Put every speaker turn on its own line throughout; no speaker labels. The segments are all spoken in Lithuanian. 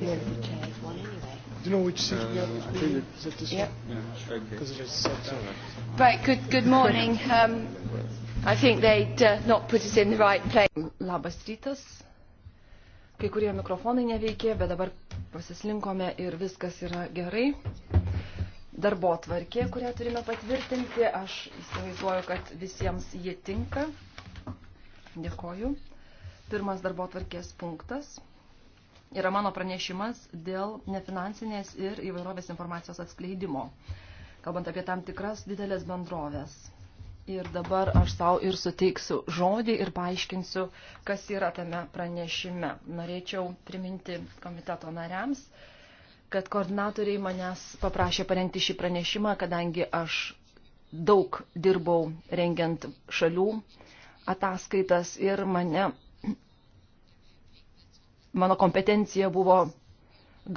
we, yeah, we can have one anyway.
Do you know which seat uh, we are? Uh, is it this
yep. one? Yeah, because okay. it is set down.
Right. Good. Good morning.
Um, I think they'd uh, not put us in the right place. Labas rytas. Kai kurie mikrofonai neveikė, bet dabar pasislinkome ir viskas yra gerai. Darbo tvarkė, kurią turime patvirtinti, aš įsivaizduoju, kad visiems jie tinka. Dėkoju. Pirmas darbo tvarkės punktas – yra mano pranešimas dėl nefinansinės ir įvairovės informacijos atskleidimo, kalbant apie tam tikras didelės bendrovės. Ir dabar aš savo ir suteiksiu žodį ir paaiškinsiu, kas yra tame pranešime. Norėčiau priminti komiteto nariams, kad koordinatoriai manęs paprašė parengti šį pranešimą, kadangi aš daug dirbau rengiant šalių ataskaitas ir mane mano kompetencija buvo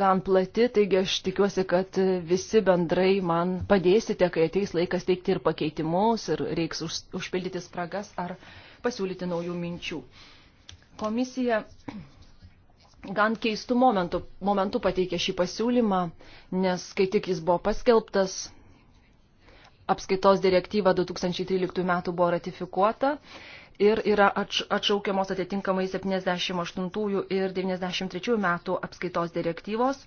gan plati, taigi aš tikiuosi, kad visi bendrai man padėsite, kai ateis laikas teikti ir pakeitimus, ir reiks už, užpildyti spragas ar pasiūlyti naujų minčių. Komisija gan keistų momentų, momentų pateikė šį pasiūlymą, nes kai tik jis buvo paskelbtas, apskaitos direktyva 2013 metų buvo ratifikuota ir yra atšaukiamos atitinkamai 78 ir 93 metų apskaitos direktyvos,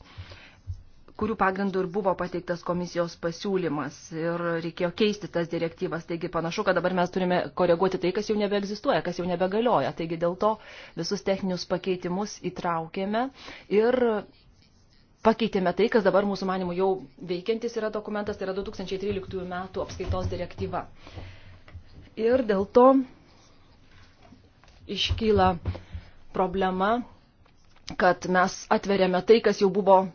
kurių pagrindų ir buvo pateiktas komisijos pasiūlymas ir reikėjo keisti tas direktyvas. Taigi panašu, kad dabar mes turime koreguoti tai, kas jau nebeegzistuoja, kas jau nebegalioja. Taigi dėl to visus techninius pakeitimus įtraukėme ir pakeitėme tai, kas dabar mūsų manimų jau veikiantis yra dokumentas, tai yra 2013 metų apskaitos direktyva. Ir dėl to iškyla problema, kad mes atveriame tai, kas jau buvo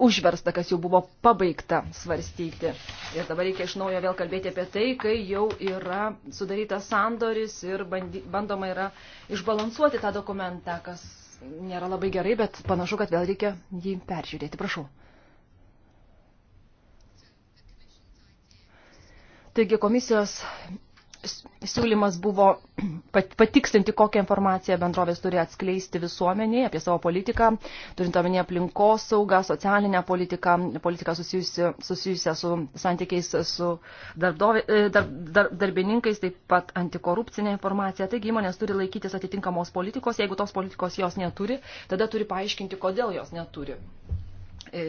užversta, kas jau buvo pabaigta svarstyti. Ir dabar reikia iš naujo vėl kalbėti apie tai, kai jau yra sudarytas sandoris ir bandy, bandoma yra išbalansuoti tą dokumentą, kas nėra labai gerai, bet panašu, kad vėl reikia jį peržiūrėti. Prašau. Taigi komisijos siūlymas buvo patikslinti, kokią informaciją bendrovės turi atskleisti visuomenėje apie savo politiką, turint omenyje aplinkos saugą, socialinę politiką, politiką susijusią, susijusią su santykiais su darbdovi, e, dar, dar, darbininkais, taip pat antikorupcinė informacija. Taigi įmonės turi laikytis atitinkamos politikos, jeigu tos politikos jos neturi, tada turi paaiškinti, kodėl jos neturi. E,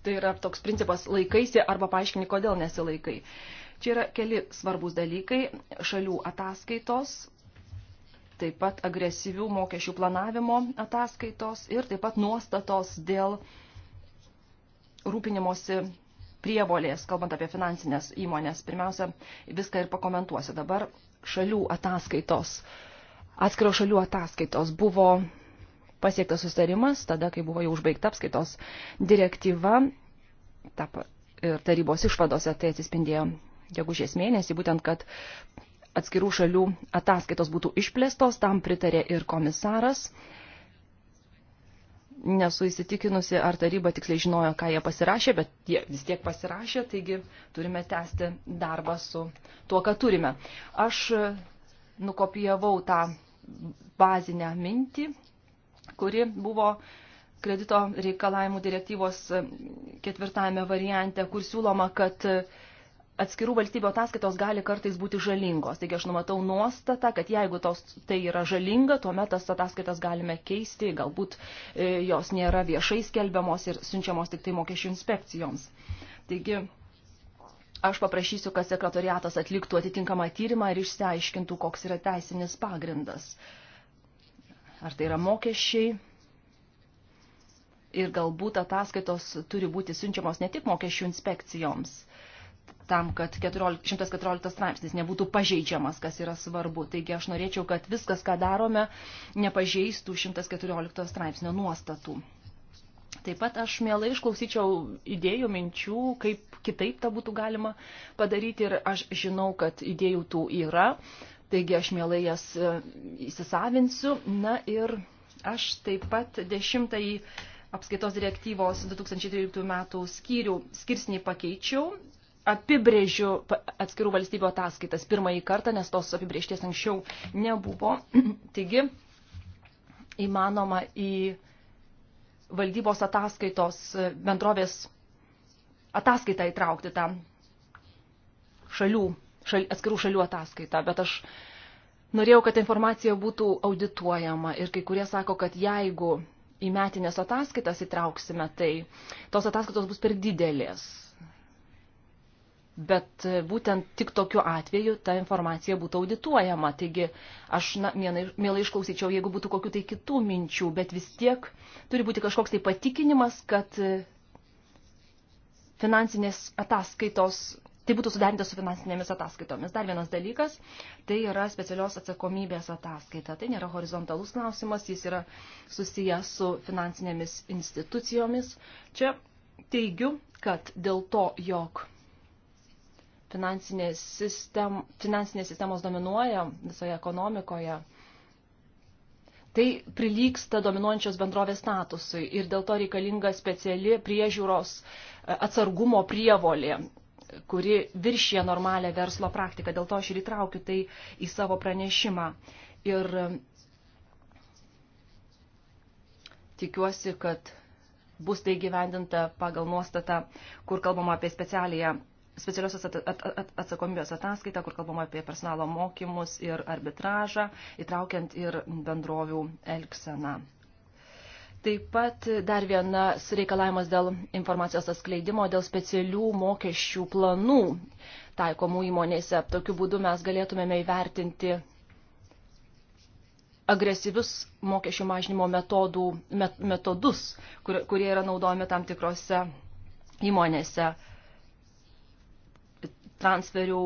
tai yra toks principas laikaisi arba paaiškini, kodėl nesilaikai. Čia yra keli svarbus dalykai - šalių ataskaitos, taip pat agresyvių mokesčių planavimo ataskaitos ir taip pat nuostatos dėl rūpinimosi prievolės, kalbant apie finansinės įmonės. Pirmiausia, viską ir pakomentuosiu. Dabar šalių ataskaitos, atskiro šalių ataskaitos buvo pasiektas sustarimas, tada, kai buvo jau užbaigta apskaitos direktyva, ta, ir tarybos išvadose tai atsispindėjo gegužės mėnesį, būtent kad atskirų šalių ataskaitos būtų išplėstos, tam pritarė ir komisaras. Nesu įsitikinusi, ar taryba tiksliai žinojo, ką jie pasirašė, bet jie vis tiek pasirašė, taigi turime tęsti darbą su tuo, ką turime. Aš nukopijavau tą bazinę mintį, kuri buvo kredito reikalavimų direktyvos ketvirtajame variante, kur siūloma, kad atskirų valstybių ataskaitos gali kartais būti žalingos. Taigi aš numatau nuostatą, kad jeigu tos, tai yra žalinga, tuomet tas ataskaitas galime keisti, galbūt e, jos nėra viešai skelbiamos ir siunčiamos tik tai mokesčių inspekcijoms. Taigi aš paprašysiu, kad sekretariatas atliktų atitinkamą tyrimą ir išsiaiškintų, koks yra teisinis pagrindas. Ar tai yra mokesčiai, ir galbūt ataskaitos turi būti siunčiamos ne tik mokesčių inspekcijoms, tam, kad 14, 114 straipsnis nebūtų pažeidžiamas, kas yra svarbu. Taigi aš norėčiau, kad viskas, ką darome, nepažeistų 114 straipsnio nuostatų. Taip pat aš mielai išklausyčiau idėjų, minčių, kaip kitaip tą būtų galima padaryti ir aš žinau, kad idėjų tų yra, taigi aš mielai jas e, įsisavinsiu. Na ir aš taip pat dešimtąjį apskaitos direktyvos 2013 metų skyrių skirsnį pakeičiau apibrėžiu atskirų valstybių ataskaitas pirmąjį kartą, nes tos apibrėžties anksčiau nebuvo. Taigi, įmanoma į valdybos ataskaitos e, bendrovės ataskaitą įtraukti tą šalių, šal, atskirų šalių ataskaitą, bet aš norėjau, kad informacija būtų audituojama ir kai kurie sako, kad jeigu į metinės ataskaitas įtrauksime, tai tos ataskaitos bus per didelės Bet e, būtent tik tokiu atveju ta informacija būtų audituojama. Taigi aš na, mielai išklausyčiau, jeigu būtų kokių tai kitų minčių, bet vis tiek turi būti kažkoks tai patikinimas, kad e, finansinės ataskaitos, tai būtų sudarinta su finansinėmis ataskaitomis. Dar vienas dalykas, tai yra specialios atsakomybės ataskaita. Tai nėra horizontalus klausimas, jis yra susijęs su finansinėmis institucijomis. Čia teigiu, kad dėl to, jog finansinės, sistem, finansinės sistemos dominuoja visoje ekonomikoje, tai prilyksta dominuojančios bendrovės statusui ir dėl to reikalinga speciali priežiūros e, atsargumo prievolė kuri viršė normalią verslo praktiką. Dėl to aš ir įtraukiu tai į savo pranešimą. Ir e, tikiuosi, kad bus tai gyvendinta pagal nuostatą, kur kalbama apie specialiją specialiosios at, at, at, atsakomybės ataskaitą, kur kalbama apie personalo mokymus ir arbitražą, įtraukiant ir bendrovių elkseną. Taip pat dar vienas reikalavimas dėl informacijos atskleidimo, dėl specialių mokesčių planų taikomų įmonėse. Tokiu būdu mes galėtumėme įvertinti agresyvius mokesčių mažinimo metodų, met, metodus, kur, kurie yra naudojami tam tikrose įmonėse transferių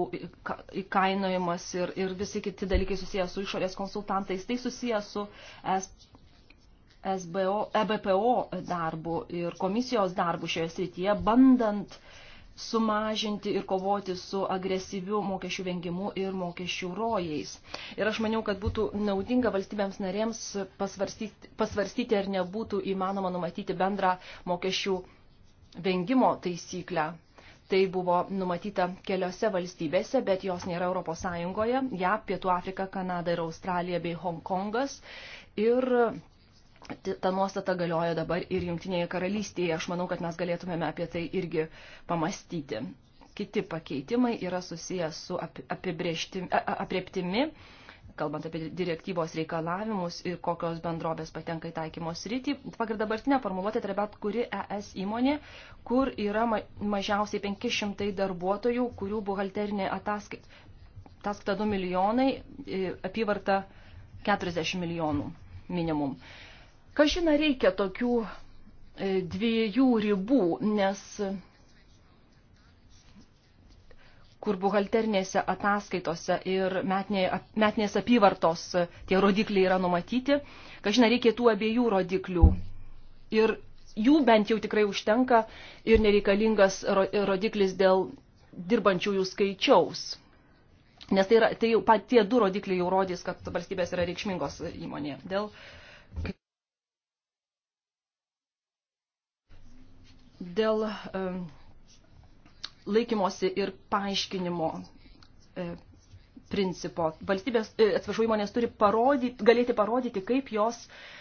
įkainojimas ir, ir visi kiti dalykai susijęs su išorės konsultantais, tai susijęs su S, SBO, EBPO darbu ir komisijos darbu šioje srityje, bandant sumažinti ir kovoti su agresyviu mokesčių vengimu ir mokesčių rojais. Ir aš maniau, kad būtų naudinga valstybėms narėms pasvarstyti, pasvarstyti ar nebūtų įmanoma numatyti bendrą mokesčių vengimo taisyklę tai buvo numatyta keliose valstybėse, bet jos nėra Europos Sąjungoje - JAV, Pietų Afrika, Kanada ir Australija bei Hongkongas. Ir ta nuostata galioja dabar ir Junktinėje karalystėje. Aš manau, kad mes galėtumėme apie tai irgi pamastyti. Kiti pakeitimai yra susijęs su apibrieštimi, aprieptimi. Ap kalbant apie direktyvos reikalavimus ir kokios bendrovės patenka į taikymo sritį. Pagal dabartinę formuluotę tai yra bet kuri ES įmonė, kur yra mažiausiai 500 darbuotojų, kurių buhalterinė ataskaita. Ataskaita 2 milijonai, apyvarta 40 milijonų minimum. Kažina reikia tokių dviejų ribų, nes kur buhalternėse ataskaitose ir metinės apyvartos e, tie rodikliai yra numatyti. Kažina reikia tų abiejų rodiklių. Ir jų bent jau tikrai užtenka ir nereikalingas rodiklis dėl dirbančiųjų skaičiaus. Nes tai, yra, tai jau pat tie du rodikliai jau rodys, kad valstybės yra reikšmingos įmonė. Dėl, dėl um, laikymosi ir paaiškinimo e, principo. Valstybės, e, atsiprašau, įmonės turi parodyti, galėti parodyti, kaip jos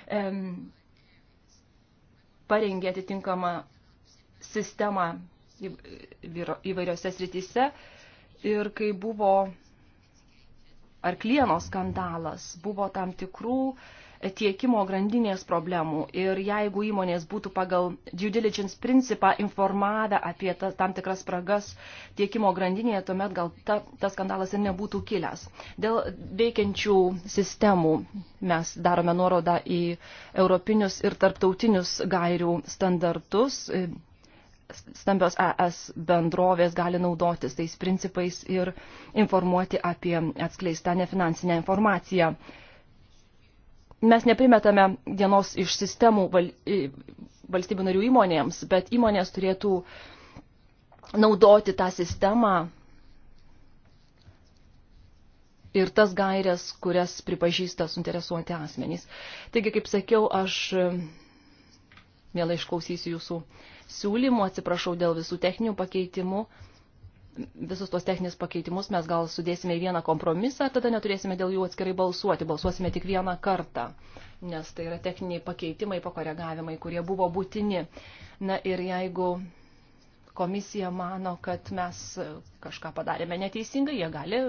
e, parengė atitinkamą sistemą įvairiose srityse. Ir kai buvo arklieno skandalas, buvo tam tikrų e, tiekimo grandinės problemų ir jeigu įmonės būtų pagal due diligence principą informavę apie ta, tam tikras spragas tiekimo grandinėje, tuomet gal ta, tas skandalas ir nebūtų kilęs. Dėl veikiančių sistemų mes darome nuorodą į europinius ir tarptautinius gairių standartus. Stambios ES bendrovės gali naudotis tais principais ir informuoti apie atskleistą nefinansinę informaciją Mes neprimetame dienos iš sistemų val, valstybių narių įmonėms, bet įmonės turėtų naudoti tą sistemą ir tas gairias, kurias pripažįsta suinteresuoti asmenys. Taigi, kaip sakiau, aš e, mielai išklausysiu jūsų siūlymų, atsiprašau dėl visų techninių pakeitimų visus tuos techninius pakeitimus mes gal sudėsime į vieną kompromisą, tada neturėsime dėl jų atskirai balsuoti, balsuosime tik vieną kartą, nes tai yra techniniai pakeitimai, pakoregavimai, kurie buvo būtini. Na ir jeigu komisija mano, kad mes kažką padarėme neteisingai, jie gali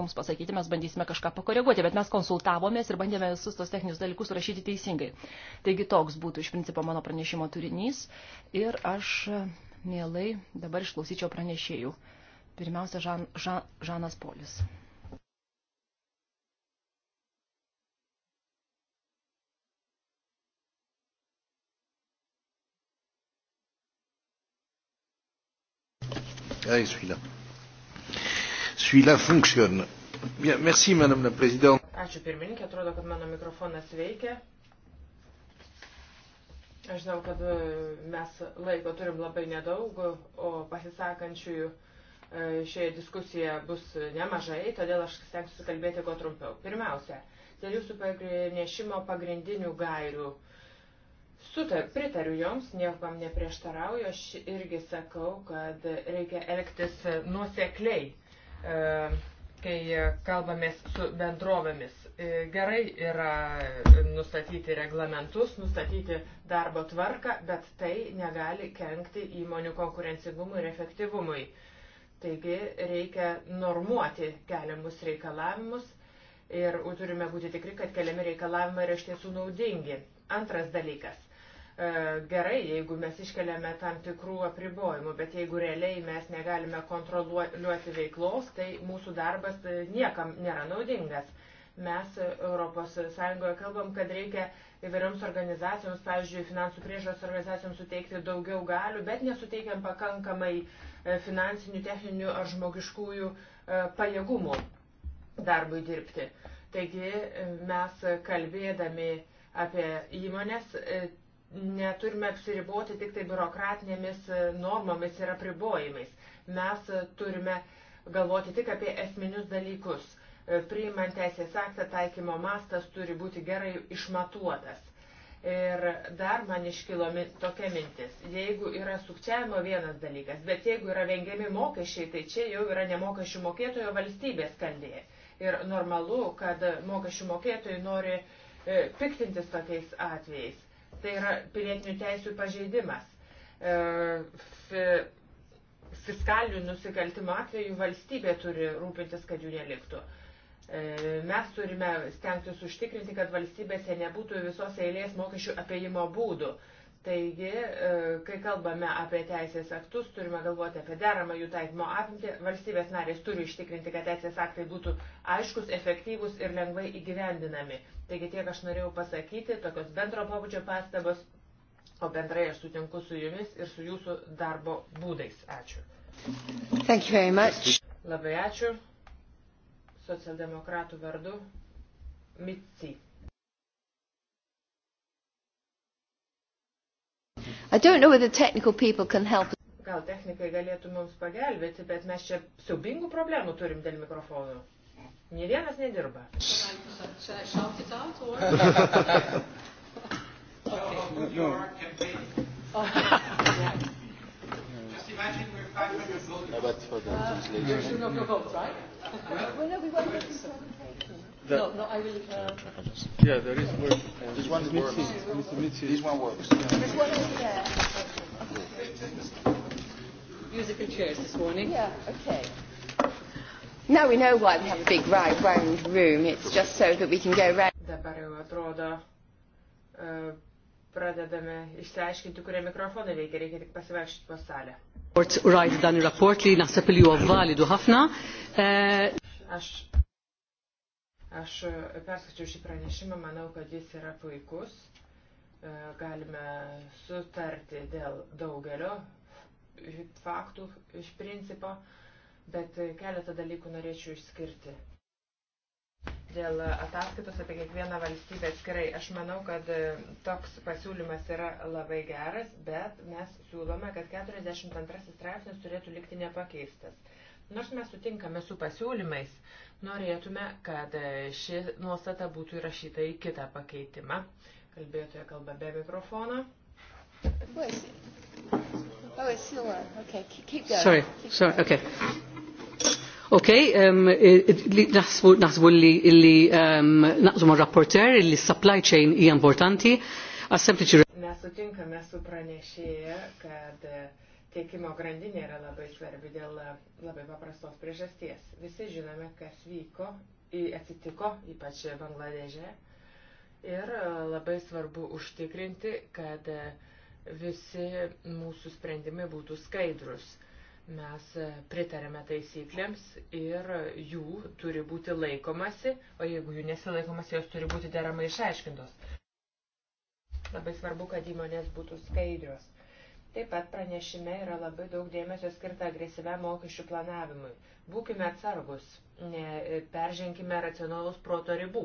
mums pasakyti, mes bandysime kažką pakoreguoti, bet mes konsultavomės ir bandėme visus tos techninius dalykus surašyti teisingai. Taigi toks būtų iš principo mano pranešimo turinys ir aš mielai dabar išklausyčiau pranešėjų Pirmiausia, Žan, Žan, Žanas Polis.
Ah, celui-là. Celui-là fonctionne. Bien, merci, Madame la Présidente.
Ačiū pirmininkė, atrodo, kad mano mikrofonas veikia. Aš žinau, kad e, mes laiko turim labai nedaug, o pasisakančiųjų E, šioje diskusijoje bus nemažai, todėl aš stengsiu kalbėti kuo trumpiau. Pirmiausia, dėl jūsų pranešimo pagrindinių gairių. Sutar, pritariu joms, niekam neprieštarauju, aš irgi sakau, kad reikia elgtis nuosekliai, e, kai kalbamės su bendrovėmis. E, gerai yra nustatyti reglamentus, nustatyti darbo tvarką, bet tai negali kenkti įmonių konkurencingumui ir efektyvumui. Uh, Taigi reikia normuoti keliamus reikalavimus ir turime būti tikri, kad keliami reikalavimai yra iš tiesų naudingi. Antras dalykas. E, gerai, jeigu mes iškeliame tam tikrų apribojimų, bet jeigu realiai mes negalime kontroliuoti veiklos, tai mūsų darbas e, niekam nėra naudingas mes ES kalbam, kad reikia įvairioms organizacijoms, pavyzdžiui, finansų priežos organizacijoms suteikti daugiau galių, bet nesuteikiam pakankamai E, finansinių, techninių ar žmogiškųjų e, pajėgumų darbui dirbti. Taigi e, mes kalbėdami apie įmonės neturime apsiriboti tik tai biurokratinėmis normomis ir apribojimais. Mes turime galvoti tik apie esminius dalykus. Priimant teisės aktą taikymo mastas turi būti gerai išmatuotas. Ir dar man iškilo tokia mintis, jeigu yra sukčiavimo vienas dalykas, bet jeigu yra vengiami mokesčiai, tai čia jau yra nemokesčių mokėtojo valstybės kalbė. Ir normalu, kad mokesčių mokėtojai nori e, piktintis tokiais atvejais. Tai yra pilietinių teisų pažeidimas. E, fi, fiskalinių nusikaltimų atveju valstybė turi rūpintis, kad jų neliktų. E, E, mes turime stengtis užtikrinti, kad valstybėse nebūtų visos eilės mokesčių apiejimo būdų. Taigi, e, kai kalbame apie teisės aktus, turime galvoti apie deramą jų taikymo apimtį. Valstybės narės turi ištikrinti, kad teisės aktai būtų aiškus, efektyvus ir lengvai įgyvendinami. Taigi tiek aš norėjau pasakyti, tokios bendro pobūdžio pastabos, o bendrai aš sutinku su jumis ir su jūsų darbo būdais. Ačiū. Labai ačiū socialdemokratų vardu Mitsi.
I don't know whether technical people can help.
Gal technikai galėtų mums pagelbėti, bet mes čia siubingų problemų turim dėl mikrofonų. Nė vienas nedirba. okay.
imagine we're 500 voters. No, but for the uh, translation. Uh, no, no votes, right? well, no, we want to the no, no, I will. Uh, yeah, there is work. Um, this one
works. Mr. Mitzi. This one works. Yeah. This one is there. Okay. Musical chairs this morning. Yeah, okay.
Now we know why we have a big right round room. It's just so that we can go round.
Dabar jau atrodo, uh, pradedame išsiaiškinti, kurie mikrofonai veikia. Reikia tik pasivaikščioti po salę
rajt dan ir-rapport li naħseb li huwa validu ħafna. Eh,
aš, aš perskačiau šį pranešimą, manau, kad jis yra puikus. Eh, galime sutarti dėl daugelio faktų iš principo, bet keletą dalykų norėčiau išskirti. Dėl ataskaitos apie kiekvieną valstybę atskirai, aš manau, kad e, toks pasiūlymas yra labai geras, bet mes siūlome, kad 42 straipsnis turėtų likti nepakeistas. Nors mes sutinkame su pasiūlymais, norėtume, kad e, ši nuostata būtų įrašyta į kitą pakeitimą. Kalbėtoja kalba be mikrofono. Oh, sorry, sorry,
okay. Okej, naħsbu naħsbu li naqżu mar-rapporter li supply chain hija importanti għas sempliċi.
Mes sutinkame su pranešėja, kad e, tiekimo grandinė yra labai svarbi dėl e, labai paprastos priežasties. Visi žinome, kas vyko, atsitiko, ypač Bangladeže. Ir e, labai svarbu užtikrinti, kad visi mūsų sprendimai būtų skaidrus. Mes e, pritarėme taisyklėms ir jų turi būti laikomasi, o jeigu jų nesilaikomasi, jos turi būti deramai išaiškintos. Labai svarbu, kad įmonės būtų skaidrios. Taip pat pranešime yra labai daug dėmesio skirta agresyviam mokesčių planavimui. Būkime atsargus, neperženkime e, racionalus proto ribų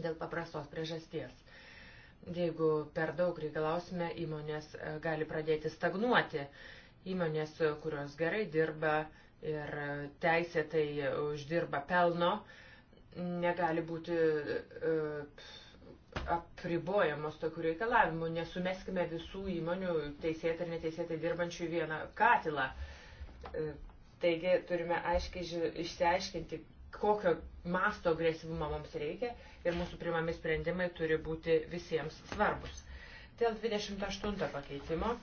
dėl paprastos priežasties. Jeigu per daug reikalausime, įmonės e, gali pradėti stagnuoti Įmonės, kurios gerai dirba ir teisėtai uždirba pelno, negali būti e, apribojamos tokių reikalavimų. Nesumeskime visų įmonių teisėtai ir neteisėtai dirbančių į vieną katilą. E, taigi turime aiškiai išsiaiškinti, kokio masto agresyvumo mums reikia ir mūsų primami sprendimai turi būti visiems svarbus. Dėl 28 pakeitimo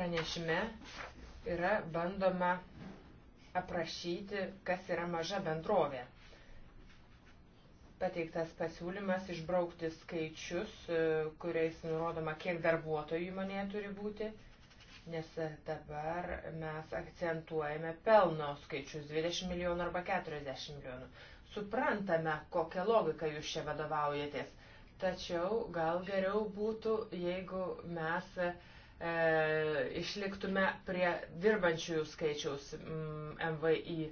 pranešime yra bandoma aprašyti, kas yra maža bendrovė. Pateiktas pasiūlymas išbraukti skaičius, e, kuriais nurodoma, kiek darbuotojų įmonėje turi būti, nes dabar mes akcentuojame pelno skaičius 20 milijonų arba 40 milijonų. Suprantame, kokią logiką jūs čia vadovaujatės, tačiau gal geriau būtų, jeigu mes uh, E, išliktume prie dirbančiųjų skaičiaus MVI mm,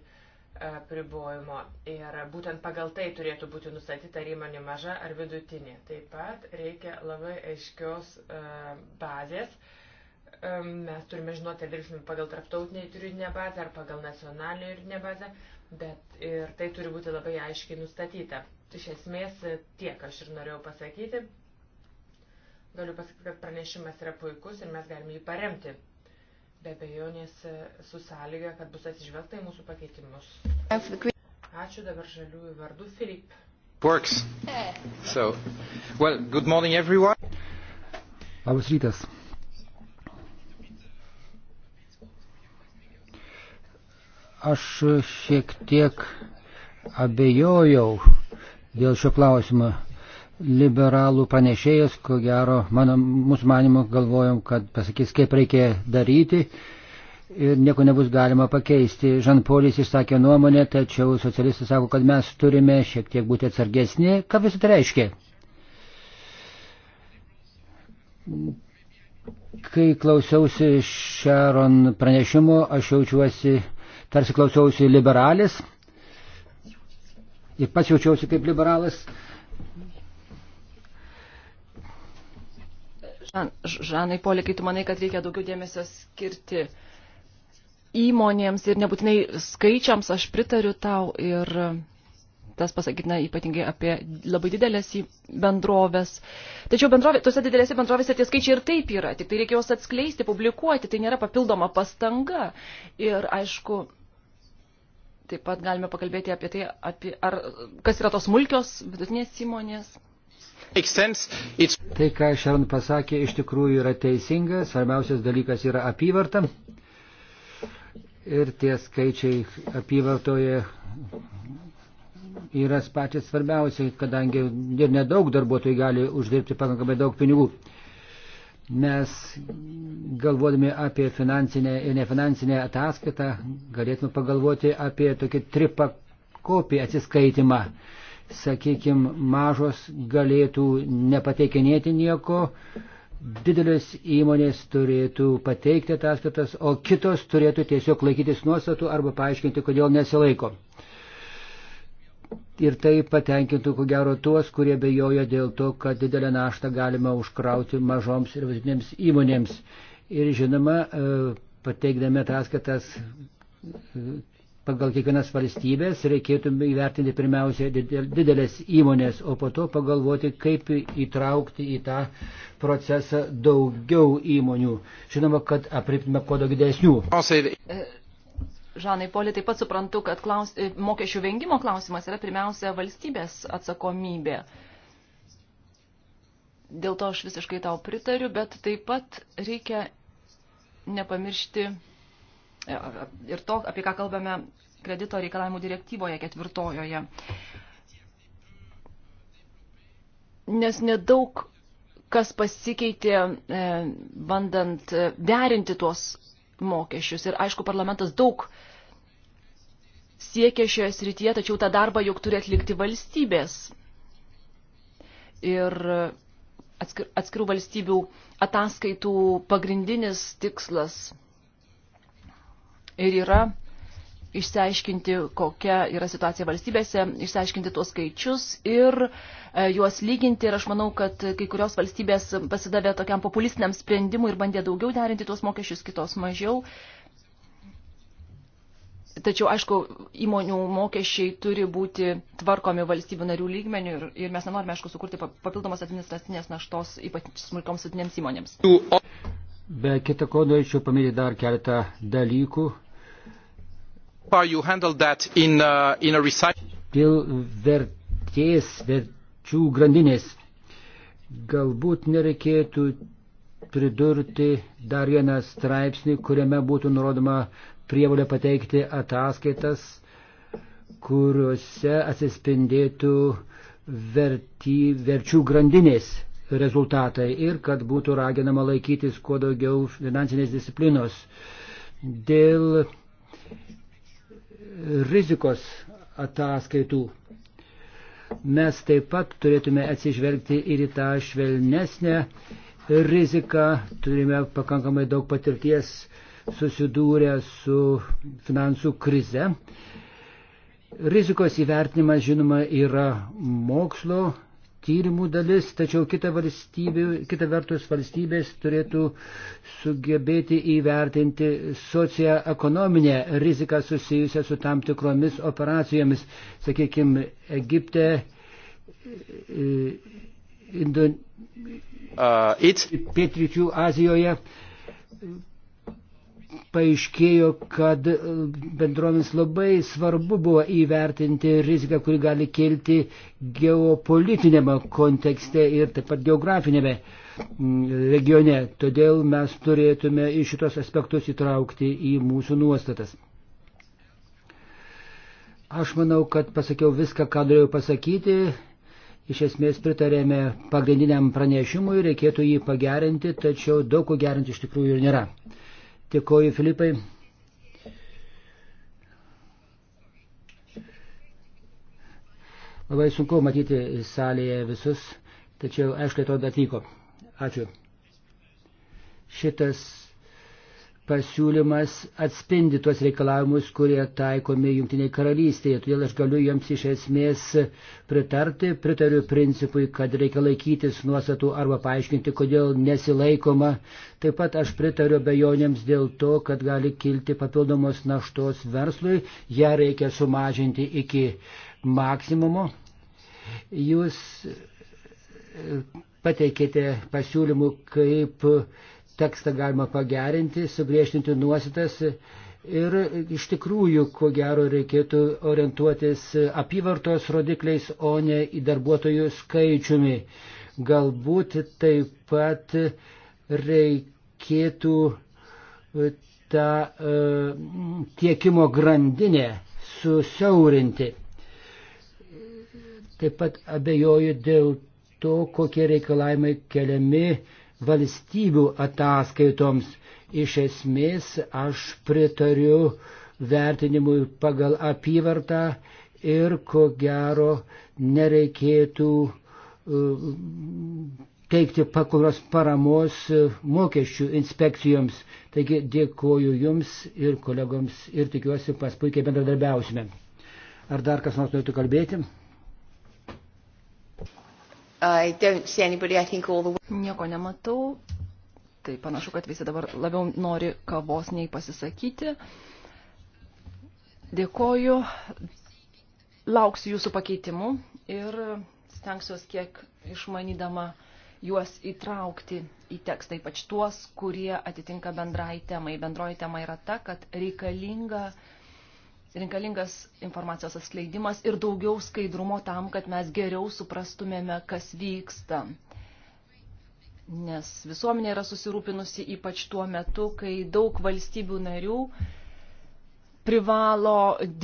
e, pribojimo. Ir būtent pagal tai turėtų būti nustatyta, ar įmonė maža ar vidutinė. Taip pat reikia labai aiškios e, bazės. Mes turime žinoti, ar dirbsime pagal tarptautinę juridinę bazę ar pagal nacionalinę juridinę bazę, bet ir tai turi būti labai aiškiai nustatyta. Iš esmės tiek aš ir norėjau pasakyti. Galiu pasakyti, kad pranešimas yra puikus ir mes galime jį paremti. Be abejonės e, su sąlyga, kad bus atsižvelgta į mūsų pakeitimus. Ačiū dabar žaliųjų vardu Filip.
Works. So, well, good morning everyone.
Labas rytas. Aš šiek tiek abejojau dėl šio klausimo liberalų pranešėjas, ko gero, mano, mūsų manimo galvojom, kad pasakys, kaip reikia daryti ir nieko nebus galima pakeisti. Žanpolis išsakė nuomonę, tačiau socialistai sako, kad mes turime šiek tiek būti atsargesni. Ką visą tai reiškia? Kai klausiausi Šaron pranešimo, aš jaučiuosi, tarsi klausiausi liberalis ir pats jaučiausi kaip liberalas.
Žanai Polė, kai tu manai, kad reikia daugiau dėmesio skirti įmonėms ir nebūtinai skaičiams, aš pritariu tau ir tas pasakytina ypatingai apie labai didelės bendrovės. Tačiau bendrovė, tose didelėse bendrovėse tie skaičiai ir taip yra, tik tai reikia juos atskleisti, publikuoti, tai nėra papildoma pastanga. Ir aišku, taip pat galime pakalbėti apie tai, apie, ar, kas yra tos smulkios vidutinės įmonės
Tai, ką Šaron pasakė, iš tikrųjų yra teisinga. Svarbiausias dalykas yra apyvarta. Ir tie skaičiai apyvartoje yra pačias svarbiausia, kadangi ir nedaug darbuotojų gali uždirbti pakankamai daug pinigų. Mes galvodami apie finansinę ir nefinansinę ataskaitą galėtume pagalvoti apie tokį tripakopį atsiskaitimą sakykime, mažos galėtų nepateikinėti nieko, didelės įmonės turėtų pateikti ataskaitas, o kitos turėtų tiesiog laikytis nuostatų arba paaiškinti, kodėl nesilaiko. Ir tai patenkintų, ko gero, tuos, kurie bejoja dėl to, kad didelę naštą galima užkrauti mažoms ir vidutinėms įmonėms. Ir žinoma, e, pateikdami ataskaitas e, pagal kiekvienas valstybės reikėtų įvertinti pirmiausia didelės įmonės, o po to pagalvoti, kaip įtraukti į tą procesą daugiau įmonių. Žinoma, kad apriptume kuo daug didesnių.
E,
Žanai Polė, taip pat suprantu, kad klaus, e, mokesčių vengimo klausimas yra pirmiausia valstybės atsakomybė. Dėl to aš visiškai tau pritariu, bet taip pat reikia nepamiršti E, ir to, apie ką kalbame kredito reikalavimų direktyvoje ketvirtojoje. Nes nedaug kas pasikeitė, e, bandant e, derinti tuos mokesčius. Ir aišku, parlamentas daug siekia šioje srityje, tačiau tą darbą juk turi atlikti valstybės. Ir atskirų valstybių ataskaitų pagrindinis tikslas ir yra išsiaiškinti, kokia yra situacija valstybėse, išsiaiškinti tuos skaičius ir e, juos lyginti. Ir aš manau, kad kai kurios valstybės pasidavė tokiam populistiniam sprendimui ir bandė daugiau derinti tuos mokesčius, kitos mažiau. Tačiau, aišku, įmonių mokesčiai turi būti tvarkomi valstybių narių lygmenių ir, ir mes nenorime, aišku, sukurti papildomos administracinės naštos, ypač smulkoms vidinėms
įmonėms. Be kita ko, norėčiau paminėti dar keletą dalykų,
Uh,
Dėl vertės, verčių grandinės. Galbūt nereikėtų pridurti dar vieną straipsnį, kuriame būtų nurodoma prievalė pateikti ataskaitas, kuriuose atsispindėtų verti, verčių grandinės rezultatai ir kad būtų raginama laikytis kuo daugiau finansinės disciplinos. Dėl rizikos ataskaitų. Mes taip pat turėtume atsižvelgti ir į tą švelnesnę riziką, turime pakankamai daug patirties susidūrę su finansų krize. Rizikos įvertinimas, žinoma, yra mokslo tyrimų dalis, tačiau kita, kita vertus valstybės turėtų sugebėti įvertinti socioekonominę riziką susijusią su tam tikromis operacijomis, sakykime, Egipte. E, e, Indon...
Uh,
Pietryčių Azijoje paaiškėjo, kad e, bendrovėms labai svarbu buvo įvertinti riziką, kuri gali kilti geopolitinėme kontekste ir taip pat geografinėme regione. Todėl mes turėtume į šitos aspektus įtraukti į mūsų nuostatas. Aš manau, kad pasakiau viską, ką norėjau pasakyti. Iš esmės pritarėme pagrindiniam pranešimui, reikėtų jį pagerinti, tačiau daug ko gerinti iš tikrųjų ir nėra. Dėkoju, Filipai. Labai sunku matyti salėje visus, tačiau aišku, to atvyko. Ačiū. Šitas pasiūlymas atspindi tuos reikalavimus, kurie taikomi Junktiniai karalystėje. Todėl aš galiu jiems iš esmės pritarti, pritariu principui, kad reikia laikytis nuostatų arba paaiškinti, kodėl nesilaikoma. Taip pat aš pritariu bejonėms dėl to, kad gali kilti papildomos naštos verslui, ją reikia sumažinti iki maksimumo. Jūs pateikėte pasiūlymų, kaip tekstą galima pagerinti, sugriežtinti nuostatas ir iš tikrųjų, ko gero, reikėtų orientuotis apyvartos rodikliais, o ne į darbuotojų skaičiumi. Galbūt taip pat reikėtų e, tą e, tiekimo grandinę susiaurinti. Taip pat abejoju dėl to, kokie reikalavimai keliami valstybių ataskaitoms. Iš esmės aš pritariu vertinimui pagal apyvartą ir ko gero nereikėtų e, teikti pakuros paramos mokesčių inspekcijoms. Taigi dėkoju Jums ir kolegoms ir tikiuosi pas puikiai bendradarbiausime. Ar dar kas nors norėtų kalbėti?
Anybody, the... Nieko nematau. Tai panašu, kad visi dabar labiau nori kavos nei pasisakyti. Dėkoju. Lauksiu jūsų pakeitimų ir stengsiuos kiek išmanydama juos įtraukti į tekstą, ypač tuos, kurie atitinka bendrai temai. Bendroji tema yra ta, kad reikalinga uh, reikalingas informacijos atskleidimas ir daugiau skaidrumo tam, kad mes geriau suprastumėme, kas vyksta. Nes visuomenė yra susirūpinusi ypač tuo metu, kai daug valstybių narių privalo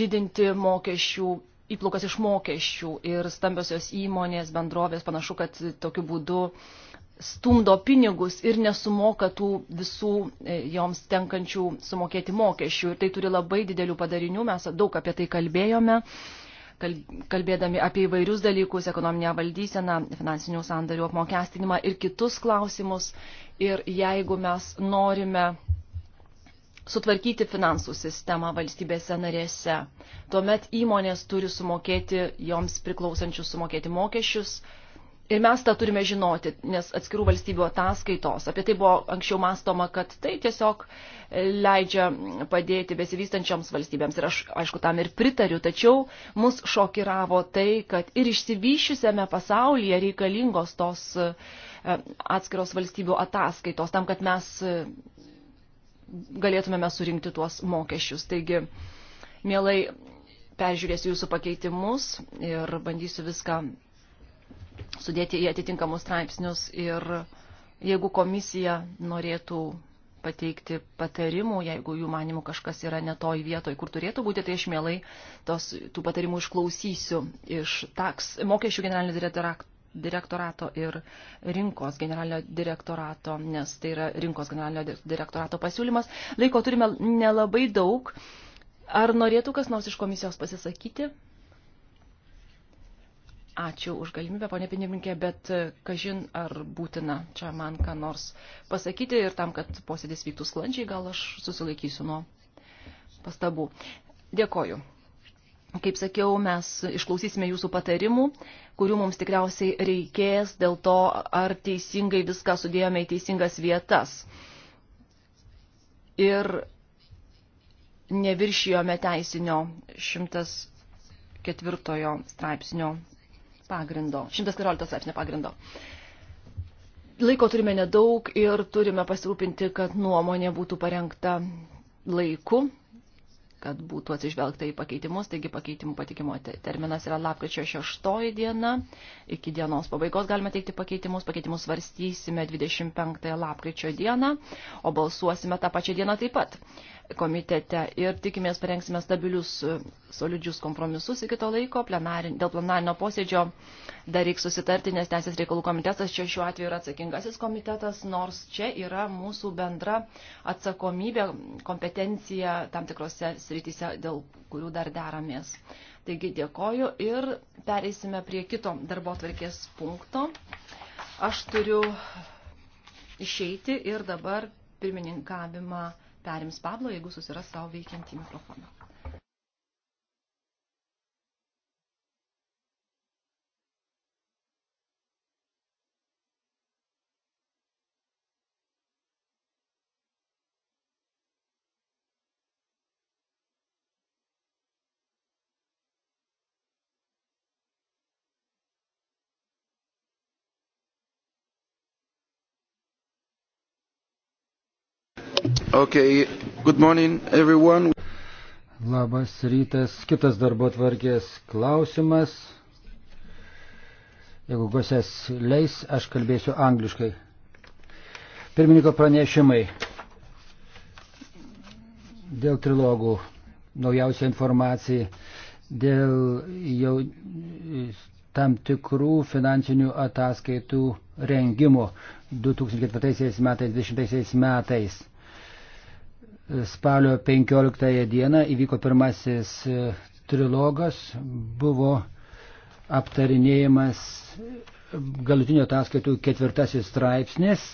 didinti mokesčių, įplukas iš mokesčių ir stambiosios įmonės, bendrovės panašu, kad tokiu būdu uh, stumdo pinigus ir nesumoka tų visų e, joms tenkančių sumokėti mokesčių. Ir tai turi labai didelių padarinių, mes daug apie tai kalbėjome, kalbėdami apie įvairius dalykus, ekonominę valdyseną, finansinių sandarių apmokestinimą ir kitus klausimus. Ir jeigu mes norime sutvarkyti finansų sistemą valstybėse narėse, tuomet įmonės turi sumokėti joms priklausančius sumokėti mokesčius Ir mes tą turime žinoti, nes atskirų valstybių ataskaitos. Apie tai buvo anksčiau mastoma, kad tai tiesiog leidžia padėti besivystančioms valstybėms. Ir aš, aišku, tam ir pritariu, tačiau mus šokiravo tai, kad ir išsivyšiusiame pasaulyje reikalingos tos e, atskiros valstybių ataskaitos, tam, kad mes e, galėtumėme surinkti tuos mokesčius. Taigi, mielai, peržiūrėsiu jūsų pakeitimus ir bandysiu viską sudėti į atitinkamus straipsnius ir jeigu komisija norėtų pateikti patarimų, jeigu jų manimų kažkas yra ne toj vietoj, kur turėtų būti, tai aš mielai tos, tų patarimų išklausysiu iš taks, mokesčių generalinio direktorato ir rinkos generalinio direktorato, nes tai yra rinkos generalinio direktorato pasiūlymas. Laiko turime nelabai daug. Ar norėtų kas nors iš komisijos pasisakyti? Ačiū už galimybę, ponė Piniminkė, bet e, kažin ar būtina čia man ką nors pasakyti ir tam, kad posėdis vyktų sklandžiai, gal aš susilaikysiu nuo pastabų. Dėkoju. Kaip sakiau, mes išklausysime jūsų patarimų, kurių mums tikriausiai reikės dėl to, ar teisingai viską sudėjome į teisingas vietas. Ir neviršijome teisinio 104 straipsnio pagrindo, 114 straipsnio pagrindo. Laiko turime nedaug ir turime pasirūpinti, kad nuomonė būtų parengta laiku, kad būtų atsižvelgta į pakeitimus, taigi pakeitimų patikimo terminas yra lapkričio 6 diena, iki dienos pabaigos galime teikti pakeitimus, pakeitimus svarstysime 25 lapkričio dieną, o balsuosime tą pačią dieną taip pat komitete ir tikimės parengsime stabilius, e, solidžius kompromisus iki to laiko. Plenarin, dėl plenarinio posėdžio dar reiks susitarti, nes Teisės reikalų komitetas čia šiuo atveju yra atsakingasis komitetas, nors čia yra mūsų bendra atsakomybė, kompetencija tam tikrose srityse, dėl kurių dar deramės. Taigi dėkoju ir pereisime prie kito darbo tvarkės punkto. Aš turiu išeiti ir dabar pirmininkavimą perims Pablo, jeigu susiras savo veikiantį mikrofoną.
Okay. Good morning, everyone.
Labas rytas. Kitas darbo tvarkės klausimas. Jeigu gosės leis, aš kalbėsiu angliškai. Pirmininko pranešimai dėl trilogų. Naujausia informacija dėl jau tam tikrų finansinių ataskaitų rengimo 2004 metais, 2020 metais spalio 15 dieną įvyko pirmasis e, trilogas, buvo aptarinėjimas galutinio ataskaitų ketvirtasis straipsnis,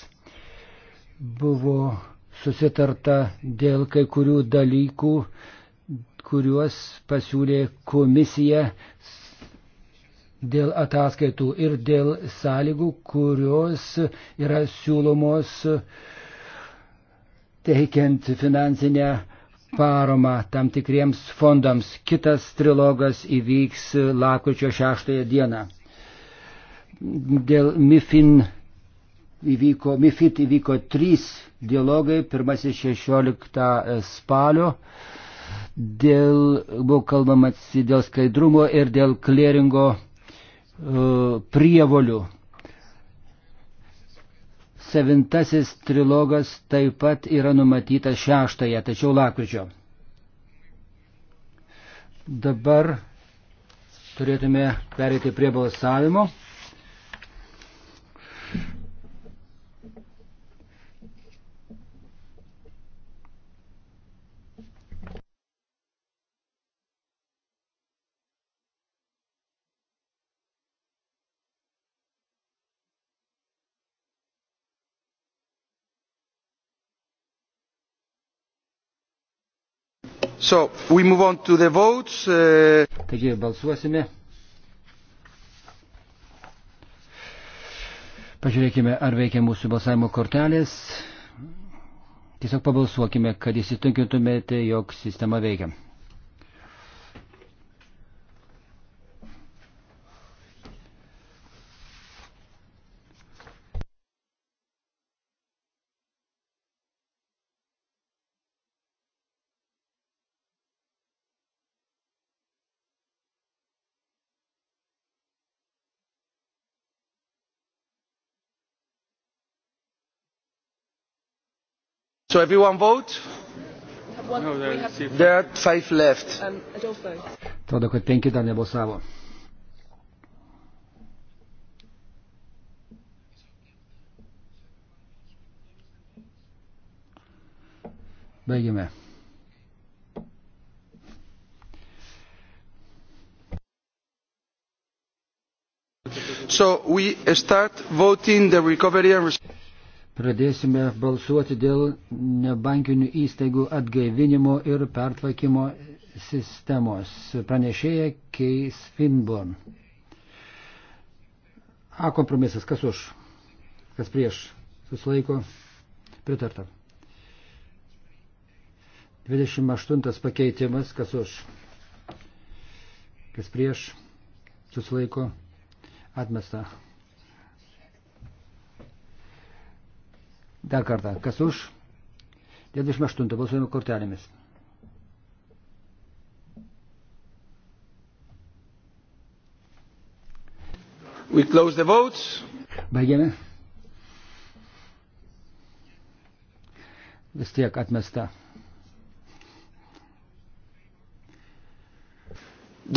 buvo susitarta dėl kai kurių dalykų, kuriuos pasiūlė komisija dėl ataskaitų ir dėl sąlygų, kurios yra siūlomos uh, teikiant finansinę paramą tam tikriems fondams. Kitas trilogas įvyks lakučio 6 dieną. Dėl MIFIN įvyko, MIFID įvyko trys dialogai, pirmasis 16 spalio. Dėl, buvo kalbamasi dėl skaidrumo ir dėl kleringo uh, e, prievolių Sevintasis trilogas taip pat yra numatytas šeštąją, tačiau lakryčio. Dabar turėtume perėti prie balsavimo. So, we move on to the votes. Uh, Taigi balsuosime. Pažiūrėkime, ar veikia mūsų balsavimo kortelės. Tiesiog pabalsuokime, kad įsitinkintumėte, jog sistema veikia. So everyone vote?
One, no, there, have... there are five left. Um,
Atrodo, kad penki dar nebalsavo. Baigime.
So we start voting the recovery and
pradėsime balsuoti dėl nebankinių įstaigų atgaivinimo ir pertvarkymo sistemos. Pranešėja Keis Finborn. A kompromisas, kas už, kas prieš, susilaiko, pritarta. 28 pakeitimas, kas už, kas prieš, susilaiko, atmesta. Dar kartą, kas už? 28 balsuojame kortelėmis.
We close the votes.
Baigiame. Vis tiek atmesta.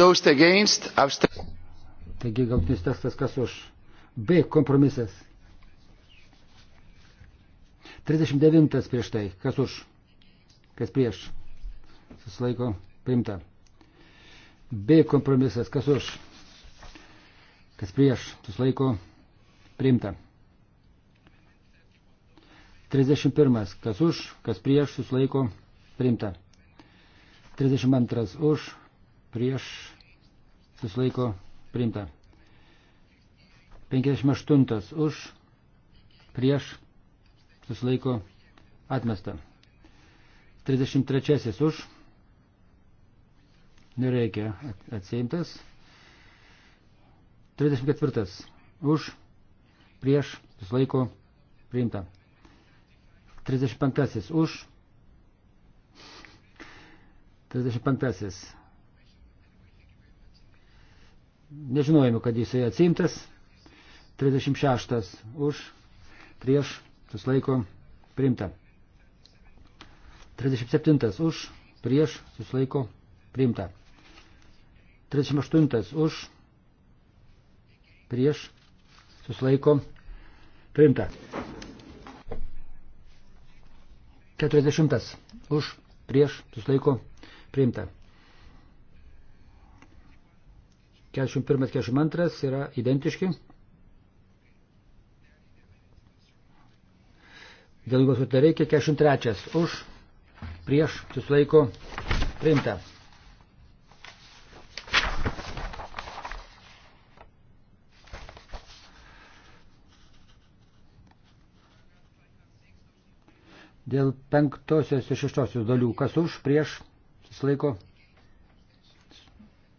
Those against.
Taigi galtinis testas kas už. B kompromisas. 39 prieš tai. Kas už? Kas prieš? Susilaiko primta. B kompromisas. Kas už? Kas prieš? Susilaiko primta. 31. Kas už? Kas prieš? Susilaiko primta. 32. Už? Prieš? Susilaiko primta. 58. Už? Prieš? susilaiko atmesta. 33 už. Nereikia atsiimtas. 34 už. Prieš susilaiko priimta. 35 už. 35. Nežinojame, kad jisai atsimtas. 36 už, prieš susilaiko priimta. 37 už, prieš, susilaiko priimta. 38 už, prieš, susilaiko priimta. 40 už, prieš, susilaiko priimta. 41-42 yra identiški. Dėl jų sutarė reikia 43. Už, prieš, susilaiko, priimta. Dėl penktosios ir šeštosios dalių, kas už, prieš, susilaiko,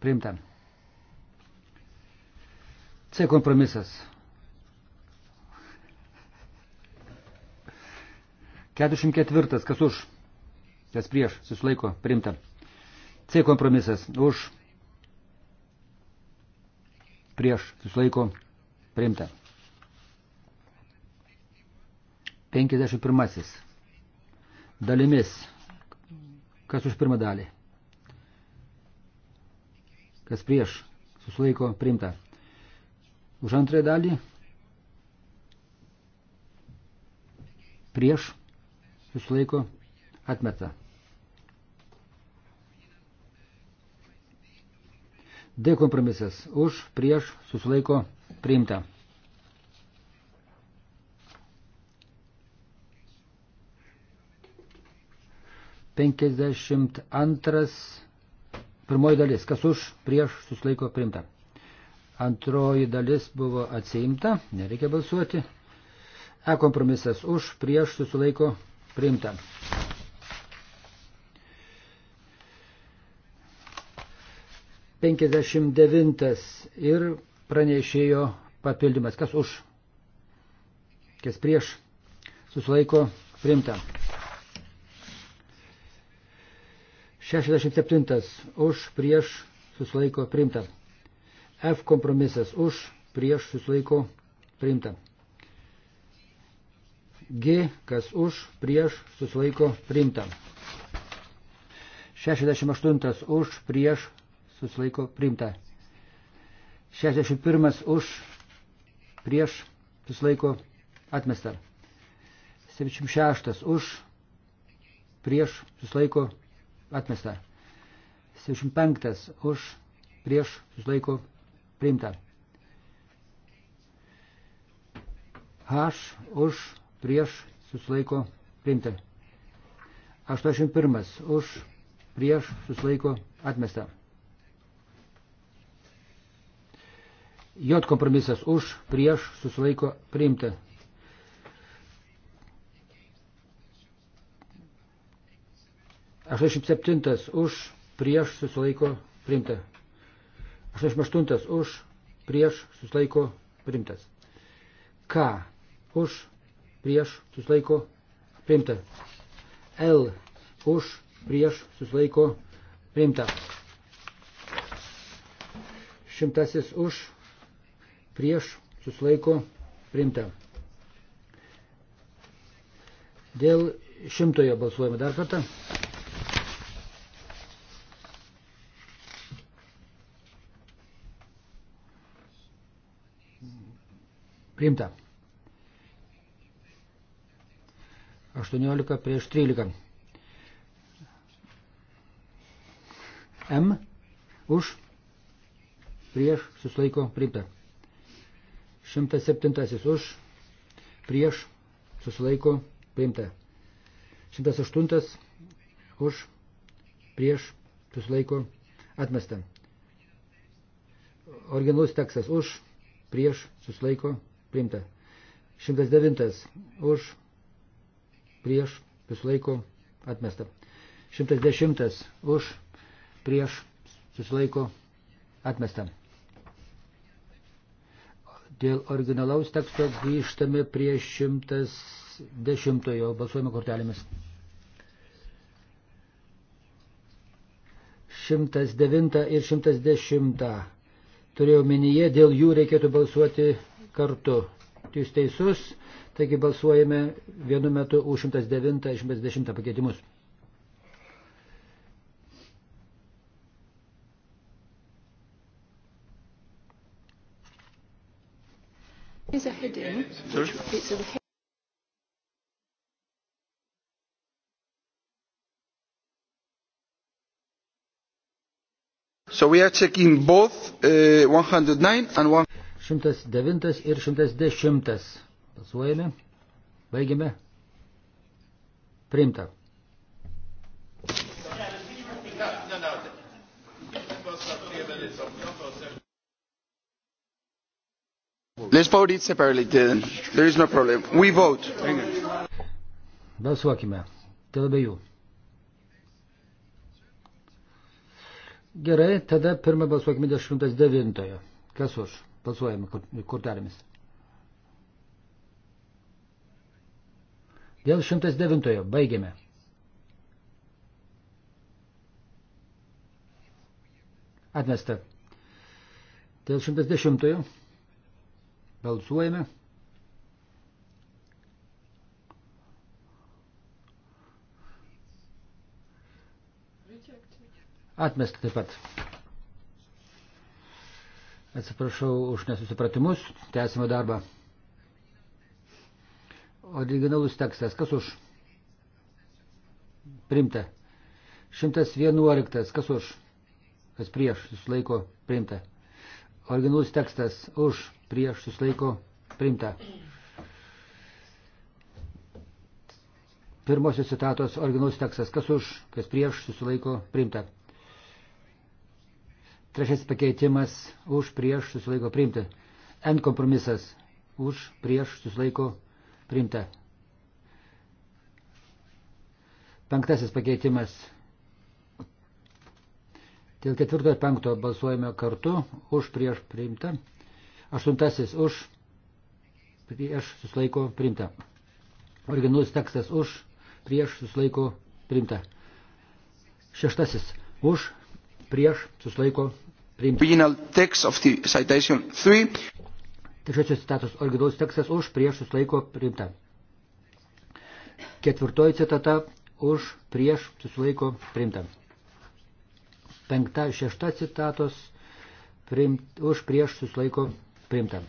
priimta. C kompromisas. 44. Kas už? Kas prieš? Susilaiko. Primta. C kompromisas. Už. Prieš. Susilaiko. Primta. 51. Dalimis. Kas už pirmą dalį? Kas prieš? Susilaiko. Primta. Už antrąją dalį? Prieš susilaiko atmeta. D kompromisas už, prieš, susilaiko priimta. Penkiasdešimt antras, pirmoji dalis, kas už, prieš, susilaiko priimta. Antroji dalis buvo atsiimta, nereikia balsuoti. E kompromisas už, prieš, susilaiko priimta Priimta. Penkiasdešimt devintas ir pranešėjo papildymas. Kas už? Kas prieš? Susilaiko priimta. 67 už prieš susilaiko priimta. F kompromisas už prieš susilaiko priimta. G, kas už, prieš, susilaiko priimta. 68 už, prieš, susilaiko priimta. 61 už, prieš, susilaiko atmesta. 76 už, prieš, susilaiko atmesta. 75 už, prieš, susilaiko priimta. H už prieš susilaiko priimta. 81 už prieš susilaiko atmesta. J kompromisas už prieš susilaiko priimta. Aštuoniasdešimt septintas už prieš susilaiko priimta. Aštuoniasdešimt aštuntas už prieš susilaiko priimtas. K už prieš susilaiko priimta. L už prieš susilaiko priimta. Šimtasis už prieš susilaiko priimta. Dėl šimtojo balsuojame dar kartą. Priimta. 18 prieš 13. M už prieš susilaiko priimta. 107 už prieš susilaiko priimta. 108 už prieš susilaiko atmesta. Originalus tekstas už prieš susilaiko priimta. 109 už prieš, susilaiko, atmesta. 110 už, prieš, susilaiko, atmesta. Dėl originalaus teksto grįžtame prie 110 balsuojimo kortelėmis. 109 ir 110. Turėjau minyje, dėl jų reikėtų balsuoti kartu. Jūs teisus, Taigi balsuojame vienu metu už 109 ir 110 pakeitimus. Is a heading. Sorry? It's a heading.
So we are checking both uh, 109 and
109 ir 110. Balsuojame. Baigiame. Priimta.
Let's vote it separately then. There is no problem. We vote.
Balsuokime. Dėl abiejų. Gerai, tada pirmą balsuokime dėl 109. Kas už? Balsuojame kortelėmis. Kur Dėl 109 baigiame. Atmesta. Dėl 110 balsuojame. Atmesta taip pat. Atsiprašau už nesusipratimus. Tęsime darbą. Originalus tekstas. Kas už? Primta. 111. Kas už? Kas prieš? Susilaiko. Primta. Originalus tekstas. Už. Prieš. Susilaiko. Primta. Pirmosios citatos originalus tekstas. Kas už, kas prieš, susilaiko, primta. Trečias pakeitimas. Už, prieš, susilaiko, primta. N kompromisas. Už, prieš, susilaiko, Primta. Penktasis pakeitimas. Dėl ketvirto ir penkto balsuojame kartu. Už prieš priimta. Aštuntasis už prieš suslaiko priimta. Originalus tekstas už prieš suslaiko priimta. Šeštasis už prieš suslaiko
priimta. Original text of the citation
3. Trečiosios citatos originalus tekstas už prieš susilaiko priimta. Ketvirtoji citata už prieš susilaiko priimta. Penkta, šešta citatos priimt, už prieš susilaiko priimta.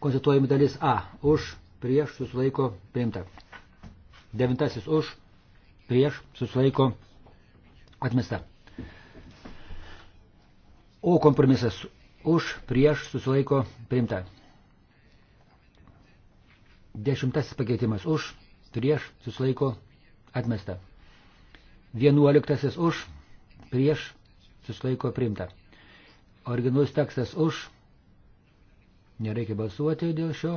Konstatuojami dalis A. Už prieš susilaiko priimta. Devintasis už prieš susilaiko atmesta. O kompromisas už prieš susilaiko priimta. Dešimtasis pakeitimas už prieš susilaiko atmesta. Vienuoliktasis už prieš susilaiko priimta. Originalus tekstas už. Nereikia balsuoti dėl šio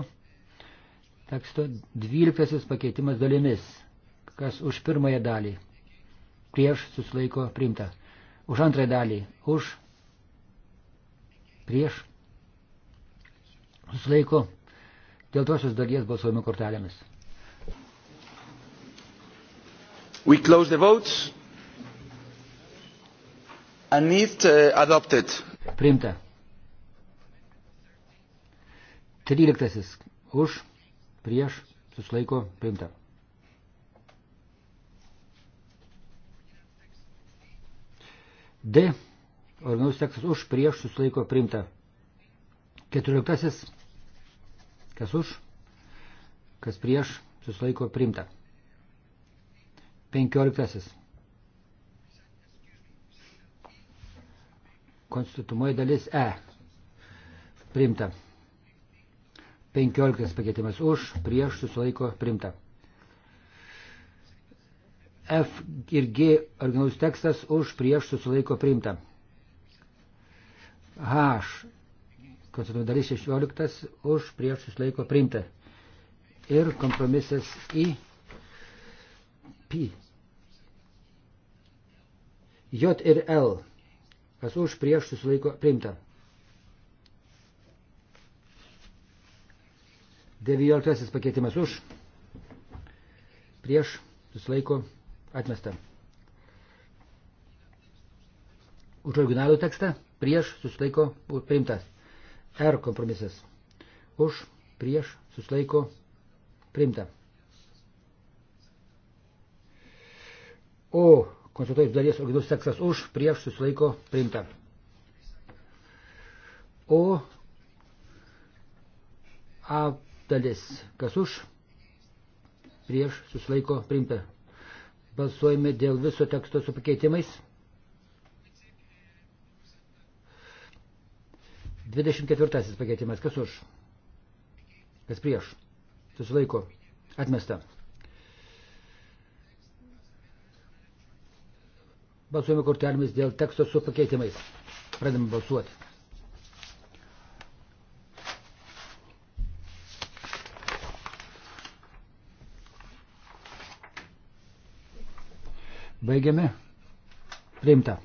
teksto. Dvyliktasis pakeitimas dalimis. Kas už pirmąją dalį prieš susilaiko priimta. Už antrąją dalį už prieš, susilaiko, dėl tosios dalies balsuojame kortelėmis.
We close the votes
and it uh, adopted. Priimta. 13. Už, prieš, susilaiko, priimta. D Originalus tekstas už, prieš, susilaiko priimta. Keturioliktasis. Kas už, kas prieš, susilaiko priimta. Penkioliktasis. Konstitutumoji dalis E. Priimta. Penkioliktas pakeitimas už, prieš, susilaiko priimta. F ir G originalus tekstas už prieš susilaiko priimta. H. Konstitucijos dalis 16 už prieš išlaiko priimta. Ir kompromisas į P. J ir L. Kas už prieš susilaiko priimta. 19 pakeitimas už prieš susilaiko atmesta. Už originalų tekstą prieš susilaiko priimtas. R kompromisas. Už prieš susilaiko priimta. O konsultuojus dalies originalus tekstas už prieš susilaiko priimta. O A dalis kas už prieš susilaiko priimta. Balsuojame dėl viso teksto su pakeitimais. 24 pakeitimas. Kas už? Kas prieš? Susilaiko. Atmesta. Balsuojame kortelėmis dėl teksto su pakeitimais. Pradame balsuoti. Baigiame. Priimta.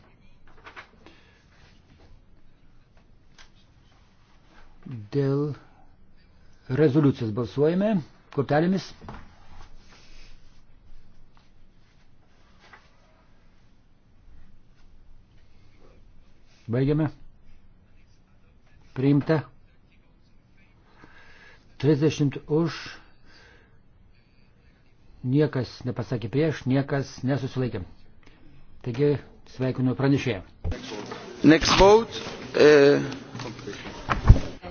Dėl rezoliucijos balsuojame kortelėmis. Baigiame. Priimta. 30 už. Niekas nepasakė prieš, niekas nesusilaikė. Taigi sveikinu pranešėją. Next vote. Uh,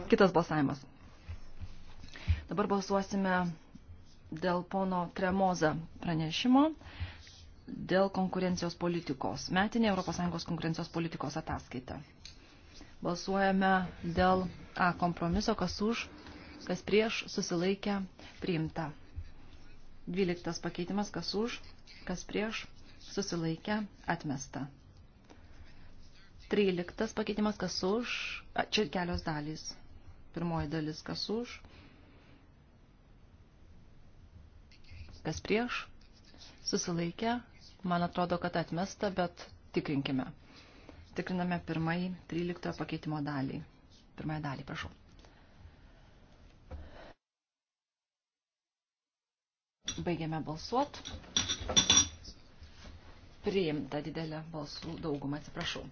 kitas balsavimas. Dabar balsuosime dėl pono Tremoza pranešimo dėl konkurencijos politikos. Metinė ES konkurencijos politikos ataskaita. Balsuojame dėl A kompromiso, kas už, kas prieš, susilaikę, priimta. 12 pakeitimas, kas už, kas prieš, susilaikę, atmesta. 13 pakeitimas, kas už, čia kelios dalys. Pirmoji dalis kas už, kas prieš, susilaikę, man atrodo, kad atmesta, bet tikrinkime. Tikriname pirmąjį 13 pakeitimo dalį. Pirmąją dalį, prašau. Baigiame balsuot. Priimta didelė balsų daugumą, atsiprašau.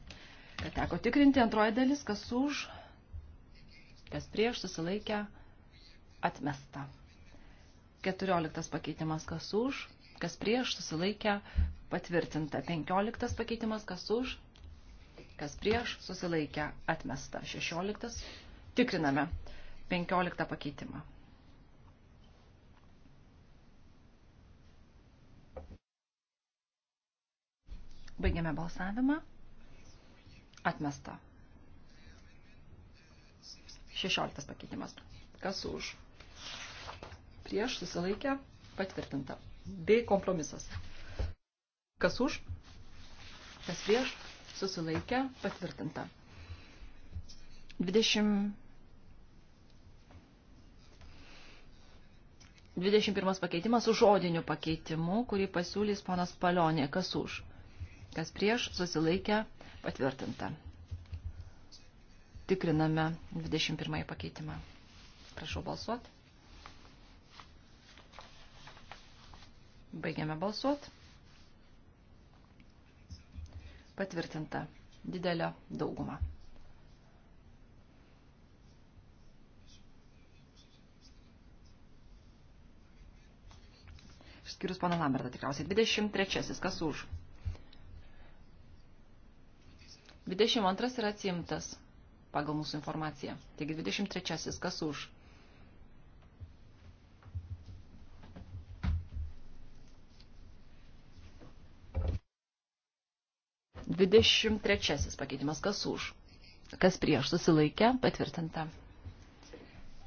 Kad teko tikrinti antroji dalis, kas už, kas prieš susilaikę atmesta. 14 pakeitimas kas už, kas prieš susilaikę patvirtinta. 15 pakeitimas kas už, kas prieš susilaikę atmesta. 16 tikriname 15 pakeitimą. Baigiame balsavimą. Atmesta. 16 pakeitimas. Kas už? Prieš susilaikę patvirtinta. B kompromisas. Kas už? Kas prieš susilaikę patvirtinta. 20. 21 pakeitimas su žodiniu pakeitimu, kurį pasiūlys ponas Palionė. Kas už? Kas prieš susilaikę patvirtinta. Tikriname 21 pakeitimą. Prašau balsuoti. Baigiame balsuoti. Patvirtinta didelio daugumą. Išskyrus pana Lambertą tikriausiai. 23. Kas už? 22 yra atsimtas pagal mūsų informaciją. Taigi 23. Kas už? Dvidešimt trečiasis pakeitimas, kas už, kas prieš, susilaikė, patvirtinta.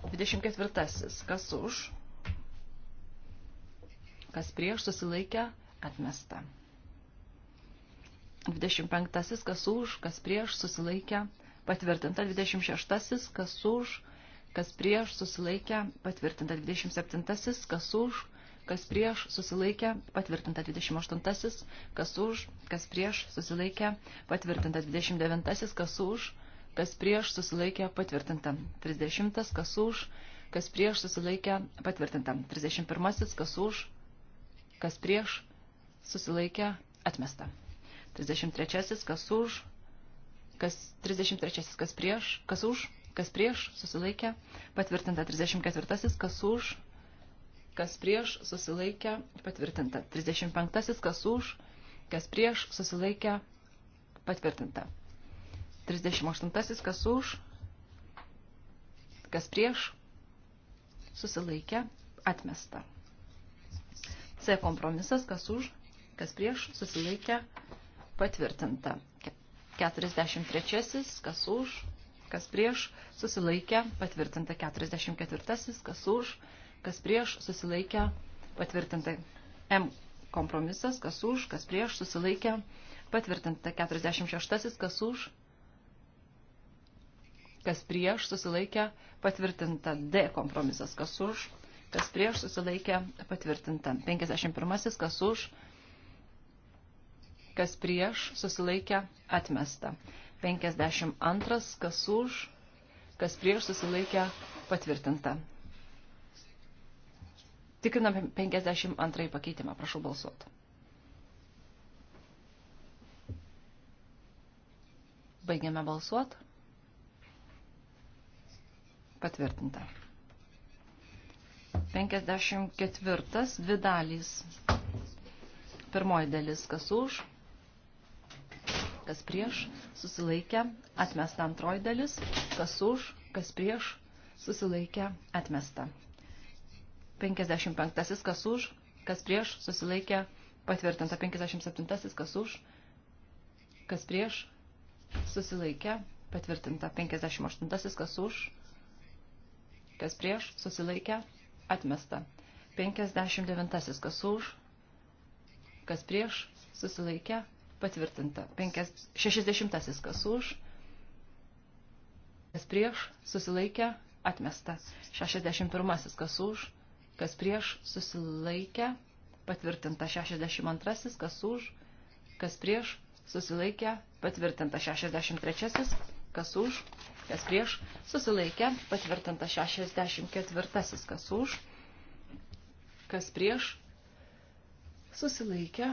Dvidešimt ketvirtasis, kas už, kas prieš, susilaikė, atmesta. 25. Kas už, kas prieš, susilaikę, patvirtinta 26, kas už, kas prieš susilaikę, patvirtinta 27, kas už, kas prieš susilaikę, patvirtinta 28, kas už, kas prieš susilaikę, patvirtinta 29, kas už, kas prieš susilaikę, patvirtinta 30, kas už, kas prieš susilaikę, patvirtinta 31, kas už, kas prieš susilaikę, atmesta. 33. Kas už, kas 33, kas prieš, kas už, kas prieš, susilaikė, patvirtinta 34, kas už, kas prieš, susilaikė, patvirtinta 35, kas už, kas prieš, susilaikė, patvirtinta 38, kas už, kas prieš, susilaikė, atmesta. C kompromisas, kas už, kas prieš, susilaikė, patvirtinta. 43, kas už, kas prieš, susilaikė, patvirtinta 44, kas už, kas prieš, susilaikė, patvirtinta M kompromisas, kas už, kas prieš, susilaikė, patvirtinta 46, kas už, kas prieš, susilaikė, patvirtinta D kompromisas, kas už, kas prieš, susilaikė, patvirtinta 51, kas už, kas prieš, susilaikė, atmesta. 52, kas už, kas prieš, susilaikė, patvirtinta. Tikrinam 52 pakeitimą, prašau balsuoti. Baigiame balsuoti. Patvirtinta. 54. Dvi dalys. Pirmoji dalis, kas už, kas prieš, susilaikė, atmesta antroji dalis, kas už, kas prieš, susilaikė, atmesta. 55. kas už, kas prieš, susilaikė, patvirtinta. 57. kas už, kas prieš, susilaikė, patvirtinta. 58. kas už, kas prieš, susilaikė, atmesta. 59. kas už, kas prieš, susilaikė, patvirtinta. 60 kas už, kas prieš, susilaikė, atmesta. 61 kas už, kas prieš, susilaikė, patvirtinta. 62 kas už, kas prieš, susilaikė, patvirtinta. 63 kas už, kas prieš, susilaikė, patvirtinta 64, kas už, kas prieš, susilaikė,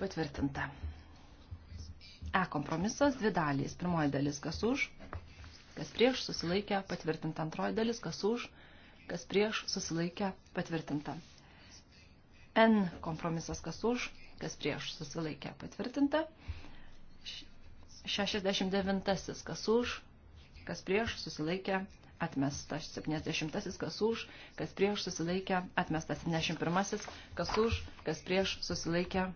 patvirtinta. E kompromisas, dvi dalys. Pirmoji dalis, kas už, kas prieš, susilaikė, patvirtinta. Antroji dalis, kas už, kas prieš, susilaikė, patvirtinta. N kompromisas, kas už, kas prieš, susilaikė, patvirtinta. 69 kas už, kas prieš, susilaikė, atmestas 70, kas už, kas prieš susilaikė, atmestas 71, kas už, kas prieš susilaikė,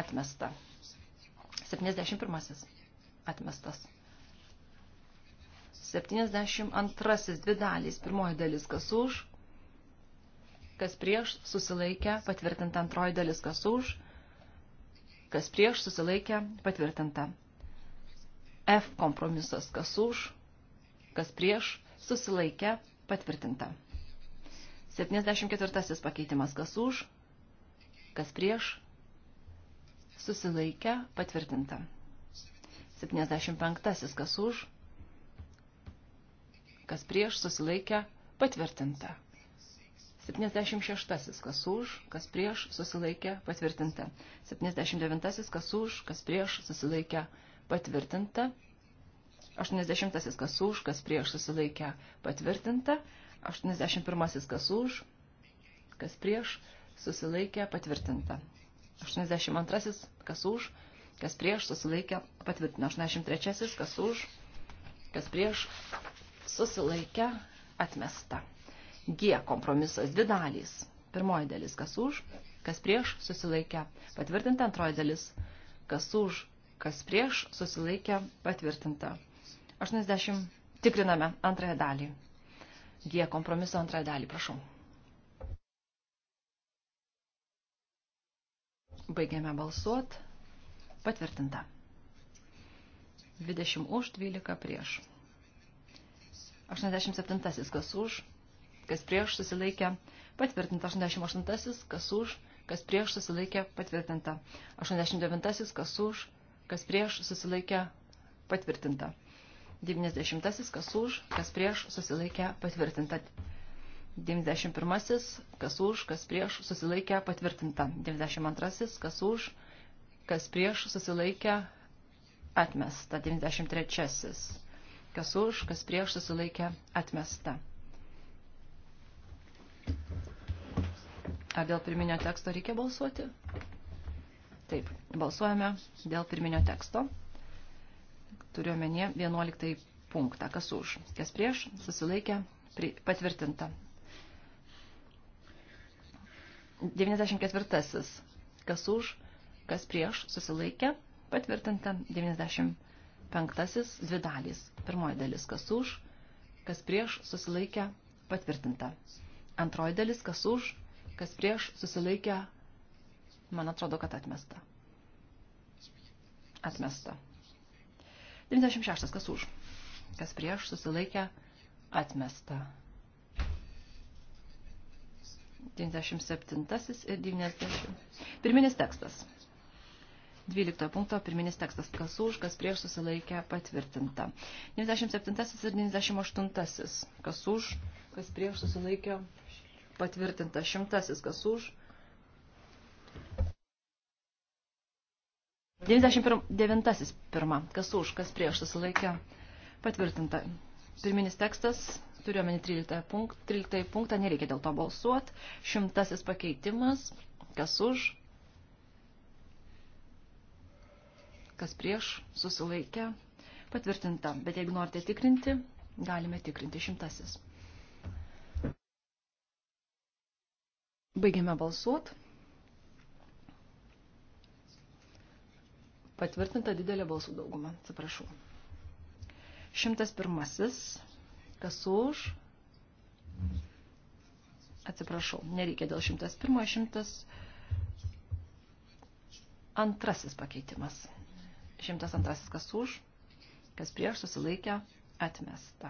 atmesta. 71 atmestas. 72 dvi dalys. Pirmoji dalis kas už, kas prieš susilaikę, patvirtinta antroji dalis kas už, kas prieš susilaikę, patvirtinta. F kompromisas kas už, kas prieš susilaikę, patvirtinta. 74 pakeitimas kas už, kas prieš susilaikę, patvirtinta. 75. Kas už, kas prieš, susilaikę, patvirtinta. 76. Kas už, kas prieš, susilaikė, patvirtinta. 79. Kas už, kas prieš, susilaikė, patvirtinta. 80. Kas už, kas prieš, susilaikė, patvirtinta. 81. Kas už, kas prieš, susilaikė, patvirtinta. 82, kas už, kas prieš, susilaikė, patvirtino. 83, kas už, kas prieš, susilaikė, atmesta. G kompromisas dvi dalys. Pirmoji dalis, kas už, kas prieš, susilaikė, patvirtinta. Antroji dalis, kas už, kas prieš, susilaikė, patvirtinta. 80, tikriname antrąją dalį. G kompromiso antrąją dalį, prašau. Baigiame balsuot. Patvirtinta. 20 už, 12 prieš. 87 kas už, kas prieš susilaikė. Patvirtinta 88 kas už, kas prieš susilaikė. Patvirtinta 89 kas už, kas prieš susilaikė. Patvirtinta. 90 kas už, kas prieš susilaikė. Patvirtinta. 91. Kas už, kas prieš, susilaikę, patvirtinta. 92. Kas už, kas prieš, susilaikę, atmesta. 93. Kas už, kas prieš, susilaikę, atmesta. Ar dėl pirminio teksto reikia balsuoti? Taip, balsuojame dėl pirminio teksto. Turiuomenė 11 punktą. Kas už, kas prieš, susilaikė, patvirtinta. 94. Kas už, kas prieš, susilaikė, patvirtinta. 95. Dvi dalys. Pirmoji dalis, kas už, kas prieš, susilaikė, patvirtinta. Antroji dalis, kas už, kas prieš, susilaikė, man atrodo, kad atmesta. Atmesta. 96. Kas už, kas prieš, susilaikė, atmesta. 97 ir 90. Pirminis tekstas. 12 punkto pirminis tekstas. Kas už, kas prieš susilaikę patvirtinta. 97 ir 98. Kas už, kas prieš susilaikę patvirtinta. Šimtasis. Kas už. 99. Pirma. Kas už, kas prieš susilaikę patvirtinta. Pirminis tekstas turiuomenį 13 punktą, 13 punktą, nereikia dėl to balsuoti. Šimtasis pakeitimas, kas už, kas prieš, susilaikė, patvirtinta. Bet jeigu norite tikrinti, galime tikrinti šimtasis. Baigiame balsuoti. Patvirtinta didelė balsų dauguma, atsiprašau. Šimtas pirmasis Kas už? Atsiprašau, nereikia dėl 101, 102 pakeitimas. 102 kas už, kas prieš susilaikę, atmesta.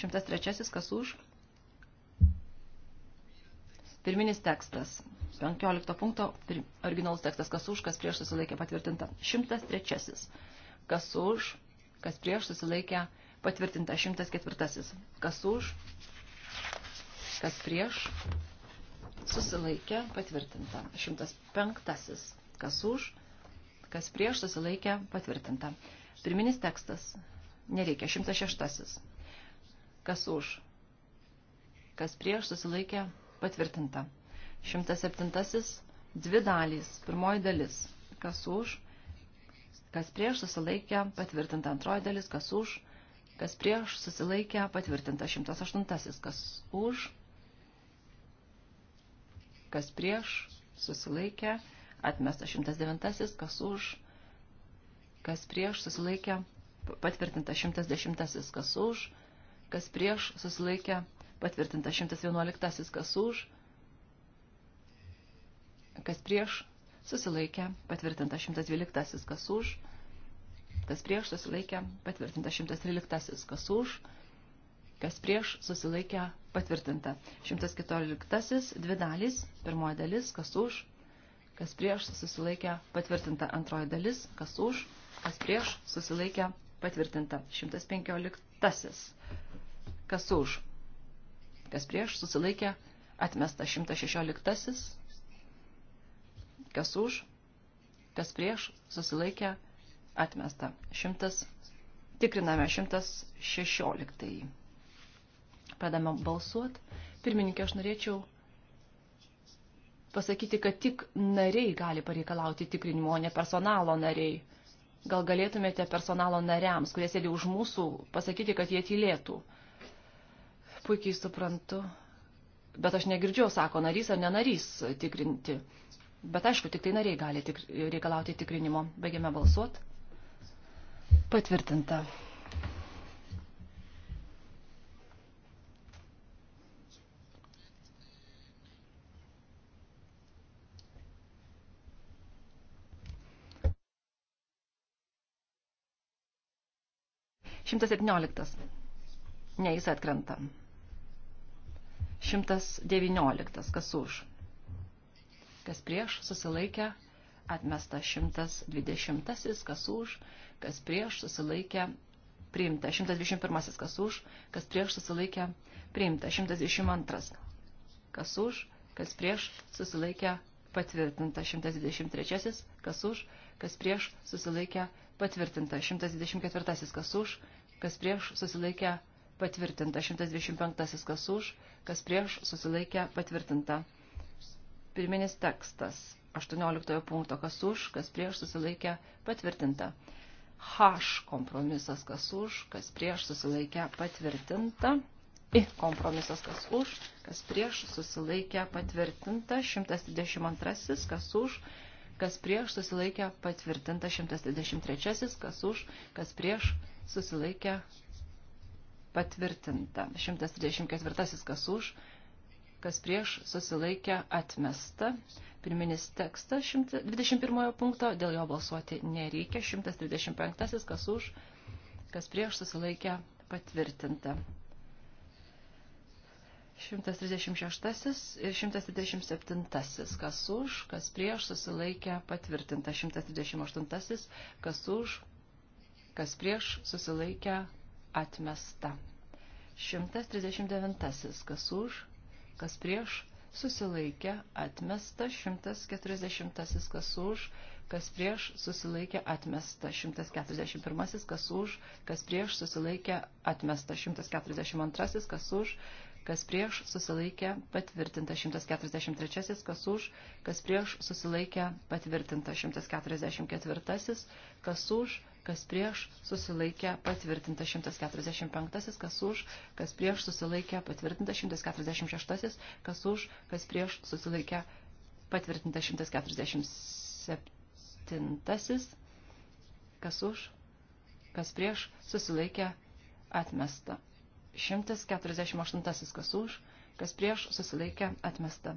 103 kas už. Pirminis tekstas. 15 punkto originalus tekstas kas už, kas prieš susilaikė patvirtinta. 103 kas už, kas prieš susilaikė atmesta Patvirtinta 104. Kas už, kas prieš, susilaikė, patvirtinta. 105. Kas už, kas prieš, susilaikė, patvirtinta. Pirminis tekstas. Nereikia. 106. Kas už, kas prieš, susilaikė, patvirtinta. 107. Dvi dalys. Pirmoji dalis. Kas už, kas prieš, susilaikė, patvirtinta. Antroji dalis. Kas už, kas prieš, susilaikė, patvirtinta 108, kas už, kas prieš, susilaikė, atmesta 109, kas už, kas prieš, susilaikė, patvirtinta 110, kas už, kas prieš, susilaikė, patvirtinta 111, kas už, kas prieš, susilaikė, patvirtinta 112, kas už, kas prieš susilaikė patvirtinta 113, kas už, kas prieš susilaikė patvirtinta 114, dvi dalys, pirmoji dalis, kas už, kas prieš susilaikė patvirtinta antroji dalis, kas už, kas prieš susilaikė patvirtinta 115, kas už, kas prieš susilaikė atmesta 116, kas už, kas prieš susilaikė patvirtinta Atmesta. Šimtas. Tikriname 116. Pradame balsuoti. Pirmininkė, aš norėčiau pasakyti, kad tik nariai gali pareikalauti tikrinimo, o ne personalo nariai. Gal galėtumėte personalo nariams, kurie sėdi už mūsų, pasakyti, kad jie tylėtų. Puikiai suprantu. Bet aš negirdžiu, sako narys ar nenarys tikrinti. Bet aišku, tik tai nariai gali tik, reikalauti tikrinimo. Baigiame balsuoti. Patvirtinta. Šimtas septynioliktas. Ne, jis atkrenta. Šimtas devynioliktas. Kas už? Kas prieš? Susilaikę. Atmesta šimtas dvidešimtasis. Kas už? Kas už? kas prieš susilaikė priimta. 121 kas už, kas prieš susilaikė priimta. 122 kas už, kas prieš susilaikė patvirtinta. 123 kas už, kas prieš susilaikė patvirtinta. 124 kas už, kas prieš susilaikė patvirtinta. 125 kas už, kas prieš susilaikė patvirtinta. Pirminis tekstas. 18 punkto kas už, kas prieš susilaikė patvirtinta. H kompromisas kas už, kas prieš susilaikę patvirtinta. I kompromisas kas už, kas prieš susilaikę patvirtinta. 122 kas už, kas prieš susilaikę patvirtinta. 123 kas už, kas prieš susilaikę patvirtinta. 124 kas už, kas prieš susilaikę atmesta. Pirminis tekstas 21 punkto, dėl jo balsuoti nereikia. 135 kas už, kas prieš susilaikę patvirtinta. 136 ir 137, kas už, kas prieš susilaikę patvirtinta. 138, kas už, kas prieš susilaikę atmesta. 139, kas už, kas prieš, susilaikė, atmesta, 140, kas už, kas prieš, susilaikė, atmesta, 141, kas už, kas prieš, susilaikė, atmesta, 142, kas už, kas prieš, susilaikė, patvirtinta, 143, kas už, kas prieš, susilaikė, patvirtinta, 144, kas už, kas prieš susilaikė patvirtinta 145, kas už, kas prieš susilaikė patvirtinta 146, kas už, kas prieš susilaikė patvirtinta 147, kas už, kas prieš susilaikė atmesta. 148, kas už, kas prieš susilaikė atmesta.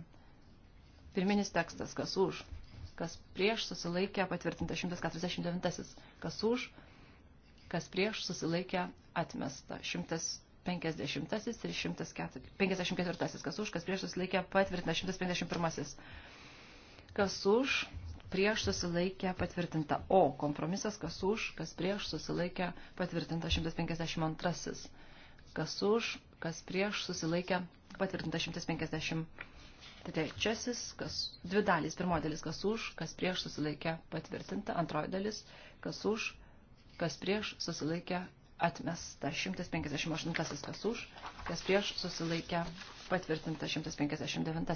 Pirminis tekstas, kas už, kas prieš susilaikė patvirtinta 149, kas už, kas prieš susilaikė atmesta 150 ir 154, kas už, kas prieš susilaikė patvirtinta 151, kas už, prieš susilaikė patvirtinta, o kompromisas kas už, kas prieš susilaikė patvirtinta 152, kas už, kas prieš susilaikė patvirtinta 153 Trečiasis, kas, dvi dalys. Pirmoji dalis, kas už, kas prieš susilaikė patvirtinta. Antroji dalis, kas už, kas prieš susilaikė atmesta. 158 kas už, kas prieš susilaikė patvirtinta. 159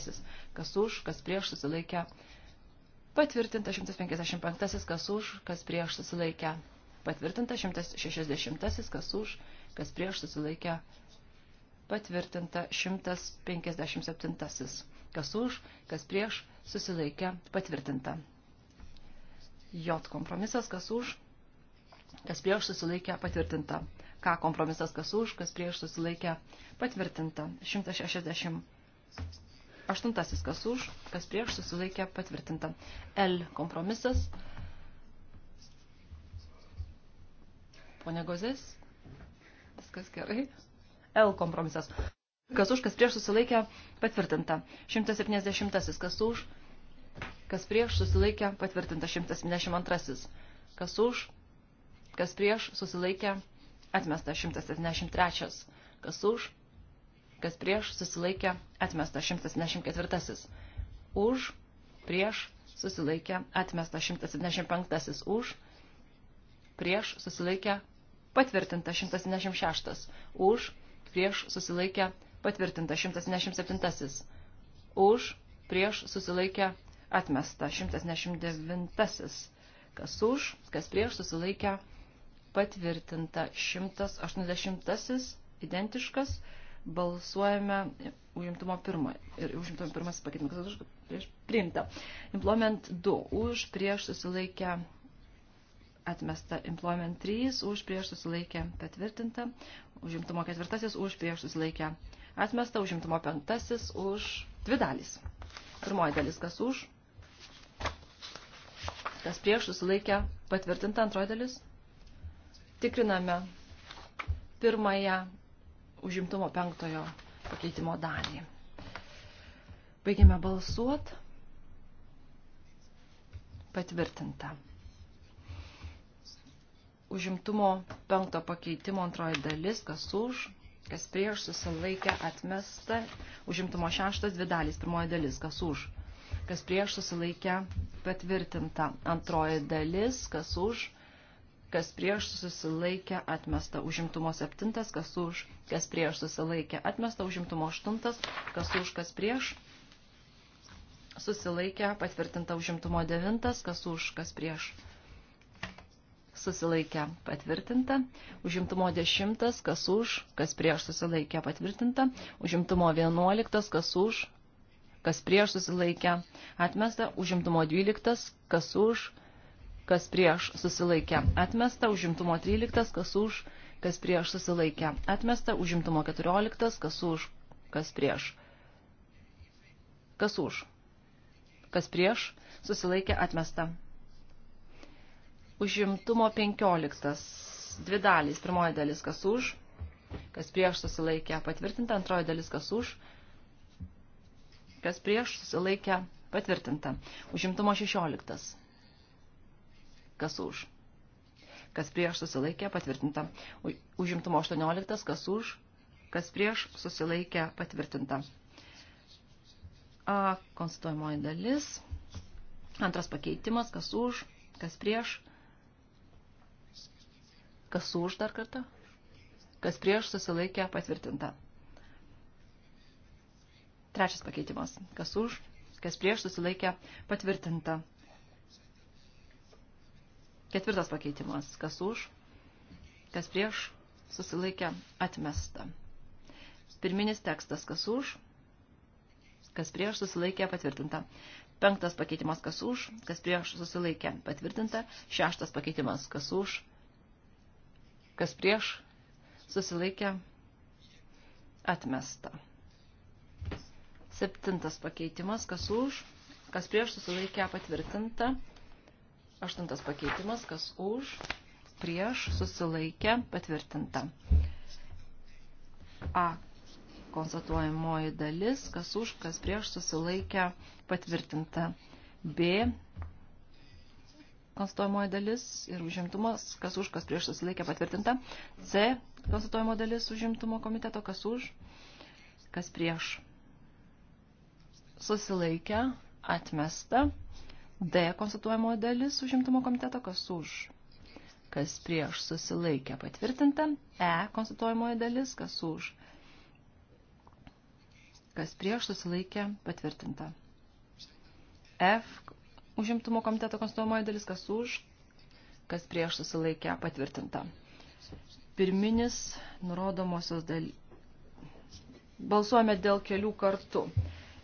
kas už, kas prieš susilaikė patvirtinta. 155 kas už, kas prieš susilaikė patvirtinta. 160 kas už, kas prieš susilaikė patvirtinta. 157 Kas už, kas prieš, susilaikė, patvirtinta. J kompromisas, kas už, kas prieš, susilaikė, patvirtinta. K kompromisas, kas už, kas prieš, susilaikė, patvirtinta. 160. Aštuntasis, kas už, kas prieš, susilaikė, patvirtinta. L kompromisas. Pone Gozės, viskas gerai. L kompromisas. Kas už, kas prieš susilaikė patvirtinta. 170. Kas už, kas prieš susilaikė patvirtinta. 172. Kas už, kas prieš susilaikė atmesta. 173. Kas už, kas prieš susilaikė atmesta. 174. Už, prieš susilaikė atmesta. 175. Už, prieš susilaikė patvirtinta. 176. Už, prieš susilaikė atmesta patvirtinta 177. Už, prieš, susilaikę, atmesta 179. Kas už, kas prieš, susilaikę, patvirtinta 180. Identiškas. Balsuojame užimtumo pirmą. Ir užimtumo pirmas pakeitimas, kas už, prieš, priimta. Implement 2. Už, prieš, susilaikę, atmesta employment 3, už prieš susilaikę patvirtinta, užimtumo ketvirtasis už prieš susilaikę Atmesta užimtumo penktasis už dvi dalys. Pirmoji dalis kas už, kas prieš susilaikę patvirtinta antroji dalis. Tikriname pirmąją užimtumo penktojo pakeitimo dalį. Baigėme balsuot. Patvirtinta. Užimtumo penkto pakeitimo antroji dalis, kas už, kas prieš, susilaikė, atmesta. Užimtumo šeštas, dvi dalys, pirmoji dalis, kas už. Kas prieš, susilaikė, patvirtinta. Antroji dalis, kas už. Kas prieš, susilaikė, atmesta. Užimtumo septintas, kas už. Kas prieš, susilaikė, atmesta. Užimtumo aštuntas, kas už, kas prieš. Susilaikė, patvirtinta. Užimtumo devintas, kas už, kas prieš susilaikę patvirtinta, užimtumo 10, kas už, kas prieš susilaikę patvirtinta, užimtumo 11, kas už, kas prieš susilaikę atmesta, užimtumo 12, kas už, kas prieš susilaikę atmesta, užimtumo 13, kas už, kas prieš susilaikę atmesta, užimtumo 14, kas už, kas prieš. Kas už? Kas prieš? Susilaikė atmesta. Užimtumo 15. Dvi dalys. Pirmoji dalis kas už, kas prieš susilaikė patvirtinta. Antroji dalis kas už, kas prieš susilaikė patvirtinta. Užimtumo 16. Kas už, kas prieš susilaikė patvirtinta. Užimtumo 18. Kas už, kas prieš susilaikė patvirtinta. A, konstatuojamoji dalis. Antras pakeitimas, kas už, kas prieš, Kas už dar kartą? Kas prieš susilaikė patvirtinta. Trečias pakeitimas. Kas už, kas prieš susilaikė patvirtinta. Ketvirtas pakeitimas. Kas už, kas prieš susilaikė atmesta. Pirminis tekstas. Kas už, kas prieš susilaikė patvirtinta. Penktas pakeitimas kas už, kas prieš susilaikė patvirtinta. Šeštas pakeitimas kas už, kas prieš, susilaikė, atmesta. Septintas pakeitimas, kas už, kas prieš, susilaikė, patvirtinta. Aštuntas pakeitimas, kas už, prieš, susilaikė, patvirtinta. A. Konstatuojamoji dalis, kas už, kas prieš, susilaikė, patvirtinta. B konstatuojamoji dalis ir užimtumas, kas už, kas prieš susilaikė patvirtinta. C konstatuojamo dalis užimtumo komiteto, kas už, kas prieš susilaikė atmesta. D konstatuojamoji dalis užimtumo komiteto, kas už, kas prieš susilaikė patvirtinta. E konstatuojamoji dalis, kas už, kas prieš susilaikė patvirtinta. F užimtumo komiteto konstituojamoji dalis, kas už, kas prieš susilaikę patvirtinta. Pirminis nurodomosios daly... Balsuojame dėl kelių kartų.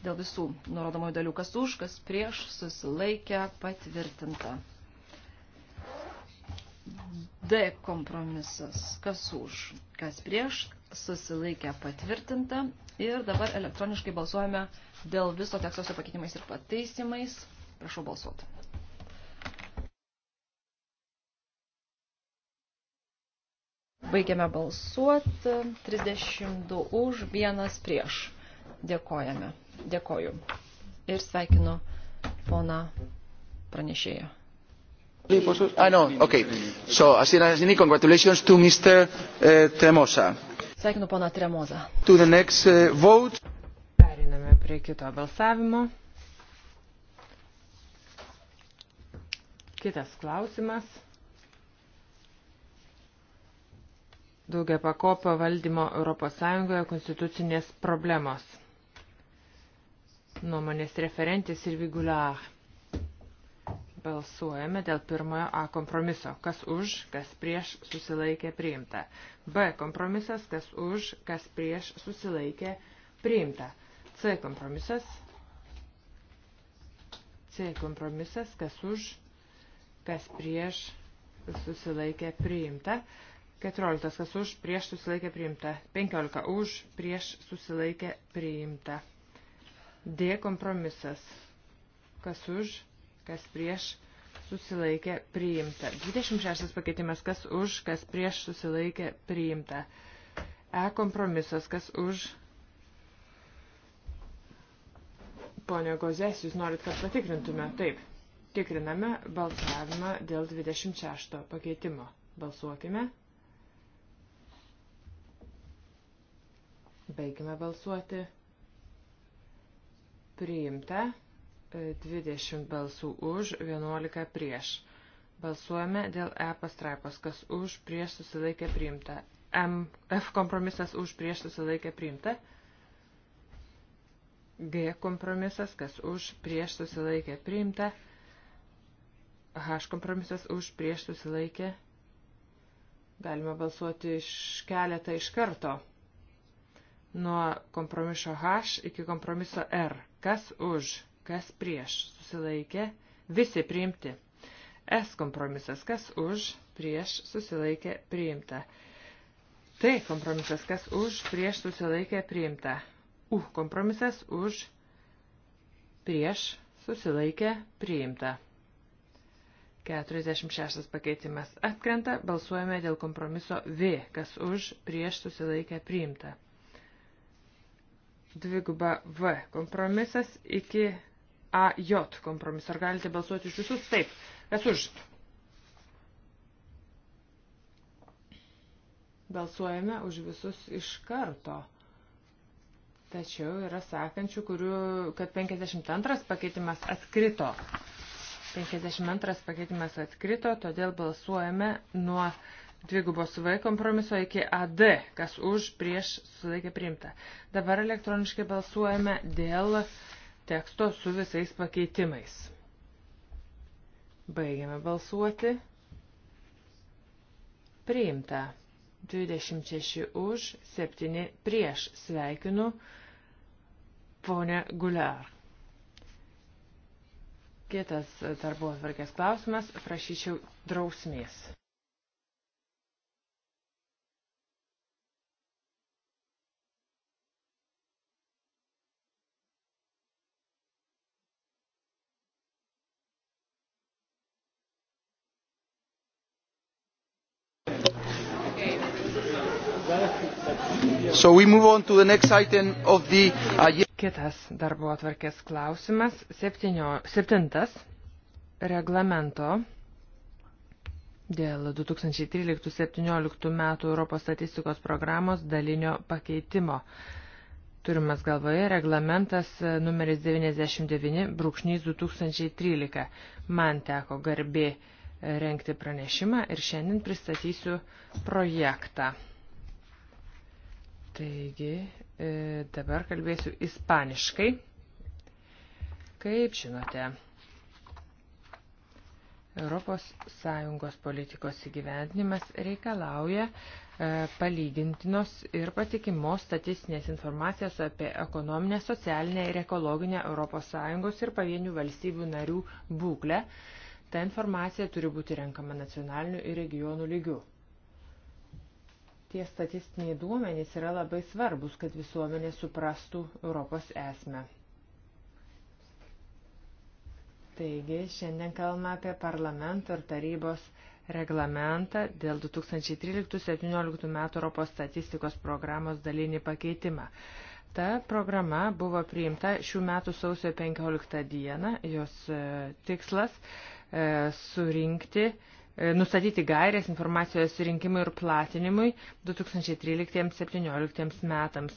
Dėl visų nurodomojų dalių, kas už, kas prieš susilaikę patvirtinta. D kompromisas. Kas už, kas prieš, susilaikę patvirtinta. Ir dabar elektroniškai balsuojame dėl viso teksto su pakeitimais ir pataisimais. Prašau balsuoti. Baigiame balsuoti. 32 už, vienas prieš. Dėkojame. Dėkoju. Ir sveikinu poną pranešėją.
Ah, no, okay. So, as in, as in, congratulations to Mr. Uh, eh, Tremosa.
Sveikinu poną Tremozą.
To the next uh, vote.
Periname prie kito balsavimo. Kitas klausimas. Daugia pakopo valdymo ES konstitucinės problemos. Nuomonės referentis ir viguliar. Balsuojame dėl pirmojo A kompromiso. Kas už, kas prieš susilaikė priimta. B kompromisas, kas už, kas prieš susilaikė priimta. C kompromisas. C kompromisas, kas už, kas prieš susilaikė priimta. 14. Kas už prieš susilaikė priimta. 15. Už prieš susilaikė priimta. D. Kompromisas. Kas už, kas prieš susilaikė priimta. 26. Pakeitimas. Kas už, kas prieš susilaikė priimta. E. Kompromisas. Kas už. Pone Gozės, jūs norit, kad patikrintume? Taip. Tikriname balsavimą dėl 26 pakeitimo. Balsuokime. Baigime balsuoti. Priimta 20 e, balsų už, 11 prieš. Balsuojame dėl E pastraipos, kas už, prieš susilaikė priimta. M, F kompromisas už, prieš susilaikė priimta. G kompromisas, kas už, prieš susilaikė priimta. H kompromisas už prieš susilaikė. Galima balsuoti iš keletą iš karto. Nuo kompromiso H iki kompromiso R. Kas už, kas prieš susilaikė. Visi priimti. S kompromisas. Kas už, prieš susilaikė priimta. Tai kompromisas, kas už, prieš susilaikė priimta. U kompromisas už, prieš susilaikė priimta. 46 pakeitimas atkrenta, balsuojame dėl kompromiso V, kas už, prieš susilaikę priimta. Dviguba V kompromisas iki AJ kompromiso. Ar galite balsuoti už visus? Taip. Kas už? Balsuojame už visus iš karto. Tačiau yra sakančių, kurių, kad 52 pakeitimas atkrito. 52 pakeitimas atkrito, todėl balsuojame nuo dvigubos V kompromiso iki AD, kas už prieš sulaikė priimta. Dabar elektroniškai balsuojame dėl teksto su visais pakeitimais. Baigiame balsuoti. Priimta. 26 už, 7 prieš. Sveikinu, ponė Guliar. Kitas e, darbo atvarkės klausimas, prašyčiau drausmės. So the... Kitas darbo atvarkės klausimas, septinio, septintas reglamento dėl 2013-2017 metų Europos statistikos programos dalinio pakeitimo. Turimas galvoje reglamentas numeris 99 brūkšnys 2013. Man teko garbė renkti pranešimą ir šiandien pristatysiu projektą. Taigi, e, dabar kalbėsiu ispaniškai. Kaip žinote, ES politikos įgyvendinimas reikalauja e, palygintinos ir patikimos statistinės informacijos apie ekonominę, socialinę ir ekologinę ES ir pavienių valstybių narių būklę. Ta informacija turi būti renkama nacionaliniu ir regionų lygiu. Tie statistiniai duomenys yra labai svarbus, kad visuomenė suprastų Europos esmę. Taigi, šiandien kalbame apie parlamento ir tarybos reglamentą dėl 2013-2017 metų Europos statistikos programos dalinį pakeitimą. Ta programa buvo priimta šių metų sausio 15 dieną, jos e, tikslas e, surinkti e, E, nustatyti gairės informacijos rinkimui ir platinimui 2013-2017 metams.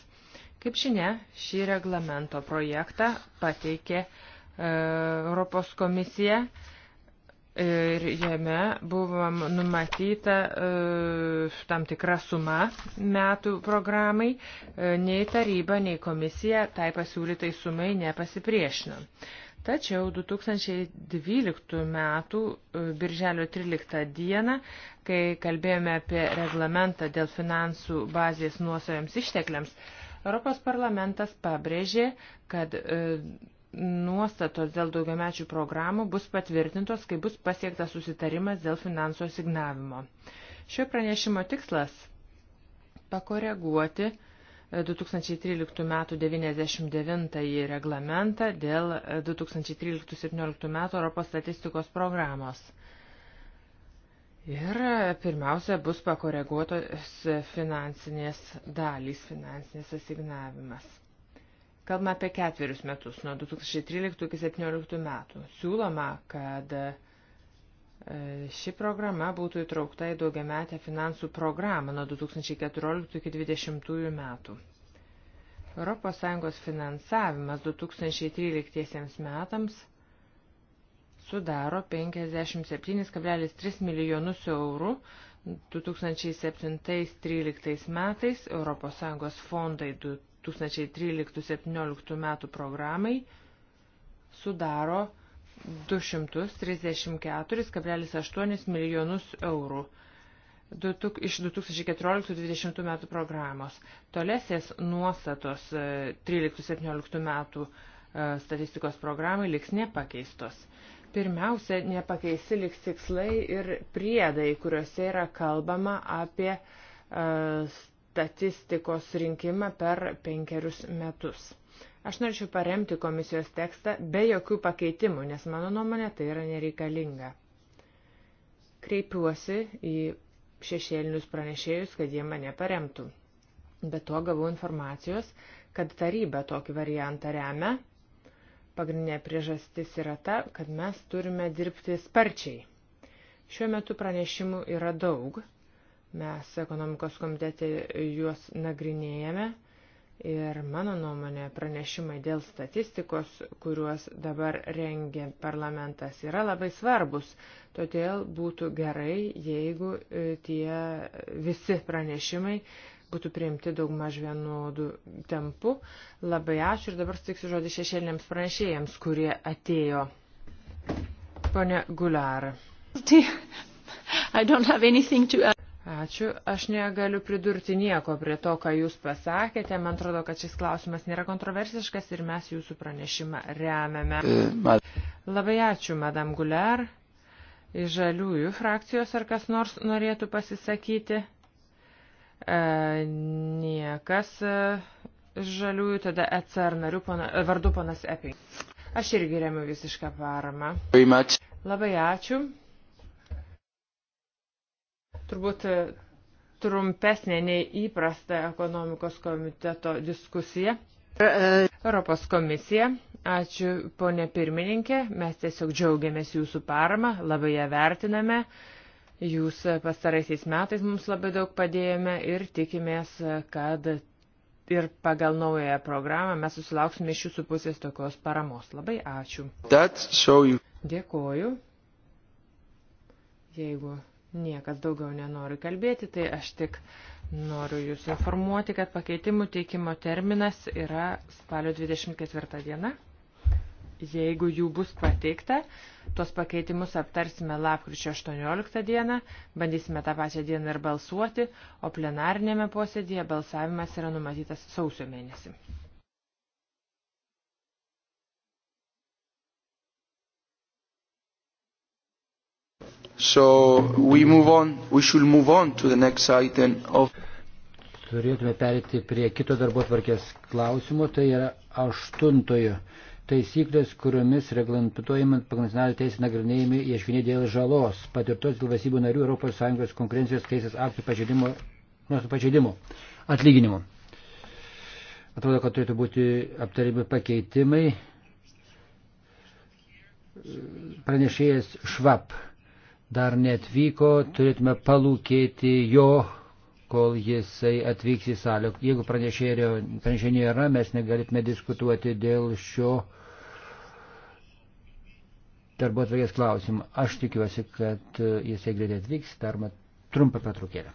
Kaip žinia, šį reglamento projektą pateikė e, Europos komisija e, ir jame buvo numatyta tam tikra suma metų programai, nei taryba, nei komisija tai pasiūlytai sumai nepasipriešino. Tačiau 2012 m. E, birželio 13 d., kai kalbėjome apie reglamentą dėl finansų bazės nuosavėms ištekliams, Europos parlamentas pabrėžė, kad e, nuostatos dėl daugiamečių programų bus patvirtintos, kai bus pasiektas susitarimas dėl finansų asignavimo. Šio pranešimo tikslas – pakoreguoti 2013 m. 99 reglamentą dėl 2013-2017 m. Europos statistikos programos. Ir pirmiausia bus pakoreguotos finansinės dalys, finansinės asignavimas. Kalbame apie ketverius metus, nuo 2013 iki 2017 metų. Siūloma, kad E, ši programa būtų įtraukta į daugiametę finansų programą nuo 2014 iki 2020 metų. ES finansavimas 2013 metams sudaro 57,3 milijonus eurų 2007-2013 metais ES fondai 2013-2017 metų programai sudaro 234,8 milijonus eurų iš 2014-2020 metų programos. Tolesės nuostatos 13-17 e, metų e, statistikos programai liks nepakeistos. Pirmiausia, nepakeisti liks tikslai ir priedai, kuriuose yra kalbama apie e, statistikos rinkimą per penkerius metus. Aš norėčiau paremti komisijos tekstą be jokių pakeitimų, nes mano nuomonė tai yra nereikalinga. Kreipiuosi į šešėlinius pranešėjus, kad jie mane paremtų. Be to gavau informacijos, kad taryba tokį variantą remia. Pagrindinė priežastis yra ta, kad mes turime dirbti sparčiai. Šiuo metu pranešimų yra daug. Mes ekonomikos komitete juos nagrinėjame Ir mano nuomonė, pranešimai dėl statistikos, kuriuos dabar rengia parlamentas, yra labai svarbus. Todėl būtų gerai, jeigu e, tie visi pranešimai būtų priimti daug maž vienodų tempų. Labai ačiū ir dabar stiksiu žodį šešėlėms pranešėjams, kurie atėjo. Pone Gular. I don't have anything to add. Ačiū. Aš negaliu pridurti nieko prie to, ką Jūs pasakėte. Man atrodo, kad šis klausimas nėra kontroversiškas ir mes Jūsų pranešimą remiame. E, Labai ačiū, Madam Guler. Iš žaliųjų frakcijos ar kas nors norėtų pasisakyti? E, niekas e, žaliųjų, tada ECR narių pana, e, vardu panas Epi. Aš irgi remiu visišką paramą. Labai ačiū turbūt e, trumpesnė nei įprasta ekonomikos komiteto diskusija. Europos komisija, ačiū ponė pirmininkė, mes tiesiog džiaugiamės jūsų paramą, labai ją vertiname. Jūs pastaraisiais metais mums labai daug padėjome ir tikimės, kad ir pagal naująją programą mes susilauksime iš jūsų pusės tokios paramos. Labai ačiū. You... Dėkoju. Jeigu Niekas daugiau nenori kalbėti, tai aš tik noriu Jūs informuoti, kad pakeitimų teikimo terminas yra spalio 24 diena. Jeigu jų bus pateikta, tuos pakeitimus aptarsime lapkričio 18 dieną, bandysime tą pačią dieną ir balsuoti, o plenarinėme posėdėje balsavimas yra numatytas sausio mėnesį.
So we move on, we should move on to the next item of.
Turėtume perėti prie kito darbo tvarkės klausimo, tai yra aštuntojo taisyklės, kuriomis reglamentuojama pagal nacionalinę teisę nagrinėjami ieškiniai dėl žalos patirtos dėl valstybių narių ES konkurencijos teisės aktų pažeidimo, nuostų pažeidimo atlyginimo. Atrodo, kad turėtų būti aptarimi pakeitimai. Pranešėjas Švap dar netvyko, turėtume palūkėti jo, kol jisai atvyks į salę. Jeigu pranešėjo nėra, mes negalėtume diskutuoti dėl šio darbo atvarkės klausimų. Aš tikiuosi, kad jisai greitai atvyks, dar trumpą petrukėlę.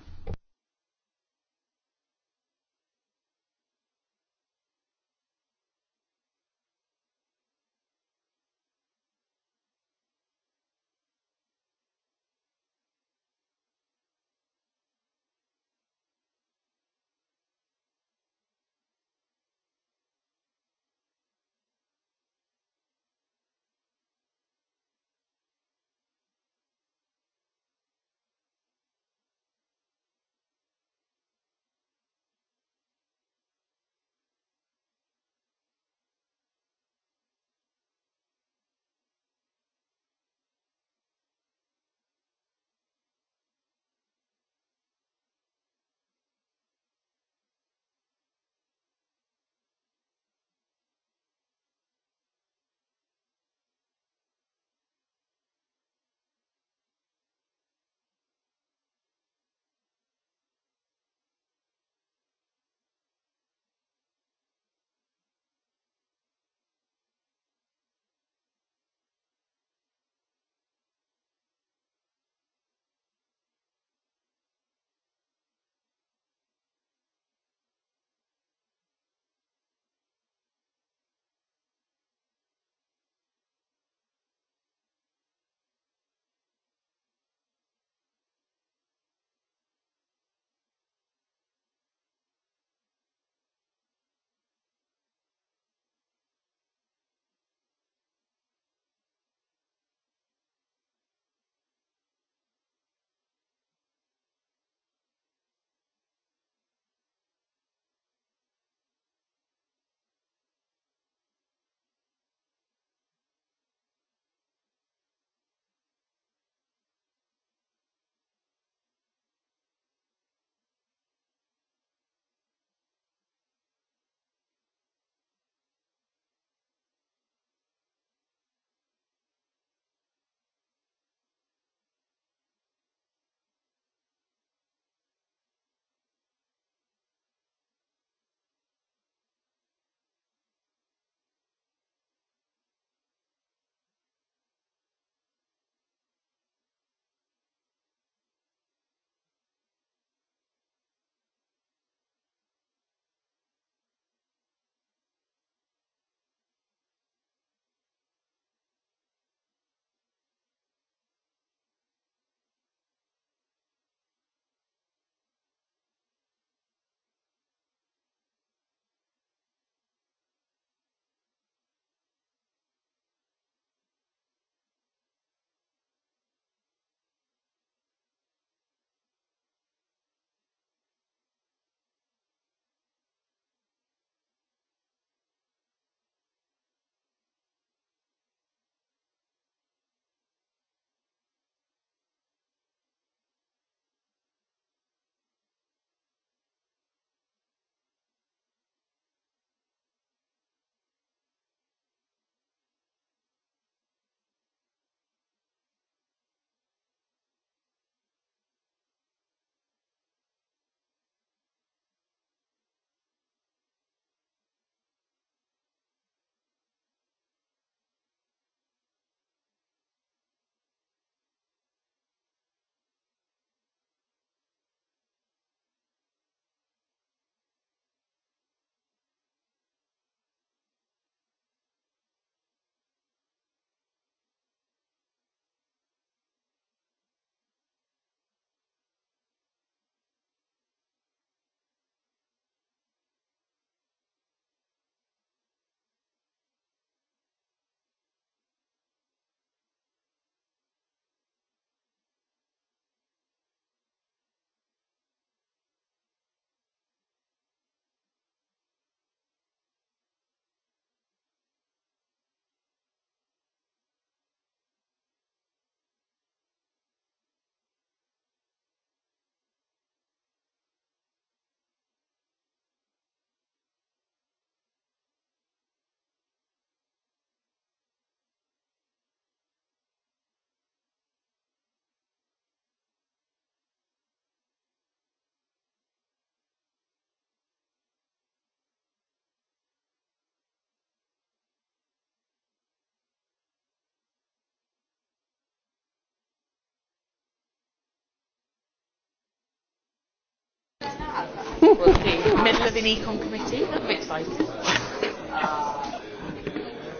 we'll see. Middle of an
econ committee. I'm excited.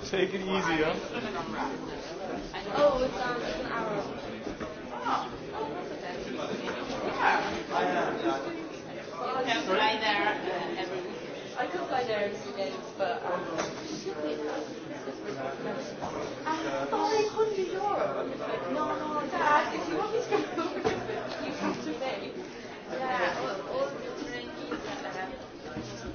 Take it easy, huh? Oh, it's um, it's an hour. Oh, oh that's okay. Yeah. I
don't fly there uh, every week. I could fly there in two days, but um, I thought I hundred euro. And it's like, no, no, Dad, if you want me to come over, you have to pay. Yeah, all, all Thank you.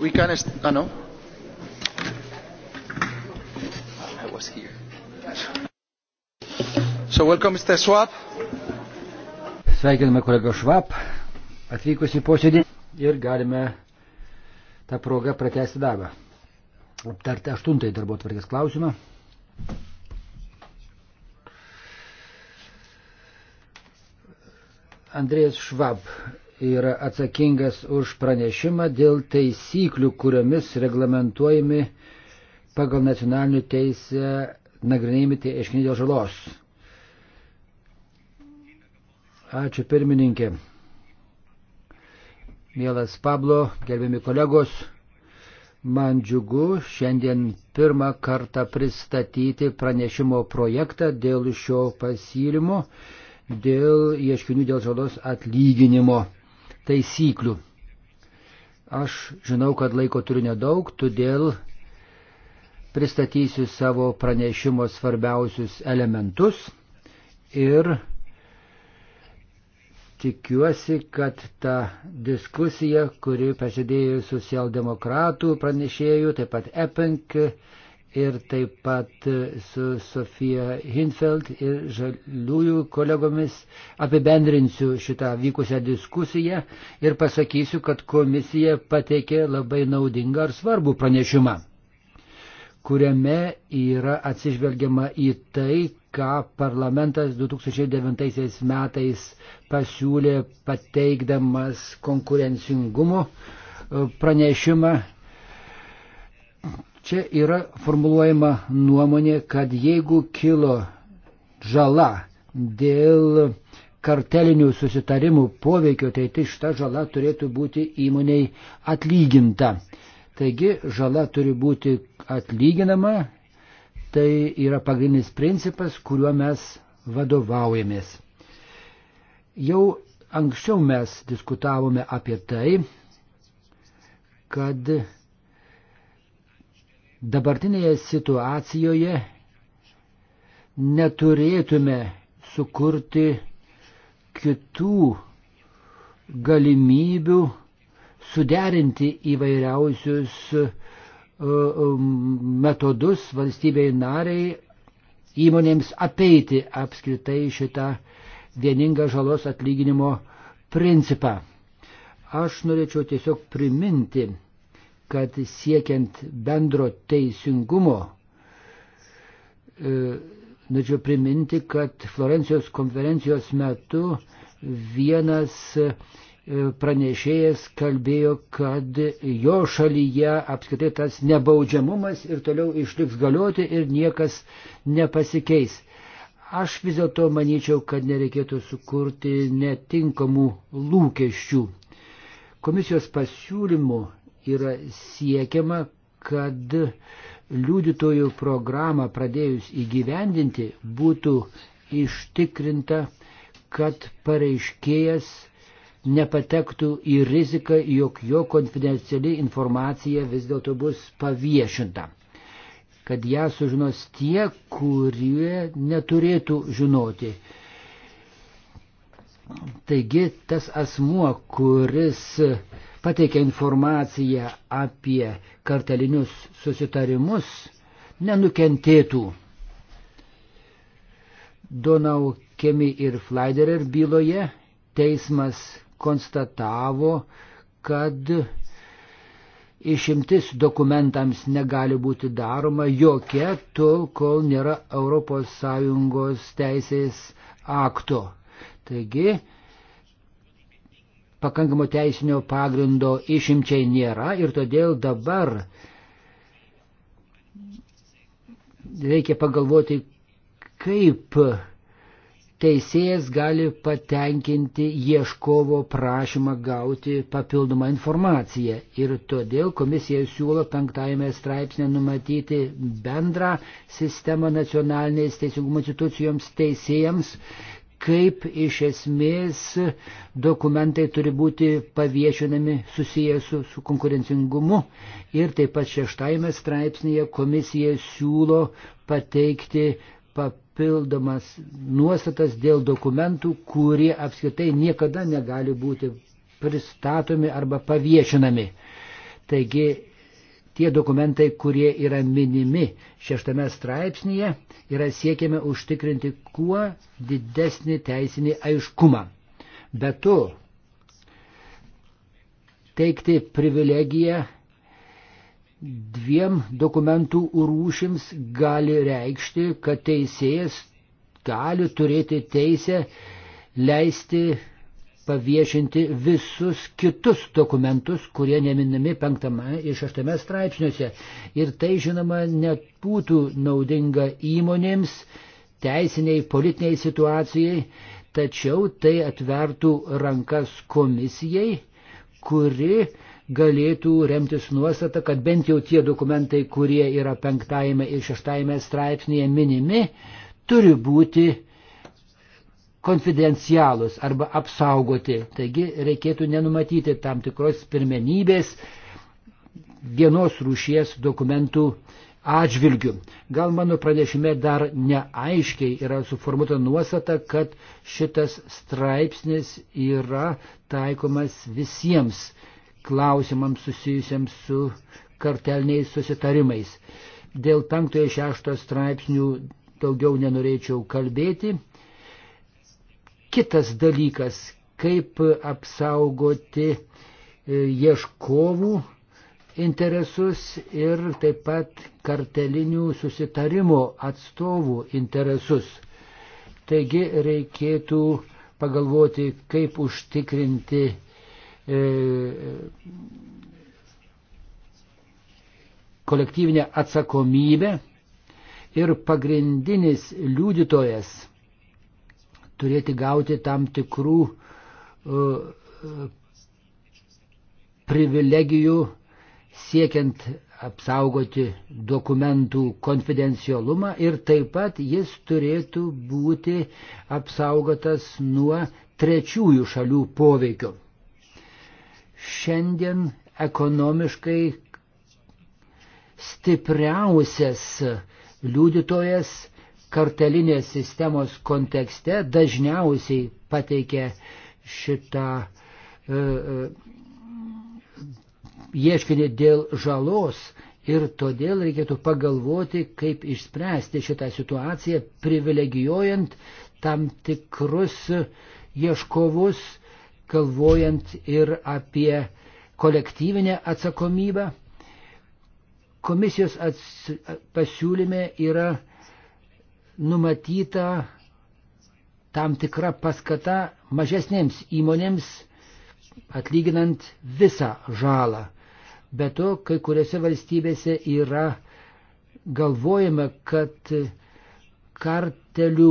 we can. Est- ah, no. I was here. So welcome, Mr. Schwab.
Sveikiname kolegą Švab atvykus į posėdį ir galime tą progą pratesti darbą. Aptarti aštuntąjį darbo tvarkės klausimą. Andrėjas Švab yra atsakingas už pranešimą dėl taisyklių, kuriomis reglamentuojami pagal nacionalinių teisę nagrinėjami tie ieškiniai dėl žalos. Ačiū pirmininkė. Mielas Pablo, gerbiami kolegos, man džiugu šiandien pirmą kartą pristatyti pranešimo projektą dėl šio pasiūlymo, dėl ieškinių dėl žalos atlyginimo taisyklių. Aš žinau, kad laiko turiu nedaug, todėl pristatysiu savo pranešimo svarbiausius elementus ir tikiuosi, kad ta diskusija, kuri prasidėjo socialdemokratų pranešėjų, taip pat EPENK ir taip pat su Sofija Hinfeld ir žaliųjų kolegomis apibendrinsiu šitą vykusią diskusiją ir pasakysiu, kad komisija pateikė labai naudingą ar svarbų pranešimą, kuriame yra atsižvelgiama į tai, ką parlamentas 2009 metais pasiūlė pateikdamas konkurencingumo pranešimą Čia yra formuluojama nuomonė, kad jeigu kilo žala dėl kartelinių susitarimų poveikio, tai, tai šita žala turėtų būti įmoniai atlyginta. Taigi žala turi būti atlyginama, tai yra pagrindinis principas, kuriuo mes vadovaujamės. Jau anksčiau mes diskutavome apie tai, kad dabartinėje situacijoje neturėtume sukurti kitų galimybių suderinti įvairiausius e, e, metodus valstybei nariai įmonėms apeiti apskritai šitą vieningą žalos atlyginimo principą. Aš norėčiau tiesiog priminti kad siekiant bendro teisingumo, e, norėčiau priminti, kad Florencijos konferencijos metu vienas e, pranešėjas kalbėjo, kad jo šalyje apskritai tas nebaudžiamumas ir toliau išliks galioti ir niekas nepasikeis. Aš vis dėlto manyčiau, kad nereikėtų sukurti netinkamų lūkesčių. Komisijos pasiūlymų yra siekiama, kad liudytojų programą pradėjus įgyvendinti būtų ištikrinta, kad pareiškėjas nepatektų į riziką, jog jo konfidenciali informacija vis dėlto bus paviešinta. Kad ją sužinos tie, kurie neturėtų žinoti. Taigi tas asmuo, kuris uh, pateikia informaciją apie kartelinius susitarimus, nenukentėtų. Donau Kemi ir Flaiderer byloje teismas konstatavo, kad išimtis dokumentams negali būti daroma jokia, tol kol nėra ES teisės akto. Taigi, pakankamo teisinio pagrindo išimčiai nėra ir todėl dabar reikia pagalvoti, kaip teisėjas gali patenkinti ieškovo prašymą gauti papildomą informaciją. Ir todėl komisija siūlo penktajame straipsnė numatyti bendrą sistemą nacionalinės teisingumo institucijoms teisėjams, kaip iš esmės dokumentai turi būti paviešinami susiję su, su konkurencingumu. Ir taip pat šeštajame straipsnėje komisija siūlo pateikti papildomas nuostatas dėl dokumentų, kurie apskritai niekada negali būti pristatomi arba paviešinami. Taigi tie dokumentai, kurie yra minimi šeštame straipsnėje, yra siekiame užtikrinti kuo didesnį teisinį aiškumą. Be to, teikti privilegiją dviem dokumentų rūšims gali reikšti, kad teisėjas gali turėti teisę leisti paviešinti visus kitus dokumentus, kurie neminami penktame ir šeštame straipsniuose. Ir tai, žinoma, nebūtų naudinga įmonėms, teisiniai, politiniai situacijai, tačiau tai atvertų rankas komisijai, kuri galėtų remtis nuostata, kad bent jau tie dokumentai, kurie yra penktajame ir šeštajame straipsnėje minimi, turi būti konfidencialūs arba apsaugoti. Taigi reikėtų nenumatyti tam tikros pirmenybės vienos rūšies dokumentų atžvilgių. Gal mano pranešime dar neaiškiai yra suformuota nuostata, kad šitas straipsnis yra taikomas visiems klausimams susijusiems su kartelniais susitarimais. Dėl 5-6 straipsnių daugiau nenorėčiau kalbėti. Kitas dalykas, kaip apsaugoti e, ieškovų interesus ir taip pat kartelinių susitarimo atstovų interesus. Taigi reikėtų pagalvoti, kaip užtikrinti e, kolektyvinę atsakomybę ir pagrindinis liudytojas turėti gauti tam tikrų e, e, privilegijų siekiant apsaugoti dokumentų konfidencialumą ir taip pat jis turėtų būti apsaugotas nuo trečiųjų šalių poveikio. Šiandien ekonomiškai stipriausias liudytojas kartelinės sistemos kontekste dažniausiai pateikia šitą e, e, ieškinį dėl žalos ir todėl reikėtų pagalvoti, kaip išspręsti šitą situaciją, privilegijuojant tam tikrus ieškovus, galvojant ir apie kolektyvinę atsakomybę. Komisijos ats... pasiūlyme yra numatyta tam tikra paskata mažesnėms įmonėms atlyginant visą žalą. Be to, kai kuriuose valstybėse yra galvojama, kad kartelių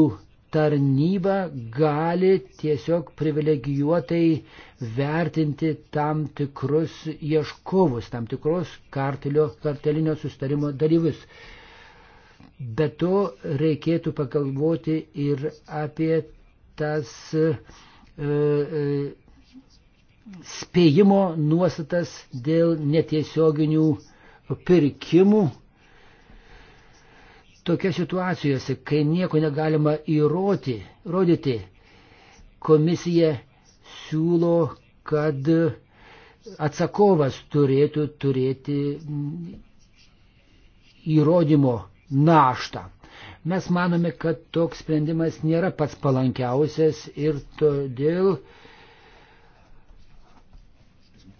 tarnyba gali tiesiog privilegijuotai vertinti tam tikrus ieškovus, tam tikros kartelio, kartelinio sustarimo dalyvius. Be to reikėtų pagalvoti ir apie tas e, e, spėjimo nuostatas dėl netiesioginių pirkimų. Tokia situacijose, kai nieko negalima įroti, rodyti, komisija siūlo, kad atsakovas turėtų turėti įrodymo naštą. Mes manome, kad toks sprendimas nėra pats palankiausias ir todėl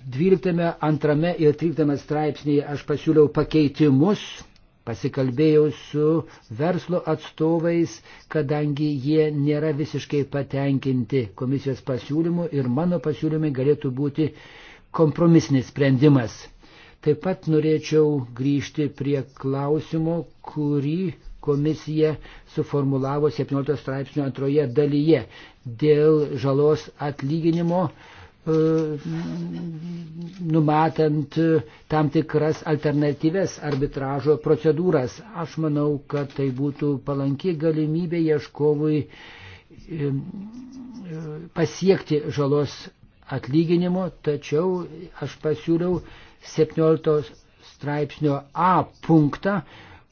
12, 2 ir 13 straipsnėje aš pasiūliau pakeitimus, pasikalbėjau su verslo atstovais, kadangi jie nėra visiškai patenkinti komisijos pasiūlymu ir mano pasiūlymai galėtų būti kompromisinis sprendimas. Taip pat norėčiau grįžti prie klausimo, kurį komisija suformulavo 17 straipsnio antroje dalyje dėl žalos atlyginimo e, numatant tam tikras alternatyves arbitražo procedūras. Aš manau, kad tai būtų palanki galimybė ieškovui e, pasiekti žalos atlyginimo, tačiau aš pasiūliau 17 straipsnio A punktą,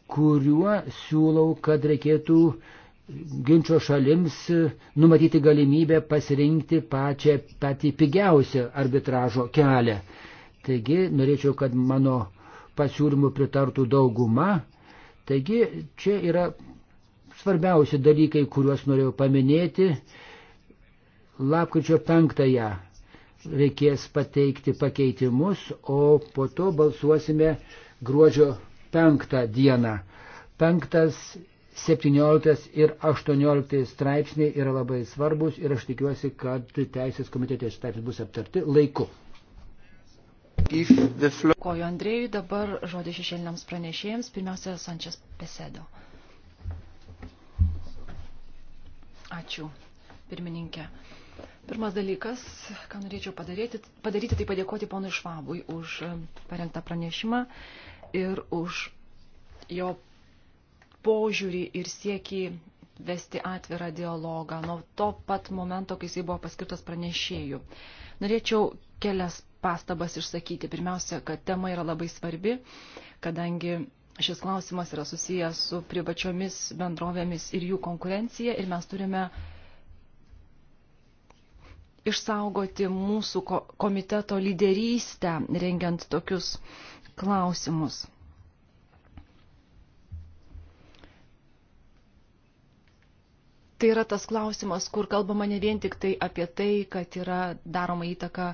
kuriuo siūlau, kad reikėtų ginčio šalims numatyti galimybę pasirinkti pačią patį pigiausią arbitražo kelią. Taigi norėčiau, kad mano pasiūlymų pritartų dauguma. Taigi čia yra svarbiausi dalykai, kuriuos norėjau paminėti. Lapkričio penktąją reikės pateikti pakeitimus, o po to balsuosime gruodžio 5 dieną. 5, 17 ir 18 straipsniai yra labai svarbus ir aš tikiuosi, kad Teisės komitete straipsniai bus aptarti laiku.
Kojo Andrėjui dabar žodį šešėliniams pranešėjams, pirmiausia Sančias Pesedo. Ačiū, pirmininkė. Pirmas dalykas, ką norėčiau padaryti, padaryti tai padėkoti ponui Švabui už e, parengtą pranešimą ir už jo požiūrį ir siekį vesti atvirą dialogą nuo to pat momento, kai jisai buvo paskirtas pranešėjų. Norėčiau kelias pastabas išsakyti. Pirmiausia, kad tema yra labai svarbi, kadangi šis klausimas yra susijęs su privačiomis bendrovėmis ir jų konkurencija ir mes turime išsaugoti mūsų komiteto lyderystę, rengiant tokius klausimus. Tai yra tas klausimas, kur kalbama ne vien tik tai apie tai, kad yra daroma įtaka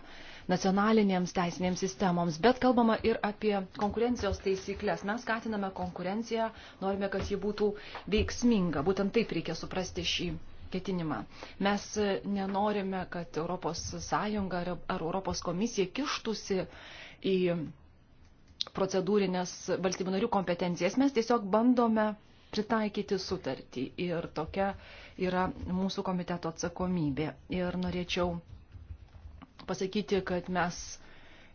nacionalinėms teisinėms sistemoms, bet kalbama ir apie konkurencijos taisyklės. Mes skatiname konkurenciją, norime, kad ji būtų veiksminga. Būtent taip reikia suprasti šį ketinimą. Mes nenorime, kad ES ar, ar ES komisija kištusi į procedūrinės valstybių narių kompetencijas. Mes tiesiog bandome pritaikyti sutartį ir tokia yra mūsų komiteto atsakomybė. Ir norėčiau pasakyti, kad mes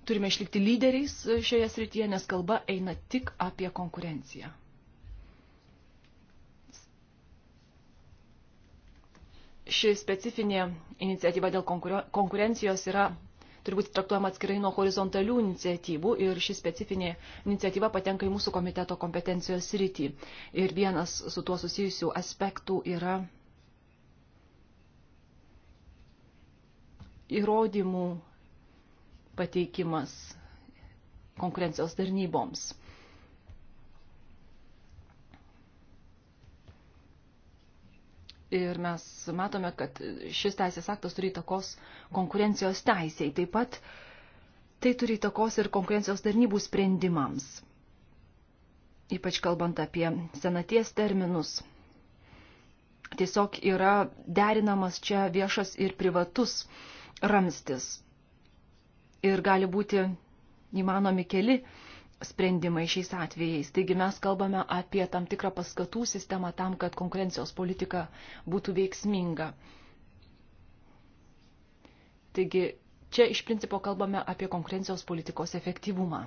turime išlikti lyderiais šioje srityje, nes kalba eina tik apie konkurenciją. ši specifinė iniciatyva dėl konkurencijos yra turi būti traktuojama atskirai nuo horizontalių iniciatyvų ir ši specifinė iniciatyva patenka į mūsų komiteto kompetencijos sritį. Ir vienas su tuo susijusių aspektų yra įrodymų pateikimas konkurencijos tarnyboms. Ir mes matome, kad šis teisės aktas turi įtakos konkurencijos teisėjai. Taip pat tai turi įtakos ir konkurencijos tarnybų sprendimams. Ypač kalbant apie senaties terminus. Tiesiog yra derinamas čia viešas ir privatus ramstis. Ir gali būti įmanomi keli sprendimai šiais atvejais. Taigi mes kalbame apie tam tikrą paskatų sistemą tam, kad konkurencijos politika būtų veiksminga. Taigi čia iš principo kalbame apie konkurencijos politikos efektyvumą.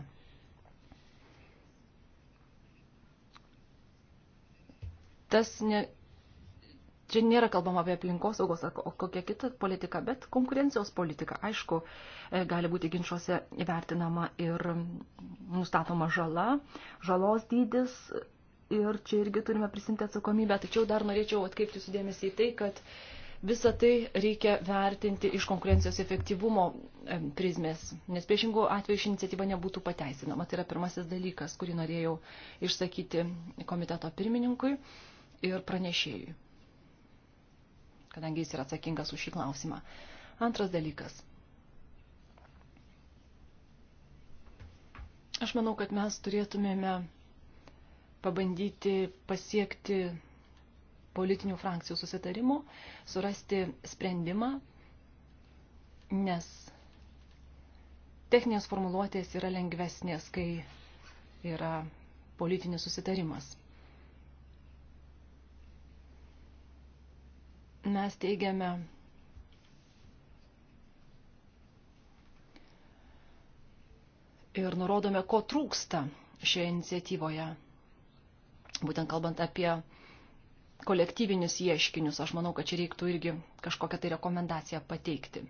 Tas ne, čia nėra kalbama apie aplinkosaugos ar kokią kitą politiką, bet konkurencijos politika. Aišku, e, gali būti ginčiuose įvertinama ir nustatoma žala, žalos dydis ir čia irgi turime prisimti atsakomybę. Tačiau dar norėčiau atkreipti sudėmesį į tai, kad visą tai reikia vertinti iš konkurencijos efektyvumo e, prizmės, nes priešingų atveju ši iniciatyva nebūtų pateisinama. Tai yra pirmasis dalykas, kurį norėjau išsakyti komiteto pirmininkui ir pranešėjui kadangi jis yra atsakingas už šį klausimą. Antras dalykas. Aš manau, kad mes turėtumėme pabandyti pasiekti politinių frakcijų susitarimų, surasti sprendimą, nes techninės formuluotės yra lengvesnės, kai yra politinis susitarimas. mes teigiame, ir nurodome, ko trūksta šioje iniciatyvoje. Būtent kalbant apie kolektyvinius ieškinius, aš manau, kad čia reiktų irgi kažkokią tai rekomendaciją pateikti.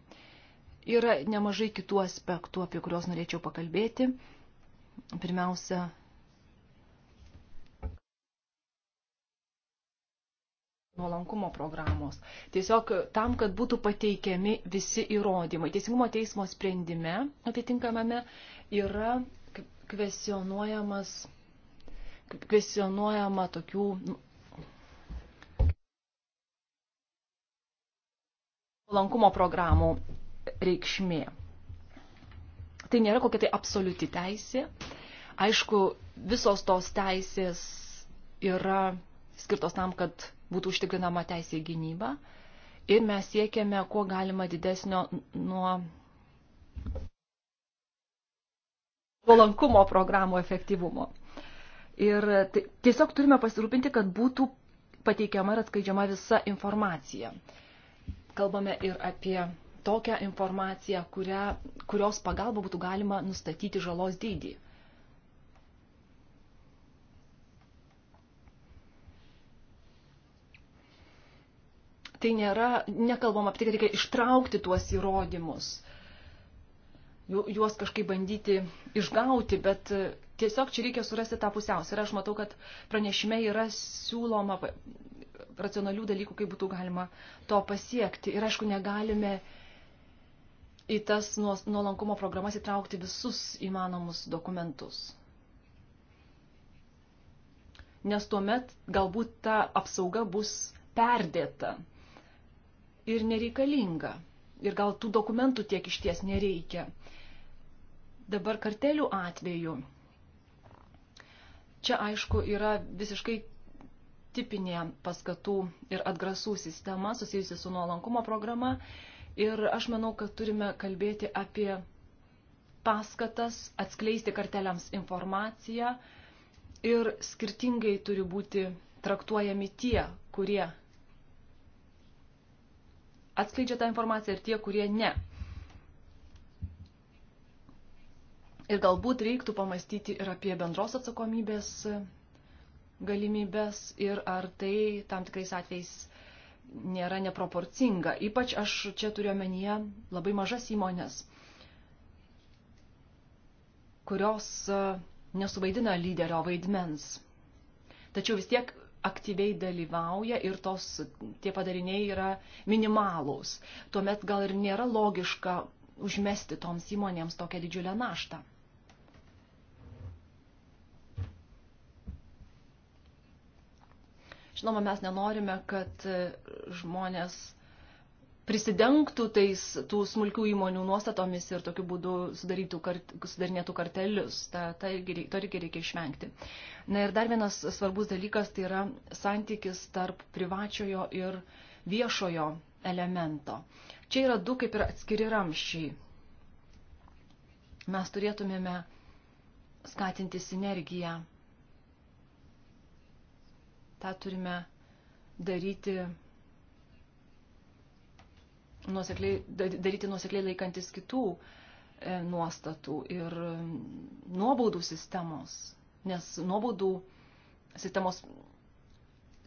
Yra nemažai kitų aspektų, apie kuriuos norėčiau pakalbėti. Pirmiausia, nuolankumo programos. Tiesiog tam, kad būtų pateikiami visi įrodymai. Teisingumo teismo sprendime atitinkamame yra kvesionuojamas, kvesionuojama tokių. Nu, Lankumo programų reikšmė. Tai nėra kokia tai absoliuti teisė. Aišku, visos tos teisės yra skirtos tam, kad būtų užtikrinama teisė į gynybą. Ir mes siekiame, kuo galima didesnio nuo valankumo programų efektyvumo. Ir tai tiesiog turime pasirūpinti, kad būtų pateikiama ir atskaidžiama visa informacija. Kalbame ir apie tokią informaciją, kurią, kurios pagalba būtų galima nustatyti žalos dydį. tai nėra, nekalbam apie tai, kad reikia ištraukti tuos įrodymus, juos kažkaip bandyti išgauti, bet e, tiesiog čia reikia surasti tą pusiausvyrą. Aš matau, kad pranešime yra siūloma racionalių dalykų, kaip būtų galima to pasiekti. Ir aišku, negalime į tas nuolankumo programas įtraukti visus įmanomus dokumentus. Nes tuomet galbūt ta apsauga bus perdėta ir nereikalinga. Ir gal tų dokumentų tiek iš ties nereikia. Dabar kartelių atveju. Čia aišku yra visiškai tipinė paskatų ir atgrasų sistema susijusi su nuolankumo programa. Ir aš manau, kad turime kalbėti apie paskatas, atskleisti karteliams informaciją ir skirtingai turi būti traktuojami tie, kurie atskleidžia tą informaciją ir tie, kurie ne. Ir galbūt reiktų pamastyti ir apie bendros atsakomybės galimybės ir ar tai tam tikrais atvejais nėra neproporcinga. Ypač aš čia turiu omenyje labai mažas įmonės, kurios nesuvaidina lyderio vaidmens. Tačiau vis tiek aktyviai dalyvauja ir tos, tie padariniai yra minimalūs. Tuomet gal ir nėra logiška užmesti toms įmonėms tokią didžiulę naštą. Žinoma, mes nenorime, kad žmonės prisidengtų tais tų smulkių įmonių nuostatomis ir tokiu būdu kart, sudarinėtų kartelius. Ta, ta irgi, to irgi reikia išvengti. Na ir dar vienas svarbus dalykas tai yra santykis tarp privačiojo ir viešojo elemento. Čia yra du kaip ir atskiri ramščiai. Mes turėtumėme skatinti sinergiją. Ta turime daryti nuosekliai, daryti nuosekliai laikantis kitų e, nuostatų ir e, nuobaudų sistemos, nes nuobaudų sistemos,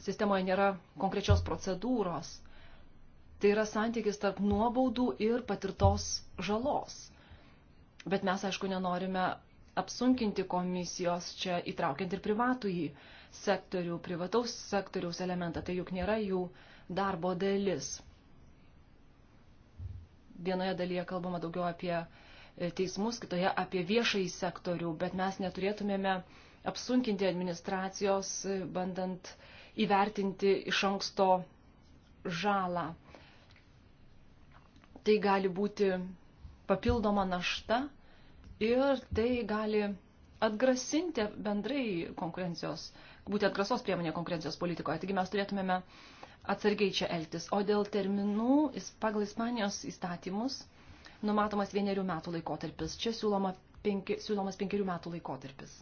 sistemoje nėra konkrečios procedūros. Tai yra santykis tarp nuobaudų ir patirtos žalos. Bet mes, aišku, nenorime apsunkinti komisijos čia įtraukiant ir privatų į sektorių, privataus sektoriaus elementą, tai juk nėra jų darbo dalis vienoje dalyje kalbama daugiau apie e, teismus, kitoje apie viešąjį sektorių, bet mes neturėtumėme apsunkinti administracijos, e, bandant įvertinti iš anksto žalą. Tai gali būti papildoma našta ir tai gali atgrasinti bendrai konkurencijos, būti atgrasos priemonė konkurencijos politikoje. Taigi mes turėtumėme uh, atsargiai čia elgtis. O dėl terminų, pagal Ispanijos įstatymus, numatomas vienerių metų laikotarpis. Čia siūloma penki, siūlomas penkerių metų laikotarpis.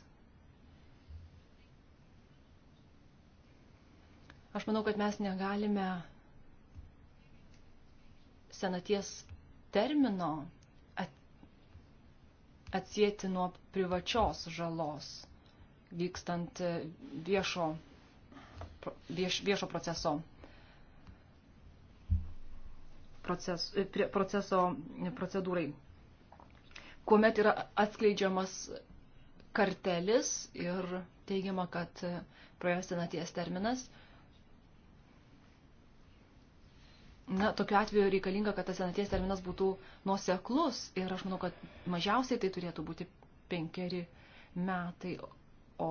Aš manau, kad mes negalime senaties termino atsijėti nuo privačios žalos vykstant e, viešo, vieš, viešo proceso proces, proceso procedūrai, kuomet yra atskleidžiamas kartelis ir teigiama, kad praėjęs senaties terminas. Na, tokiu atveju reikalinga, kad tas senaties terminas būtų nuoseklus ir aš manau, kad mažiausiai tai turėtų būti penkeri metai, o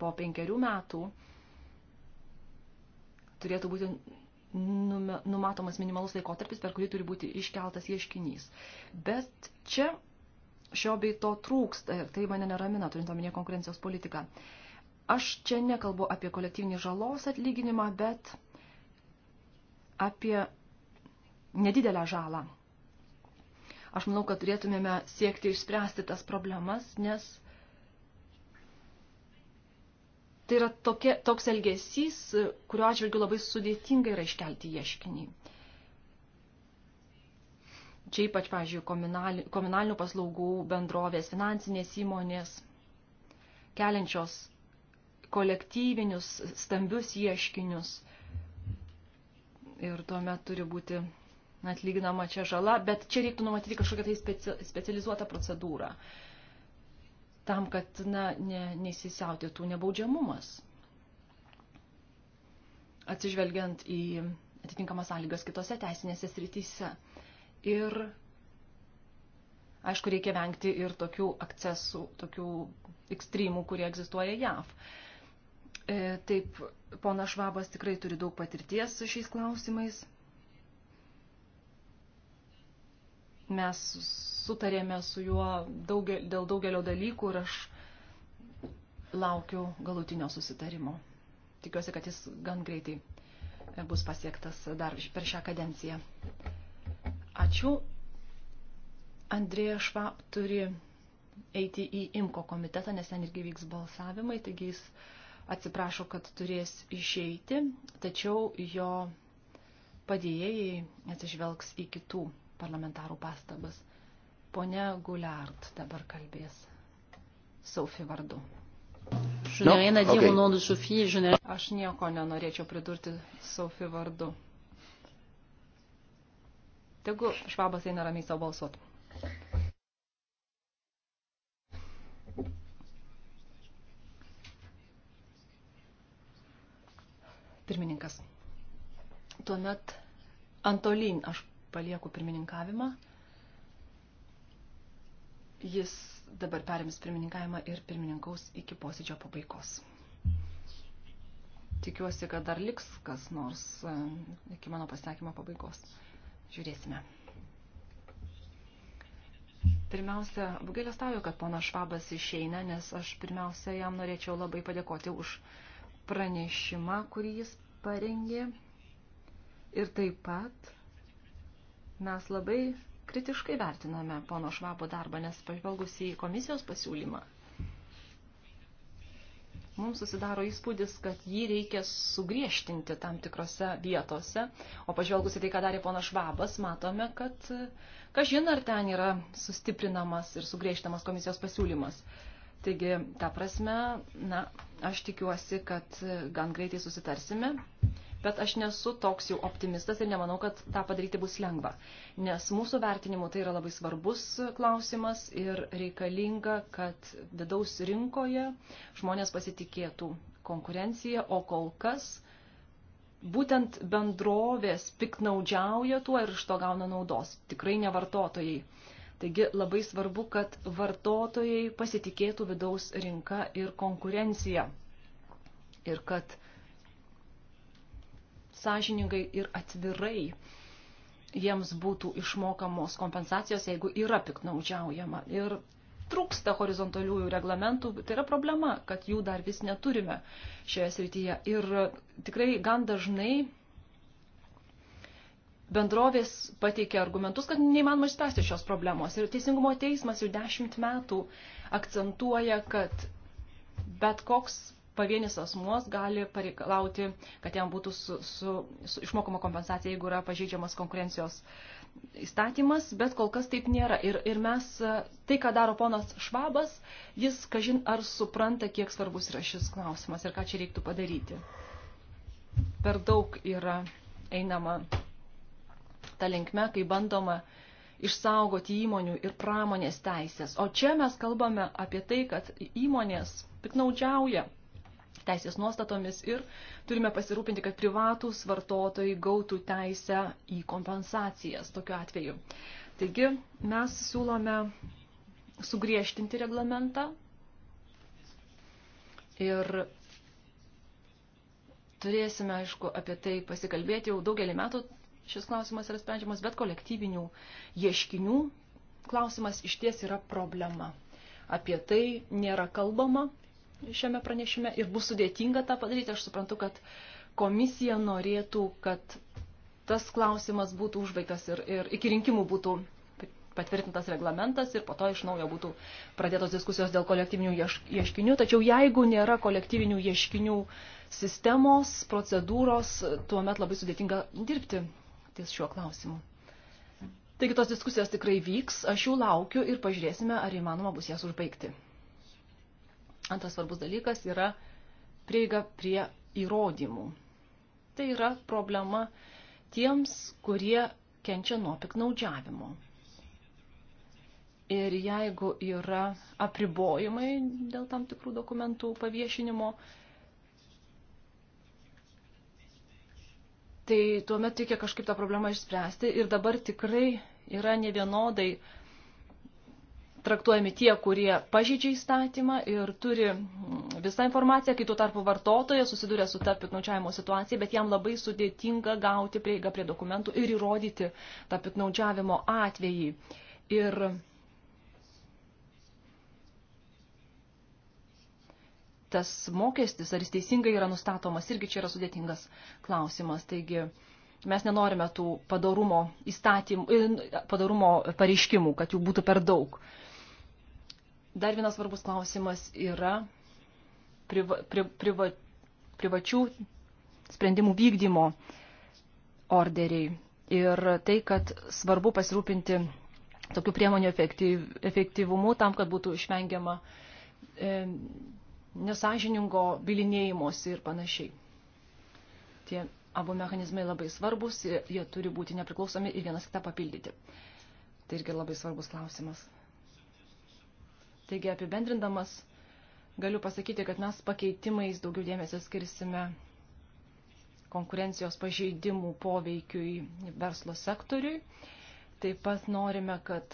po penkerių metų turėtų būti numatomas minimalus laikotarpis, per kurį turi būti iškeltas ieškinys. Bet čia šio bei to trūksta ir tai mane neramina, turint omenyje konkurencijos politiką. Aš čia nekalbu apie kolektyvinį žalos atlyginimą, bet apie nedidelę žalą. Aš manau, kad turėtumėme siekti išspręsti tas problemas, nes uh, Tai yra tokie, toks elgesys, kurio atžvilgiu labai sudėtinga yra iškelti ieškinį. Čia ypač, pavyzdžiui, komunali, komunalinių paslaugų bendrovės, finansinės įmonės, keliančios kolektyvinius, stambius ieškinius. Ir tuomet turi būti atlyginama čia žala, bet čia reiktų numatyti kažkokią tai specializuotą procedūrą. Uh, tam, kad na, ne, neįsisiautėtų nebaudžiamumas, atsižvelgiant į atitinkamas sąlygas kitose teisinėse srityse. Ir aišku, reikia vengti ir tokių akcesų, tokių ekstremų, kurie egzistuoja JAV. E, taip, pona Švabas tikrai turi daug patirties šiais klausimais. Mes sutarėme su juo daugel, dėl daugelio dalykų ir aš laukiu galutinio susitarimo. Tikiuosi, kad jis gan greitai bus pasiektas dar per šią kadenciją. Ačiū. Andrėja Švab turi eiti į IMKO komitetą, nes ten irgi vyks balsavimai, taigi jis atsiprašo, kad turės išeiti, tačiau jo padėjėjai atsižvelgs į kitų parlamentarų pastabas. Pone Guliart dabar kalbės Saufi vardu. No? Okay. Aš nieko nenorėčiau pridurti Saufi vardu. Tegu švabas eina ramiai savo balsuot. Pirmininkas. Tuomet Antolin, aš palieku pirmininkavimą. Jis dabar perims pirmininkavimą ir pirmininkaus iki posėdžio pabaigos. Tikiuosi, kad dar liks kas nors e, iki mano pasisakymo pabaigos. Žiūrėsime. Pirmiausia, apgailę stauju, kad ponas Švabas išeina, nes aš pirmiausia jam norėčiau labai padėkoti už pranešimą, kurį jis parengė. Ir taip pat Mes labai kritiškai vertiname pono Švabo darbą, nes pažvelgus į komisijos pasiūlymą, mums susidaro įspūdis, kad jį reikia sugriežtinti tam tikrose vietose, o pažvelgus į tai, ką darė pono Švabas, matome, kad kažin ar ten yra sustiprinamas ir sugriežtinamas komisijos pasiūlymas. Taigi, ta prasme, na, aš tikiuosi, kad gan greitai susitarsime bet aš nesu toks jau optimistas ir nemanau, kad tą padaryti bus lengva. Nes mūsų vertinimu tai yra labai svarbus klausimas ir reikalinga, kad vidaus rinkoje žmonės pasitikėtų konkurenciją, o kol kas būtent bendrovės piknaudžiauja tuo ir iš to gauna naudos, tikrai ne vartotojai. Taigi labai svarbu, kad vartotojai pasitikėtų vidaus rinka ir konkurencija. Ir kad sąžiningai ir atvirai jiems būtų išmokamos kompensacijos, jeigu yra piknaudžiaujama. Ir trūksta horizontaliųjų reglamentų, tai yra problema, kad jų dar vis neturime šioje srityje. Ir tikrai gan dažnai bendrovės pateikia argumentus, kad neįmanoma išspręsti šios problemos. Ir Teisingumo teismas jau dešimt metų akcentuoja, kad bet koks pavienis asmuos gali pareikalauti, kad jam būtų su, su, su išmokama kompensacija, jeigu yra pažeidžiamas konkurencijos įstatymas, bet kol kas taip nėra. Ir, ir mes, tai, ką daro ponas Švabas, jis, kažin, ar supranta, kiek svarbus yra šis klausimas ir ką čia reiktų padaryti. Per daug yra einama ta linkme, kai bandoma išsaugoti įmonių ir pramonės teisės. O čia mes kalbame apie tai, kad įmonės piknaudžiauja teisės nuostatomis ir turime pasirūpinti, kad privatūs vartotojai gautų teisę į kompensacijas tokiu atveju. Taigi mes siūlome sugriežtinti reglamentą ir turėsime, aišku, apie tai pasikalbėti jau daugelį metų. Šis klausimas yra sprendžiamas, bet kolektyvinių ieškinių klausimas iš ties yra problema. Apie tai nėra kalbama šiame pranešime ir bus sudėtinga tą padaryti. Aš suprantu, kad komisija norėtų, kad tas klausimas būtų užbaigtas ir, ir iki rinkimų būtų patvirtintas reglamentas ir po to iš naujo būtų pradėtos diskusijos dėl kolektyvinių ieškinių. Tačiau jeigu nėra kolektyvinių ieškinių sistemos, procedūros, tuomet labai sudėtinga dirbti ties šiuo klausimu. Taigi tos diskusijos tikrai vyks, aš jų laukiu ir pažiūrėsime, ar įmanoma bus jas užbaigti. Antras svarbus dalykas yra prieiga prie įrodymų. Tai yra problema tiems, kurie kenčia nuo piknaudžiavimo. Ir jeigu yra apribojimai dėl tam tikrų dokumentų paviešinimo, tai tuomet reikia kažkaip tą problemą išspręsti. Ir dabar tikrai yra nevienodai uh, traktuojami tie, kurie pažydžia įstatymą ir turi mm, visą informaciją, kai tuo tarpu vartotojas susiduria su ta piknaudžiavimo situacija, bet jam labai sudėtinga gauti prieigą prie dokumentų ir įrodyti tą piknaudžiavimo atvejį. Ir tas mokestis, ar jis teisingai yra nustatomas, irgi čia yra sudėtingas klausimas. Taigi, mes nenorime tų padarumo, įstatymų, padarumo pareiškimų, kad jų būtų per daug. Uh, Dar vienas svarbus klausimas yra priva, pri, priva, privačių sprendimų vykdymo orderiai. Ir tai, kad svarbu pasirūpinti tokių priemonių efektyv, efektyvumu tam, kad būtų išvengiama e, nesažiningo bilinėjimosi ir panašiai. Tie abu mechanizmai labai svarbus, jie turi būti nepriklausomi ir vienas kitą papildyti. Tai irgi labai svarbus klausimas. Taigi apibendrindamas galiu pasakyti, kad mes pakeitimais daugiau dėmesio skirsime konkurencijos pažeidimų poveikiui verslo sektoriui. Taip pat norime, kad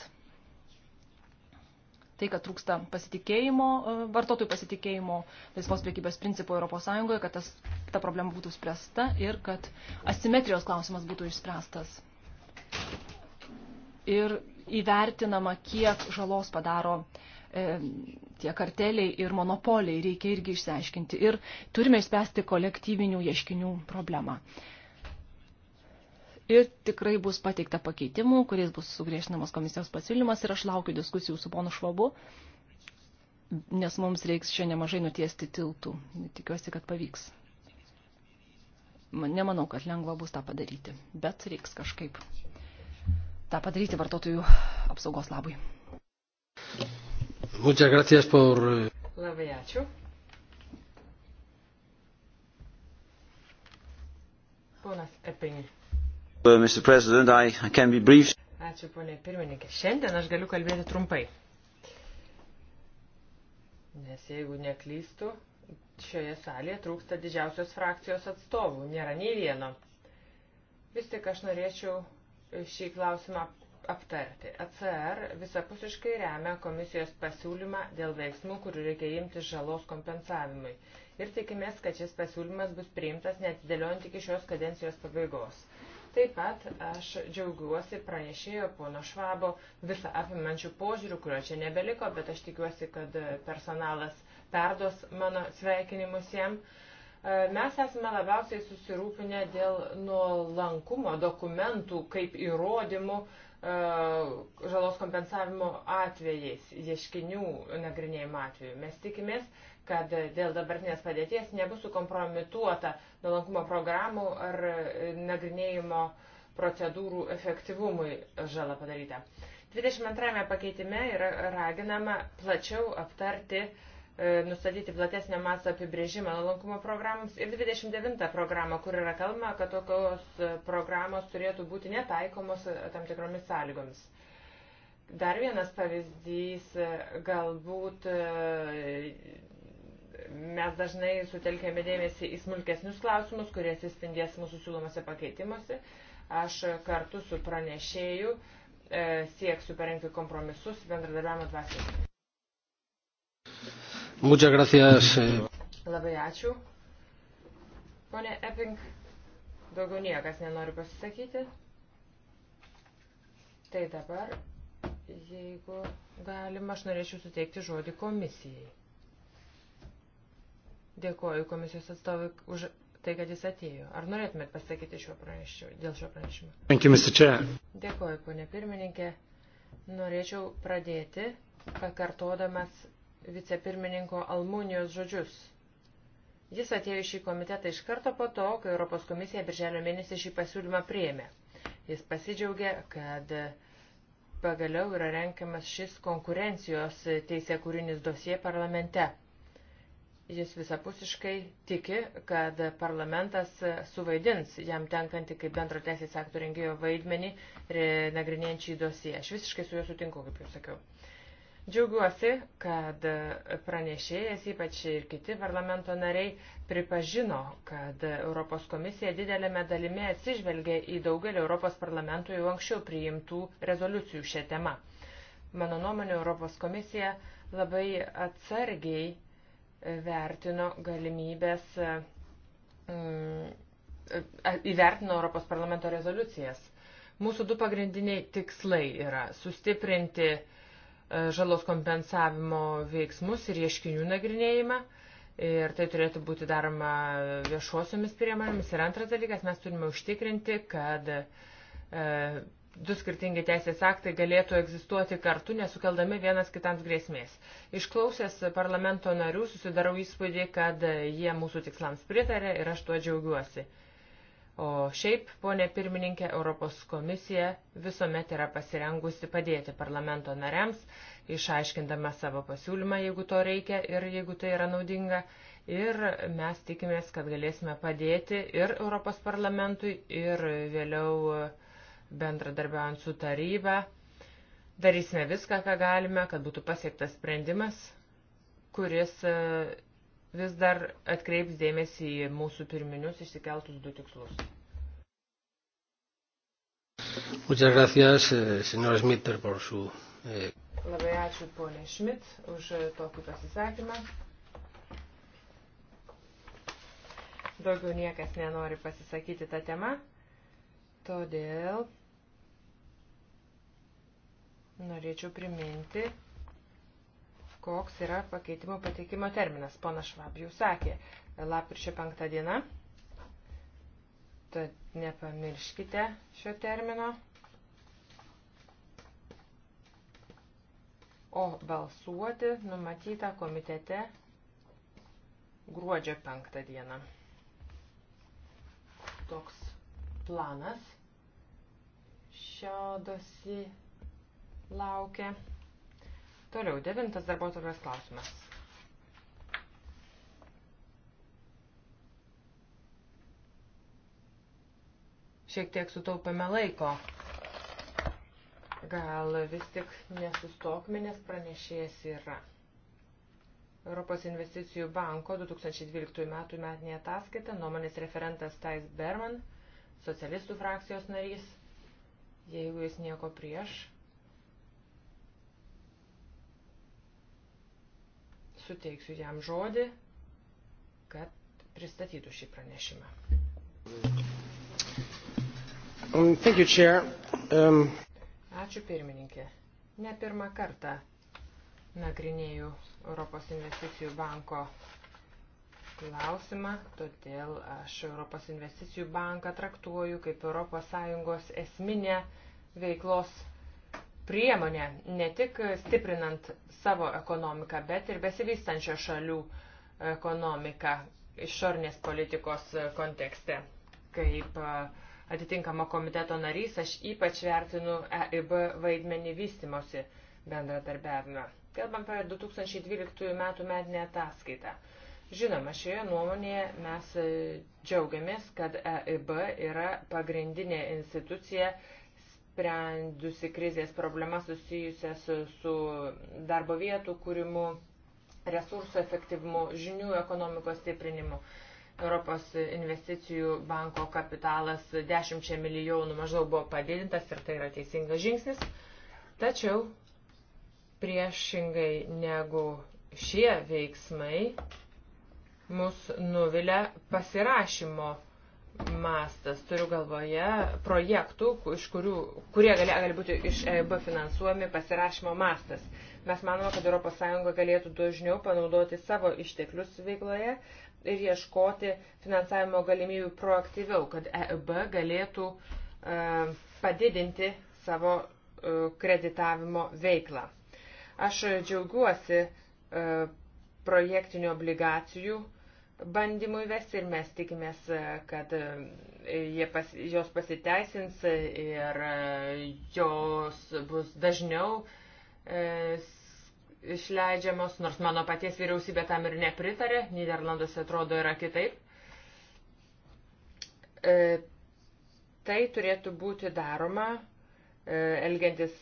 tai, kad trūksta pasitikėjimo, e, vartotojų pasitikėjimo laisvos priekybės principų ES, kad tas, ta problema būtų spręsta ir kad asimetrijos klausimas būtų išspręstas. Ir įvertinama, kiek žalos padaro uh, E, tie karteliai ir monopoliai reikia irgi išsiaiškinti. Ir turime išspręsti kolektyvinių ieškinių problemą. Ir tikrai bus pateikta pakeitimų, kuriais bus sugriešinamas komisijos pasiūlymas ir aš laukiu diskusijų su ponu Švabu, nes mums reiks šiandien mažai nutiesti tiltų. Tikiuosi, kad pavyks. Man, nemanau, kad lengva bus tą padaryti, bet reiks kažkaip tą padaryti vartotojų apsaugos labui.
Muchas gracias por. Eh,
Labai ačiū. Ponas Epinė.
Uh, Mr. President, I, I can be brief.
Ačiū, ponė pirmininkė. Šiandien aš galiu kalbėti trumpai. Nes jeigu neklystu, šioje salėje trūksta didžiausios frakcijos atstovų. Nėra nei vieno. Vis tik aš norėčiau šį klausimą aptarti. ACR visapusiškai remia komisijos pasiūlymą dėl veiksmų, kurių reikia imti žalos kompensavimui. Ir tikimės, kad šis pasiūlymas bus priimtas netidėliojant iki šios kadencijos pabaigos. Taip pat aš džiaugiuosi pranešėjo pono Švabo visą apimančių požiūrių, kurio čia nebeliko, bet aš tikiuosi, kad personalas perduos mano sveikinimus jam. E, mes esame labiausiai susirūpinę dėl nuolankumo dokumentų kaip įrodymų uh, E, žalos kompensavimo atvejais, ieškinių nagrinėjimo atveju. Mes tikimės, kad dėl dabartinės padėties nebus sukompromituota nuolankumo programų ar nagrinėjimo procedūrų efektyvumui žala padaryta. 22 pakeitime yra raginama plačiau aptarti uh, E, nustatyti platesnio masto apibrėžimą nuolankumo programams ir 29 programą, kur yra kalbama, kad tokios programos turėtų būti netaikomos e, tam tikromis sąlygomis. Dar vienas pavyzdys, e, galbūt mes dažnai sutelkėme dėmesį į smulkesnius klausimus, kurie atsispindės mūsų siūlomose pakeitimuose. Aš kartu su pranešėju sieksiu parengti kompromisus bendradarbiavimo dvasiai.
Muchas gracias. Eh.
Labai ačiū. Pone Epping, daugiau niekas nenori pasisakyti. Tai dabar, jeigu galima, aš norėčiau suteikti žodį komisijai. Dėkuoju komisijos atstovui už tai, kad jis atėjo. Ar norėtumėt pasakyti šio dėl šio pranešimo? Dėkuoju, ponė pirmininkė. Norėčiau pradėti, pakartodamas vicepirmininko Almunijos žodžius. Jis atėjo į šį komitetą iš karto po to, kai Europos komisija birželio mėnesį šį pasiūlymą priėmė. Jis pasidžiaugė, kad pagaliau yra renkiamas šis konkurencijos teisė kūrinis dosie parlamente. Jis visapusiškai tiki, kad parlamentas suvaidins jam tenkantį kaip bendro teisės aktų rengėjo vaidmenį nagrinėjančiai dosiją. Aš visiškai su juo sutinku, kaip jau sakiau. Džiaugiuosi, kad pranešėjas, ypač ir kiti parlamento nariai, pripažino, kad Europos komisija didelėme dalime atsižvelgia į daugelį Europos parlamentų jau anksčiau priimtų rezoliucijų šią temą. Mano nuomonė, Europos komisija labai atsargiai vertino galimybės, mm, įvertino Europos parlamento rezoliucijas. Mūsų du pagrindiniai tikslai yra sustiprinti uh, E, žalos kompensavimo veiksmus ir ieškinių nagrinėjimą. Ir tai turėtų būti daroma viešuosiomis priemonėmis. Ir antras dalykas, mes turime užtikrinti, kad e, du skirtingi teisės aktai galėtų egzistuoti kartu, nesukeldami vienas kitams grėsmės. Išklausęs parlamento narių susidarau įspūdį, kad jie mūsų tikslams pritarė ir aš tuo džiaugiuosi. O šiaip, ponė pirmininkė, Europos komisija visuomet yra pasirengusi padėti parlamento nariams, išaiškindama savo pasiūlymą, jeigu to reikia ir jeigu tai yra naudinga. Ir mes tikimės, kad galėsime padėti ir Europos parlamentui, ir vėliau bendradarbiaujant su taryba. Darysime viską, ką galime, kad būtų pasiektas sprendimas, kuris vis dar atkreips dėmesį į mūsų pirminius išsikeltus du tikslus.
Muchas gracias, eh, señor Schmitter, por su. Eh,
Labai ačiū, ponė Šmit, už eh, tokį pasisakymą. Daugiau niekas nenori pasisakyti tą temą, todėl norėčiau priminti koks yra pakeitimo pateikimo terminas. Pona Švab jau sakė, lapkričio penktą dieną. Tad nepamirškite šio termino. O balsuoti numatyta komitete gruodžio penktą dieną. Toks planas šio dosi laukia. Toliau, devintas darbo tvarkos klausimas. Šiek tiek sutaupėme laiko. Gal vis tik nesustokime, nes pranešėjas yra. Europos investicijų banko 2012 metų metinė ataskaita, nuomonės referentas Tais Berman, socialistų frakcijos narys. Jeigu jis nieko prieš, suteiksiu jam žodį, kad pristatytų šį pranešimą.
Um, thank you, Chair. Um...
Ačiū pirmininkė. Ne pirmą kartą nagrinėjau Europos investicijų banko klausimą, todėl aš Europos investicijų banką traktuoju kaip ES esminę veiklos priemonė ne tik stiprinant savo ekonomiką, bet ir besivystančio šalių ekonomiką išornės politikos kontekste. Kaip atitinkamo komiteto narys, aš ypač vertinu EIB vaidmenį vystimosi bendradarbiavime. Kalbam apie 2012 metų metinę ataskaitą. Žinoma, šioje nuomonėje mes e, džiaugiamės, kad EIB yra pagrindinė institucija sprendusi krizės problemas susijusias su darbo vietų kūrimu, resursų efektyvumu, žinių ekonomikos stiprinimu. Europos investicijų banko kapitalas 10 milijonų maždaug buvo padidintas ir tai yra teisingas žingsnis. Tačiau priešingai negu šie veiksmai mus nuvilia pasirašymo mastas, turiu galvoje, projektų, iš kurių, kurie gali, gali būti iš EIB finansuojami, pasirašymo mastas. Mes manome, kad ES galėtų dažniau panaudoti savo išteklius veikloje ir ieškoti finansavimo galimybių proaktyviau, kad EIB galėtų uh, padidinti savo uh, kreditavimo veiklą. Aš džiaugiuosi uh, projektinių obligacijų uh, bandymų įvesti ir mes tikimės, kad e, pas, jos pasiteisins ir e, jos bus dažniau e, išleidžiamos, nors mano paties vyriausybė tam ir nepritarė, Niderlanduose atrodo yra kitaip. Tai turėtų būti daroma elgiantis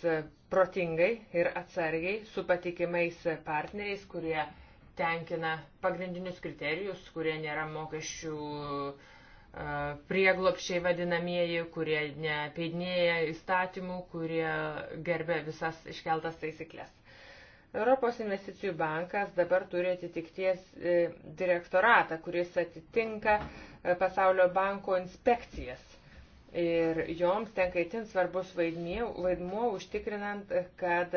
protingai ir atsargiai su patikimais partneriais, kurie uh, tenkina pagrindinius kriterijus, kurie nėra mokesčių e, prieglopščiai vadinamieji, kurie nepeidinėja įstatymų, kurie gerbė visas iškeltas taisyklės. Europos investicijų bankas dabar turi atitikties e, direktoratą, kuris atitinka e, pasaulio banko inspekcijas. Ir joms tenka itin svarbus vaidmuo, vaidmuo užtikrinant, kad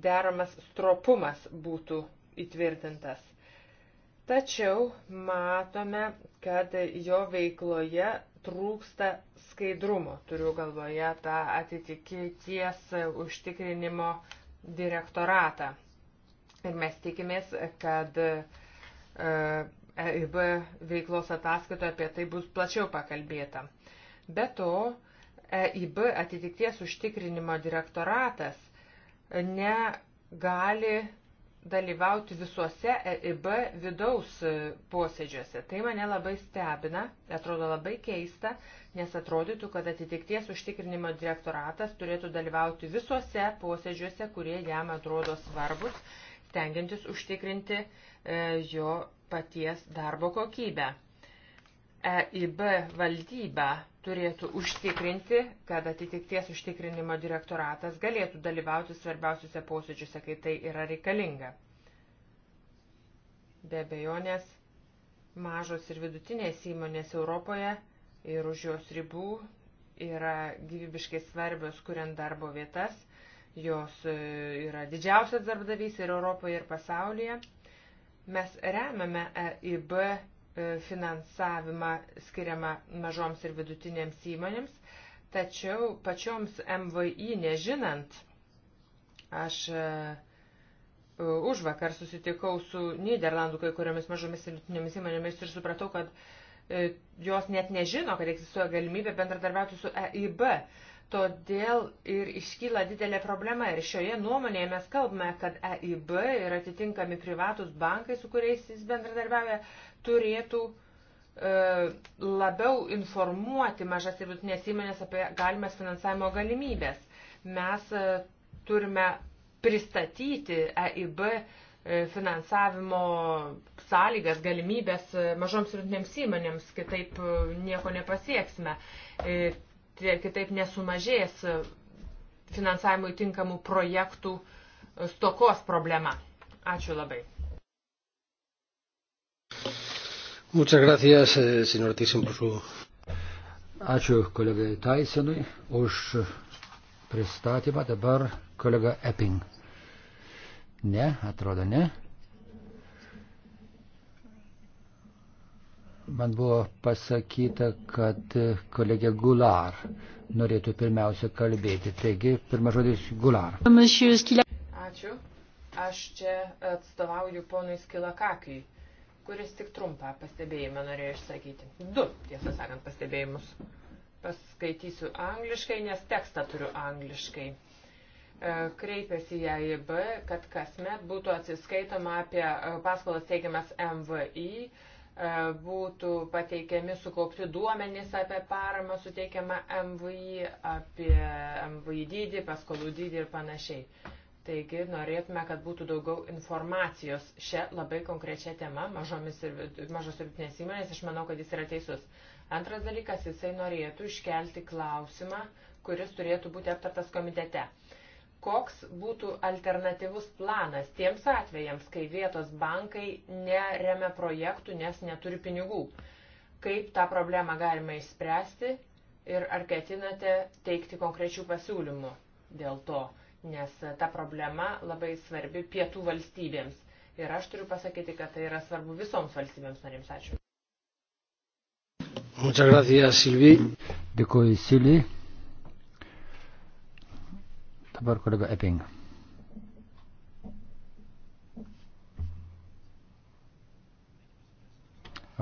deramas stropumas būtų įtvirtintas. Tačiau matome, kad jo veikloje trūksta skaidrumo, turiu galvoje tą atitikities užtikrinimo direktoratą. Ir mes tikimės, kad EIB e veiklos ataskaitoje apie tai bus plačiau pakalbėta. Be to, EIB atitikties užtikrinimo direktoratas negali dalyvauti visuose EIB vidaus e, posėdžiuose. Tai mane labai stebina, atrodo labai keista, nes atrodytų, kad atitikties užtikrinimo direktoratas turėtų dalyvauti visuose posėdžiuose, kurie jam atrodo svarbus, tengiantis užtikrinti e, jo paties darbo kokybę. EIB valdyba turėtų užtikrinti, kad atitikties užtikrinimo direktoratas galėtų dalyvauti svarbiausiuose posėdžiuose, kai tai yra reikalinga. Be bejonės, mažos ir vidutinės įmonės Europoje ir už jos ribų yra gyvybiškai svarbios, kuriant darbo vietas. Jos e, yra didžiausias darbdavys ir Europoje, ir pasaulyje. Mes remiame EIB E, finansavimą skiriamą mažoms ir vidutinėms įmonėms, tačiau pačioms MVI nežinant, aš e, e, už vakar susitikau su Niderlandų kai kuriomis mažomis ir vidutinėmis įmonėmis ir supratau, kad jos net nežino, kad egzistuoja galimybė bendradarbiauti su EIB. Todėl ir iškyla didelė problema. Ir šioje nuomonėje mes kalbame, kad EIB ir atitinkami privatus bankai, su kuriais jis bendradarbiauja, turėtų e, labiau informuoti mažas ir vidutinės įmonės apie galimas finansavimo galimybės. Mes e, turime pristatyti EIB e, finansavimo sąlygas, galimybės mažoms ir vidutinėms įmonėms, kitaip nieko nepasieksime, kitaip nesumažės finansavimui tinkamų projektų stokos problema. Ačiū labai.
Muchas gracias, eh, señor Tyson, por su. Ačiū kolegai Tysonui už pristatymą. Dabar kolega Epping. Ne, atrodo ne. Man buvo pasakyta, kad kolegė Gular norėtų pirmiausia kalbėti. Taigi, pirmas žodis Gular.
Ačiū.
Aš čia atstovauju ponui Skilakakai kuris tik trumpą pastebėjimą norėjo išsakyti. Du, tiesą sakant, pastebėjimus. Paskaitysiu angliškai, nes tekstą turiu angliškai. E, Kreipėsi į AIB, kad kasmet būtų atsiskaitoma apie e, paskolas teikiamas MVI, e, būtų pateikiami sukaupti duomenys apie paramą suteikiamą MVI, apie MVI dydį, paskolų dydį ir panašiai Taigi norėtume, kad būtų daugiau informacijos šią labai konkrečią temą mažomis ir mažos ir vidutinės įmonės. Aš manau, kad jis yra teisus. Antras dalykas, jisai norėtų iškelti klausimą, kuris turėtų būti aptartas komitete. Koks būtų alternatyvus planas tiems atvejams, kai vietos bankai neremia projektų, nes neturi pinigų? Kaip tą problemą galima išspręsti ir ar ketinate teikti konkrečių pasiūlymų dėl to? nes ta problema labai svarbi pietų valstybėms. Ir aš turiu pasakyti, kad tai yra svarbu visoms valstybėms narėms. Ačiū.
Muchas gracias, Silvi. Dėkuoju, Silvi. Dabar kolega Epping.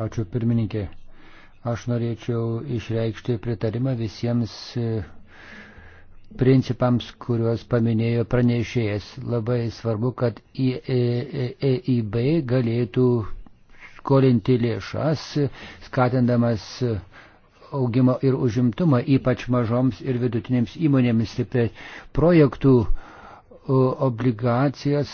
Ačiū pirmininkė. Aš norėčiau išreikšti pritarimą visiems principams, kuriuos paminėjo pranešėjas. Labai svarbu, kad EIB e, e galėtų skolinti lėšas, skatindamas augimą ir užimtumą, ypač mažoms ir vidutinėms įmonėms. Taip, e, projektų obligacijas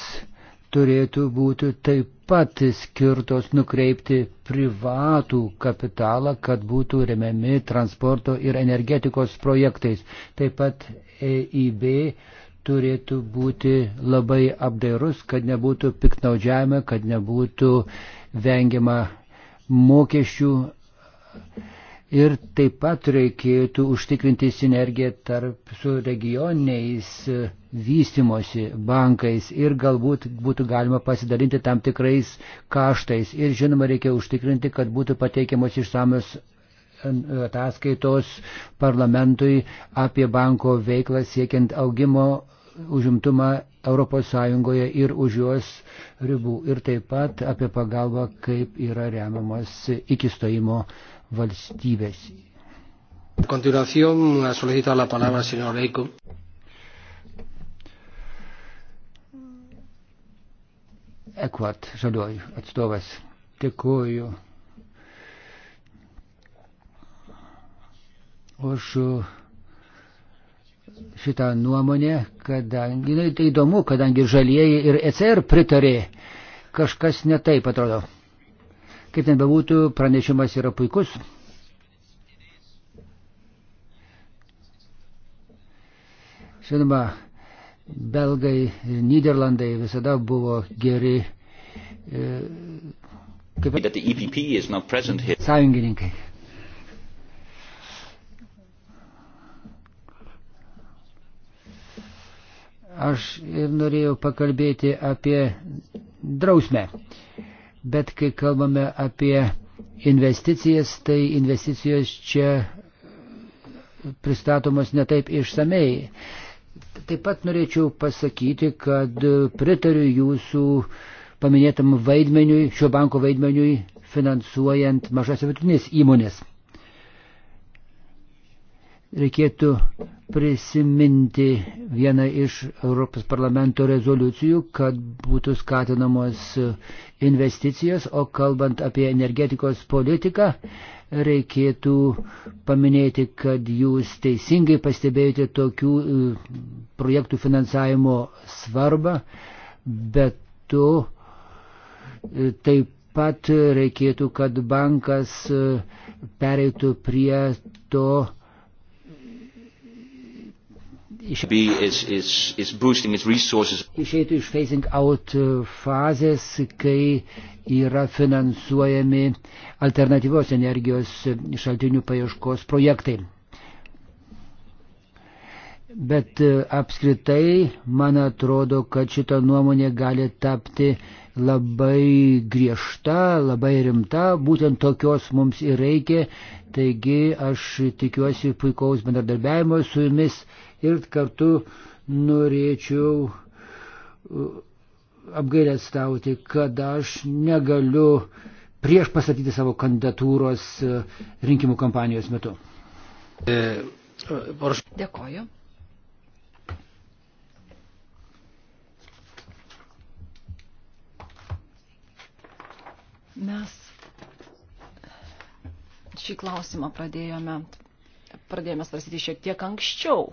turėtų būti taip pat skirtos nukreipti privatų kapitalą, kad būtų remiami transporto ir energetikos projektais. Taip pat EIB turėtų būti labai apdairus, kad nebūtų piknaudžiavimo, kad nebūtų vengiama mokesčių. Ir taip pat reikėtų užtikrinti sinergiją tarp su regioniais e, vystimosi bankais ir galbūt būtų galima pasidalinti tam tikrais kaštais. Ir žinoma, reikia užtikrinti, kad būtų pateikiamos išsamios ataskaitos parlamentui apie banko veiklą siekiant augimo užimtumą ES ir už jos ribų. Ir taip pat apie pagalbą, kaip yra remiamas iki stojimo valstybės.
Continuación solicita la palabra el señor Eiko.
Ekvat, žaliuoju atstovas. Dėkuoju. už šitą nuomonę, kadangi na, nu, tai įdomu, kadangi žalieji ir ECR pritarė, kažkas netaip atrodo. Kaip ten bebūtų, pranešimas yra puikus. Žinoma, belgai ir Niderlandai visada buvo geri e, kaip, e sąjungininkai. Aš ir norėjau pakalbėti apie drausmę. Bet kai kalbame apie investicijas, tai investicijos čia pristatomos netaip išsamei. Taip pat norėčiau pasakyti, kad pritariu jūsų paminėtam vaidmeniui, šio banko vaidmeniui finansuojant mažas ir vidutinės įmonės reikėtų prisiminti vieną iš Europos parlamento rezoliucijų, kad būtų skatinamos investicijos, o kalbant apie energetikos politiką, reikėtų paminėti, kad jūs teisingai pastebėjote tokių e, projektų finansavimo svarbą, bet tu e, taip pat reikėtų, kad bankas e, pereitų prie to, išeitų iš phasing out e, fazės, kai yra finansuojami alternatyvios energijos šaltinių paieškos projektai. Bet e, apskritai, man atrodo, kad šita nuomonė gali tapti labai griežta, labai rimta, būtent tokios mums ir reikia, Taigi aš tikiuosi puikaus bendradarbiavimo su jumis ir kartu norėčiau apgailę stauti, kad aš negaliu prieš pasakyti savo kandidatūros e, rinkimų kampanijos metu.
E,
Dėkoju. Mes šį klausimą pradėjome, pradėjome svarstyti šiek tiek anksčiau,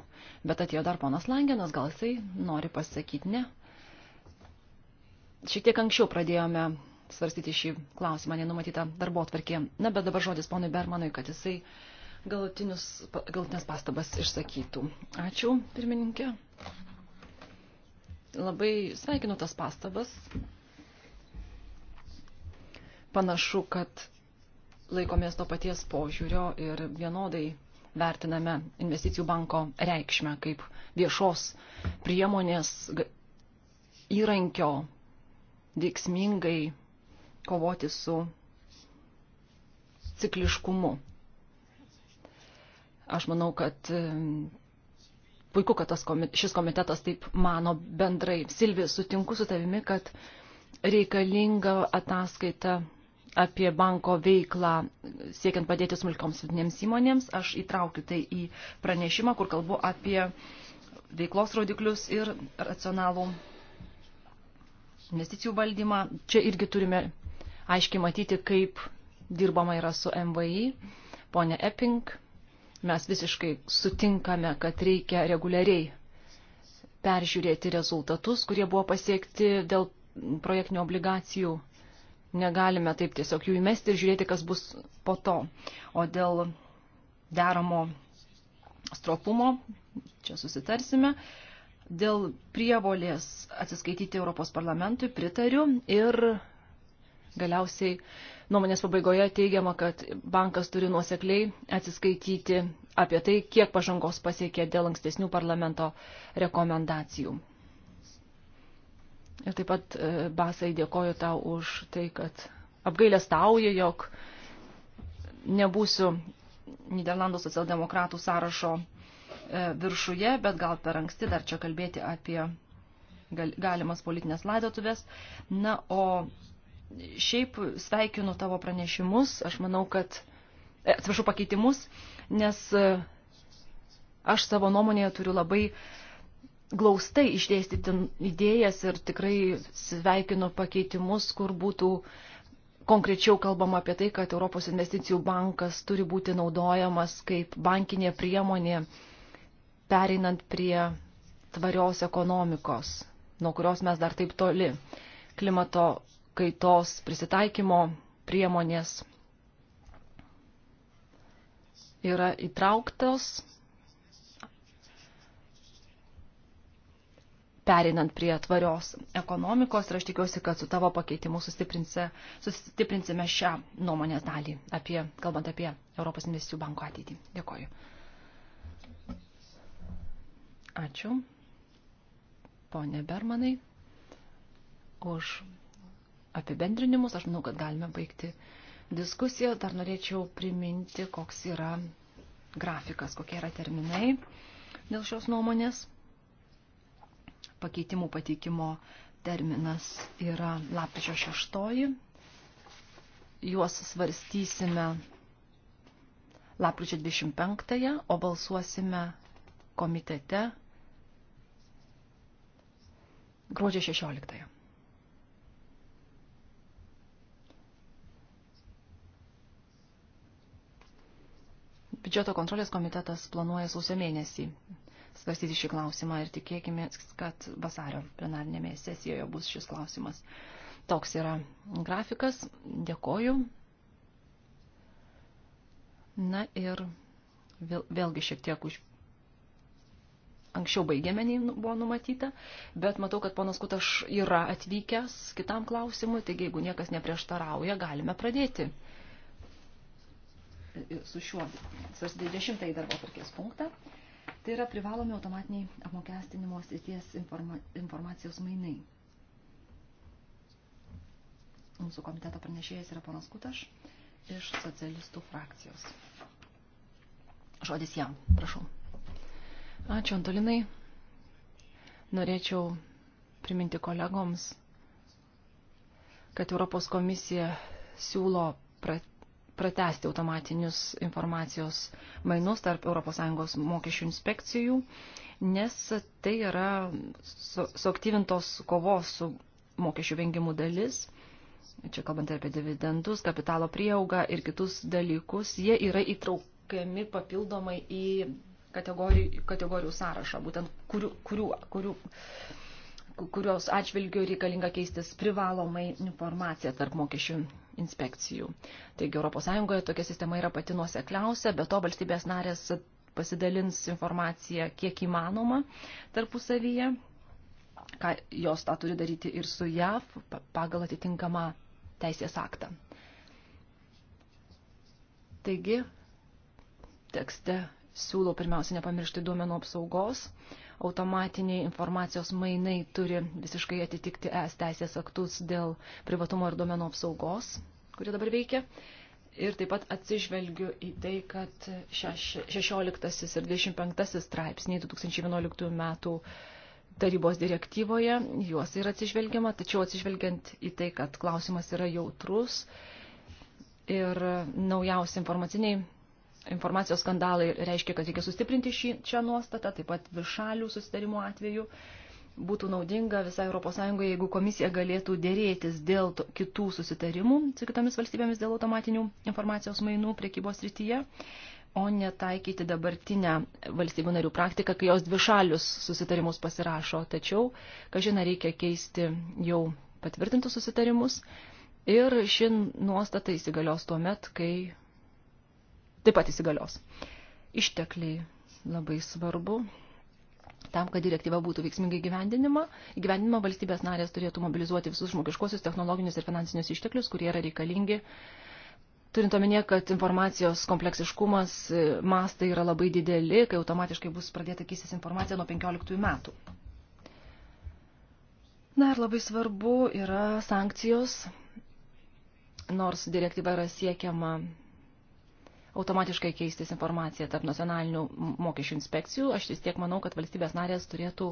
bet atėjo dar ponas Langenas, gal jisai nori pasakyti ne. Šiek tiek anksčiau pradėjome svarstyti šį klausimą, nenumatytą darbo atvarkė. Na, bet dabar žodis ponui Bermanui, kad jisai galutinės pastabas išsakytų. Ačiū, pirmininkė. Labai sveikinu tas pastabas. Panašu, kad laikomės to paties požiūrio ir vienodai vertiname investicijų banko reikšmę kaip viešos priemonės įrankio veiksmingai kovoti su cikliškumu. Aš manau, kad puiku, kad tas komit šis komitetas taip mano bendrai. Silvi, sutinku su tavimi, kad reikalinga ataskaita apie banko veiklą siekiant padėti smulkioms vidinėms įmonėms. Aš įtraukiu tai į pranešimą, kur kalbu apie veiklos rodiklius ir racionalų investicijų valdymą. Čia irgi turime aiškiai matyti, kaip dirbama yra su MVI. Pone Epping, mes visiškai sutinkame, kad reikia reguliariai peržiūrėti rezultatus, kurie buvo pasiekti dėl projektinių obligacijų negalime taip tiesiog jų įmesti ir žiūrėti, kas bus po to. O dėl deramo stropumo, čia susitarsime, dėl prievolės atsiskaityti Europos parlamentui pritariu ir galiausiai nuomonės pabaigoje teigiama, kad bankas turi nuosekliai atsiskaityti apie tai, kiek pažangos pasiekė dėl ankstesnių parlamento rekomendacijų. Ir taip pat e, Basai dėkoju tau už tai, kad apgailę stauju, jog nebūsiu Niderlandų socialdemokratų sąrašo e, viršuje, bet gal per anksti dar čia kalbėti apie galimas politinės laidotuvės. Na, o šiaip sveikinu tavo pranešimus, aš manau, kad, e, atsiprašau, pakeitimus, nes aš savo nuomonėje turiu labai glaustai išdėstyti idėjas ir tikrai sveikinu pakeitimus, kur būtų konkrečiau kalbama apie tai, kad Europos investicijų bankas turi būti naudojamas kaip bankinė priemonė pereinant prie tvarios ekonomikos, nuo kurios mes dar taip toli. Klimato kaitos prisitaikymo priemonės yra įtrauktos perinant prie tvarios ekonomikos ir aš tikiuosi, kad su tavo pakeitimu sustiprinsime šią nuomonės dalį, apie, kalbant apie Europos investicijų banko ateitį. Dėkoju. Ačiū, ponė Bermanai, už apibendrinimus. Aš manau, kad galime baigti diskusiją. Dar norėčiau priminti, koks yra grafikas, kokie yra terminai dėl šios nuomonės pakeitimų pateikimo terminas yra lapkričio 6. Juos svarstysime lapkričio 25, o balsuosime komitete gruodžio 16. Biudžeto kontrolės komitetas planuoja sausio mėnesį svarstyti šį klausimą ir tikėkime, kad vasario plenarinėme sesijoje bus šis klausimas. Toks yra grafikas. Dėkoju. Na ir vėl, vėlgi šiek tiek už. Anksčiau baigėme, nei nu, buvo numatyta, bet matau, kad ponas Kutaš yra atvykęs kitam klausimui, taigi jeigu niekas neprieštarauja, galime pradėti su šiuo 20 darbo tvarkės punktą. Tai yra privalomi automatiniai apmokestinimo srities informa informacijos mainai. Mūsų komiteto pranešėjas yra ponas Kutaš iš socialistų frakcijos. Žodis jam, prašau. Ačiū, Antolinai. Norėčiau priminti kolegoms, kad Europos komisija siūlo pratesti automatinius informacijos mainus tarp ES mokesčių inspekcijų, nes tai yra suaktyvintos kovos su mokesčių vengimu dalis. Čia kalbant apie dividendus, kapitalo prieaugą ir kitus dalykus, jie yra įtraukiami papildomai į kategorijų, kategorijų sąrašą, būtent kurių, kurių, kurių, kurios atžvilgių reikalinga keistis privalomai informacija tarp mokesčių inspekcijų. Taigi ES tokia sistema yra pati nuosekliausia, be to valstybės narės pasidalins informaciją kiek įmanoma tarpusavyje. Ką, jos tą turi daryti ir su JAV pagal atitinkamą teisės aktą. Taigi, tekste siūlau pirmiausia nepamiršti duomenų apsaugos. Uh, automatiniai informacijos mainai turi visiškai atitikti ES teisės aktus dėl privatumo ir duomenų apsaugos, kuri dabar veikia. Ir taip pat atsižvelgiu į tai, kad 16 ir 25 straipsniai 2011 metų tarybos direktyvoje, juos yra atsižvelgiama, tačiau atsižvelgiant į tai, kad klausimas yra jautrus ir naujausi informaciniai informacijos skandalai reiškia, kad reikia sustiprinti šį, šią nuostatą, taip pat viršalių susitarimų atveju. Būtų naudinga visai ES, jeigu komisija galėtų dėrėtis dėl to, kitų susitarimų su kitomis valstybėmis dėl automatinių informacijos mainų priekybos rytyje, o ne taikyti dabartinę valstybių narių praktiką, kai jos dvišalius susitarimus pasirašo. Tačiau, kažina, reikia keisti jau patvirtintus susitarimus ir ši nuostata įsigalios tuo met, kai taip pat įsigalios. Ištekliai labai svarbu. Tam, kad direktyva būtų veiksmingai gyvendinima, gyvendinimą valstybės narės turėtų mobilizuoti visus žmogiškosius, technologinius ir finansinius išteklius, kurie yra reikalingi. Turint omenyje, kad informacijos kompleksiškumas, e, mastai yra labai dideli, kai automatiškai bus pradėta keistis informacija nuo 15 metų. Na ir labai svarbu yra sankcijos, nors direktyva yra siekiama automatiškai keistis informacija tarp nacionalinių mokesčių inspekcijų. Aš vis tiek manau, kad valstybės narės turėtų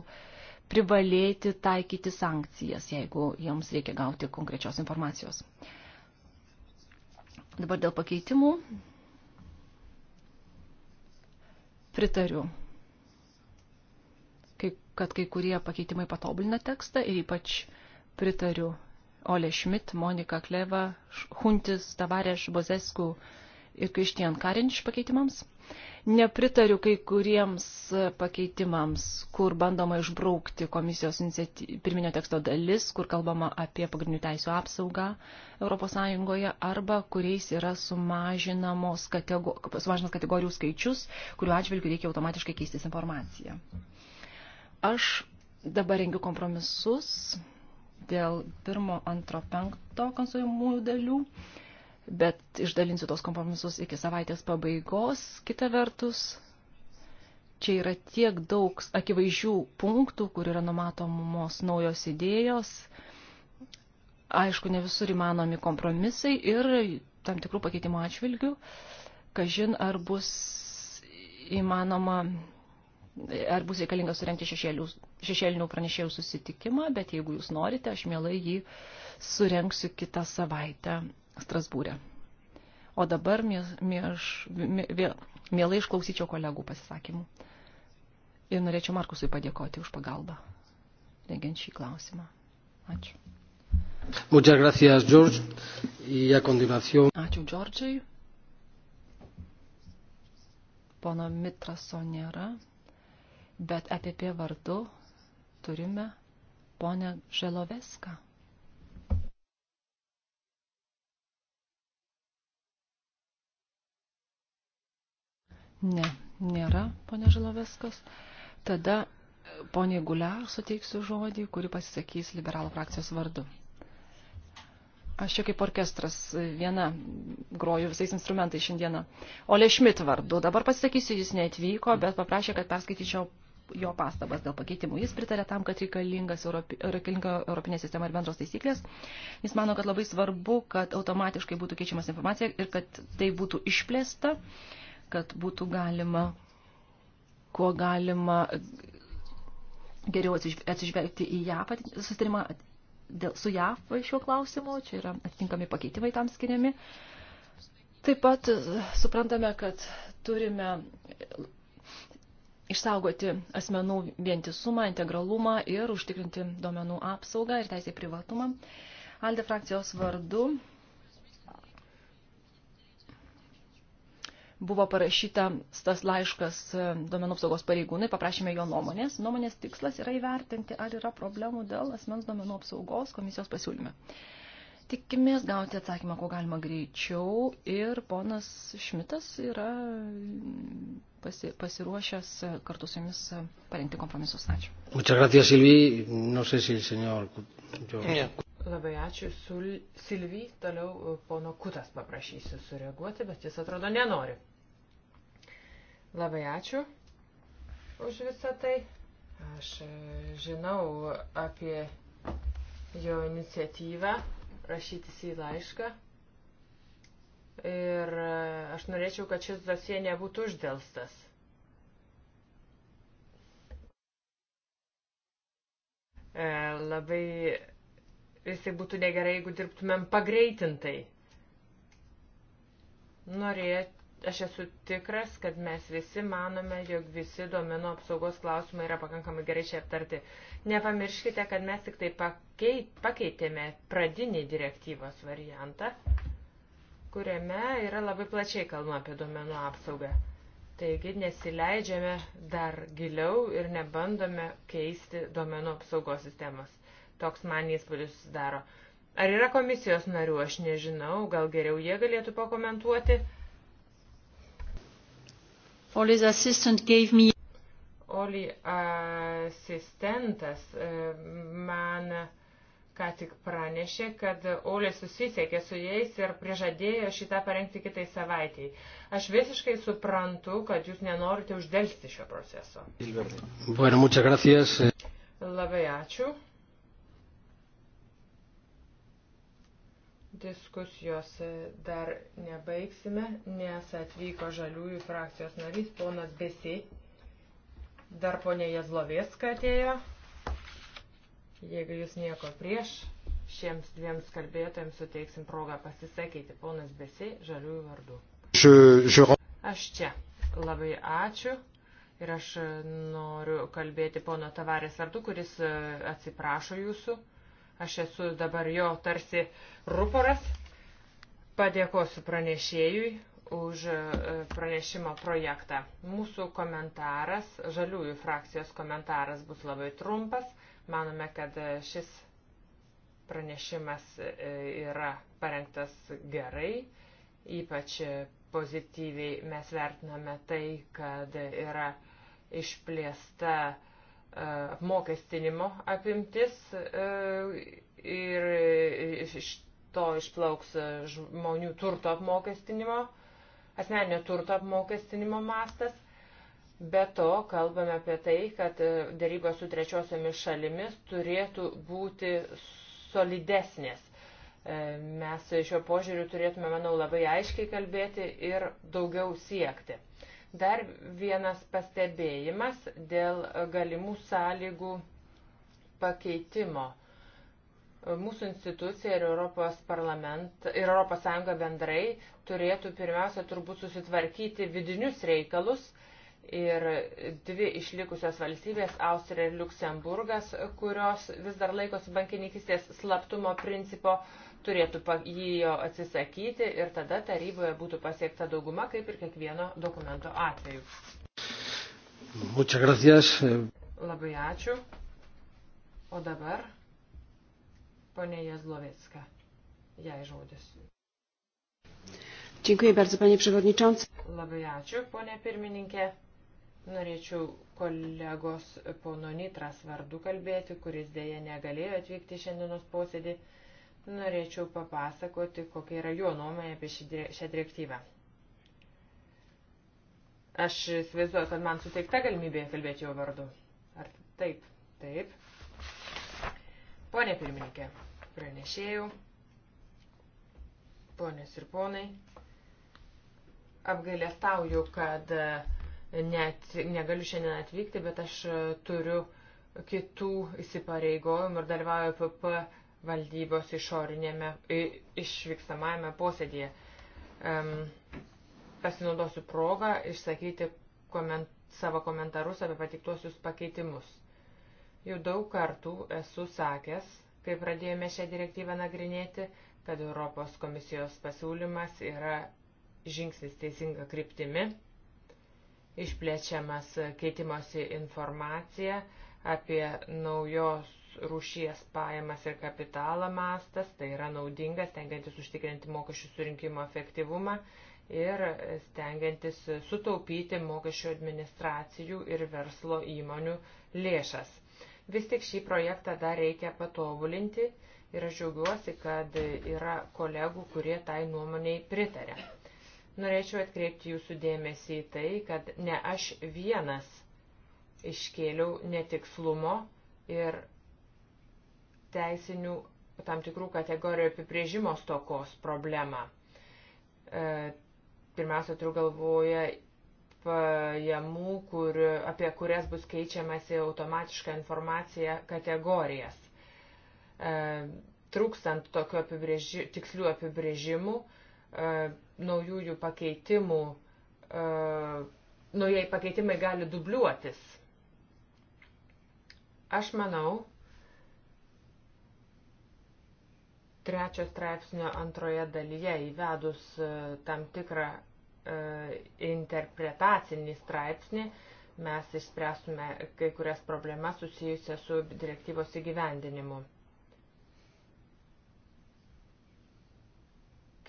privalėti taikyti sankcijas, jeigu joms reikia gauti konkrečios informacijos. Dabar dėl pakeitimų. Pritariu, kad kai kurie pakeitimai patobulina tekstą ir ypač pritariu Ole Schmidt, Monika Kleva, Huntis, Tavareš, Bozesku, ir Kristijan Karinč pakeitimams. Nepritariu kai kuriems pakeitimams, kur bandoma išbraukti komisijos pirminio teksto dalis, kur kalbama apie pagrindinių teisų apsaugą ES arba kuriais yra sumažinamos katego sumažinas kategorijų skaičius, kuriuo atžvilgiu reikia automatiškai keistis informaciją. Aš dabar rengiu kompromisus dėl pirmo, antro, penkto konsumųjų dalių bet išdalinsiu tos kompromisus iki savaitės pabaigos. Kita vertus, čia yra tiek daug akivaizdžių punktų, kur yra numatomos naujos idėjos. Aišku, ne visur įmanomi kompromisai ir tam tikrų pakeitimo atšvilgių, kažin ar bus įmanoma, ar bus reikalinga surenkti šešėlių, šešėlinių pranešėjų susitikimą, bet jeigu jūs norite, aš mielai jį surenksiu kitą savaitę Strasbūrė. O dabar mieš, mie, mie, mielai išklausyčiau kolegų pasisakymų. Ir norėčiau Markusui padėkoti už pagalbą, rengiant šį klausimą. Ačiū.
Muchas gracias, George. Y a continuación.
Ačiū, Džordžiai. Pono Mitraso nėra, bet apie vardu turime ponę Želoveską.
Ne, nėra,
ponė Žiloveskas. Tada e, ponė Guliar suteiksiu žodį, kuri pasisakys liberalų frakcijos vardu. Aš čia kaip orkestras e, viena groju visais instrumentais šiandieną. Ole Schmidt vardu. Dabar pasisakysiu, jis neatvyko, bet paprašė, kad perskaityčiau jo pastabas dėl pakeitimų. Jis pritarė tam, kad reikalingas Europi, reikalinga Europinė sistema ir bendros taisyklės. Jis mano, kad labai svarbu, kad automatiškai būtų keičiamas informacija ir kad tai būtų išplėsta. Uh, kad būtų galima, kuo galima geriau atsižvelgti į JAF susitarimą dėl, su JAF šiuo klausimu, čia yra atitinkami pakeitimai tam skiriami. Taip pat e, suprantame, kad turime išsaugoti asmenų vientisumą, integralumą ir užtikrinti duomenų apsaugą ir teisę privatumą. Alde frakcijos vardu buvo parašyta tas laiškas e, duomenų apsaugos pareigūnai, paprašėme jo nuomonės. Nuomonės tikslas yra įvertinti, ar yra problemų dėl asmens duomenų apsaugos komisijos pasiūlyme. Tikimės gauti atsakymą, kuo galima greičiau ir ponas Šmitas yra mm, pasi, pasiruošęs e, kartu su jumis e, parengti kompromisus. Ačiū.
Muchas gracias, Silvi. No sé si el señor... Yo...
Labai ačiū. Sul... Silvi, toliau pono Kutas paprašysiu sureaguoti, bet jis atrodo nenori. Labai ačiū už visą tai. Aš e, žinau apie jo iniciatyvą rašytis į laišką. Ir e, aš norėčiau, kad šis dosie nebūtų uždėlstas. E, labai visai būtų negerai, jeigu dirbtumėm pagreitintai. Norėt, aš esu tikras, kad mes visi manome, jog visi domino apsaugos klausimai yra pakankamai gerai čia aptarti. Nepamirškite, kad mes tik tai pakeitėme pradinį direktyvos variantą, kuriame yra labai plačiai kalbama apie domenų apsaugą. Taigi nesileidžiame dar giliau ir nebandome keisti domenų apsaugos sistemos. Toks man įspūdis susidaro. Ar yra komisijos narių, aš nežinau, gal geriau jie galėtų pakomentuoti.
Oli's assistant gave me.
Oli asistentas e, man ką tik pranešė, kad Olė susisiekė su jais ir prižadėjo šitą parengti kitai savaitėjai. Aš visiškai suprantu, kad jūs nenorite uždelsti šio proceso.
Bueno, muchas gracias.
Labai ačiū. diskusijos dar nebaigsime, nes atvyko žaliųjų frakcijos narys ponas Besi. Dar ponė Jazlovėska atėjo. Jeigu jūs nieko prieš, šiems dviems kalbėtojams suteiksim progą pasisakyti. Ponas Besi, žaliųjų
vardu.
Aš čia. Labai ačiū. Ir aš noriu kalbėti pono Tavarės vardu, kuris e, atsiprašo jūsų. Aš esu dabar jo tarsi ruporas. Padėkosiu pranešėjui už e, pranešimo projektą. Mūsų komentaras, žaliųjų frakcijos komentaras bus labai trumpas. Manome, kad e, šis pranešimas e, yra parengtas gerai, ypač pozityviai mes vertiname tai, kad yra išplėsta E, apmokestinimo apimtis e, ir iš to išplauks e, žmonių turto apmokestinimo, asmeninio turto apmokestinimo mastas. Be to, kalbame apie tai, kad darybos su trečiosiomis šalimis turėtų būti solidesnės. Mes šiuo požiūriu turėtume, manau, labai aiškiai kalbėti ir daugiau siekti. Dar vienas pastebėjimas dėl galimų sąlygų pakeitimo. Mūsų institucija ir Europos, ir Europos Sąjunga bendrai turėtų pirmiausia turbūt susitvarkyti vidinius reikalus ir dvi išlikusios valstybės - Austrija ir Luksemburgas, kurios vis dar laikosi bankininkistės slaptumo principo, uh, turėtų jį jo atsisakyti ir tada taryboje būtų pasiekta dauguma, kaip ir kiekvieno dokumento atveju.
Muchas gracias.
Labai ačiū. O dabar ponė Jazlovecka. Jai žodis.
Dziękuję bardzo, panie przewodniczący.
Labai ačiū, ponė pirmininkė. Norėčiau kolegos pono Nitras vardu kalbėti, kuris dėja negalėjo atvykti šiandienos posėdį norėčiau papasakoti, kokia yra jo nuomonė apie šią direktyvą. Aš įsivaizduoju, kad man suteikta galimybė kalbėti jo vardu. Ar taip? Taip. Pone pirmininkė, pranešėjau, ponės ir ponai, apgailestauju, kad e, net negaliu šiandien atvykti, bet aš e, turiu kitų įsipareigojimų ir dalyvauju PP valdybos išorinėme, išvykstamajame posėdėje. Um, pasinaudosiu progą išsakyti koment, savo komentarus apie patiktuosius pakeitimus. Jau daug kartų esu sakęs, kai pradėjome šią direktyvą nagrinėti, kad Europos komisijos pasiūlymas yra žingsnis teisinga kryptimi, išplečiamas keitimosi informacija apie naujos rūšies pajamas ir kapitalą mastas, tai yra naudingas, tengiantis užtikrinti mokesčių surinkimo efektyvumą ir stengiantis sutaupyti mokesčių administracijų ir verslo įmonių lėšas. Vis tik šį projektą dar reikia patobulinti ir aš džiaugiuosi, kad yra kolegų, kurie tai nuomoniai pritarė. Norėčiau atkreipti jūsų dėmesį į tai, kad ne aš vienas iškėliau netikslumo ir teisinių tam tikrų kategorijų apibrėžimo stokos problemą. E, pirmiausia, turiu galvoje pajamų, kur, apie kurias bus keičiamasi automatišką informaciją kategorijas. E, trūkstant tokių apibrėži, tikslių apibrėžimų, e, naujųjų pakeitimų, naujai pakeitimai gali dubliuotis. Aš manau, trečio straipsnio antroje dalyje įvedus e, tam tikrą e, interpretacinį straipsnį mes išspręstume kai kurias problemas susijusias su direktyvos įgyvendinimu.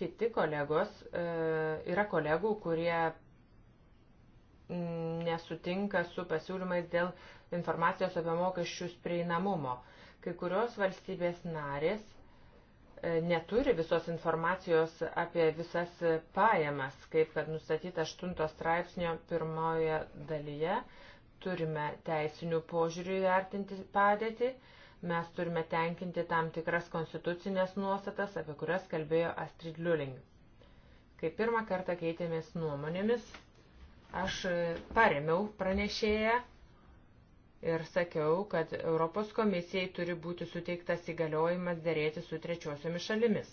Kiti kolegos, e, yra kolegų, kurie mm, nesutinka su pasiūlymais dėl informacijos apie mokesčius prieinamumo. Kai kurios valstybės narės neturi visos informacijos apie visas pajamas, kaip kad nustatyta 8 straipsnio pirmoje dalyje. Turime teisinių požiūrių vertinti padėtį, mes turime tenkinti tam tikras konstitucinės nuostatas, apie kurias kalbėjo Astrid Liuling. Kai pirmą kartą keitėmės nuomonėmis, aš paremiau pranešėją ir sakiau, kad Europos komisijai turi būti suteiktas įgaliojimas dėrėti su trečiosiomis šalimis.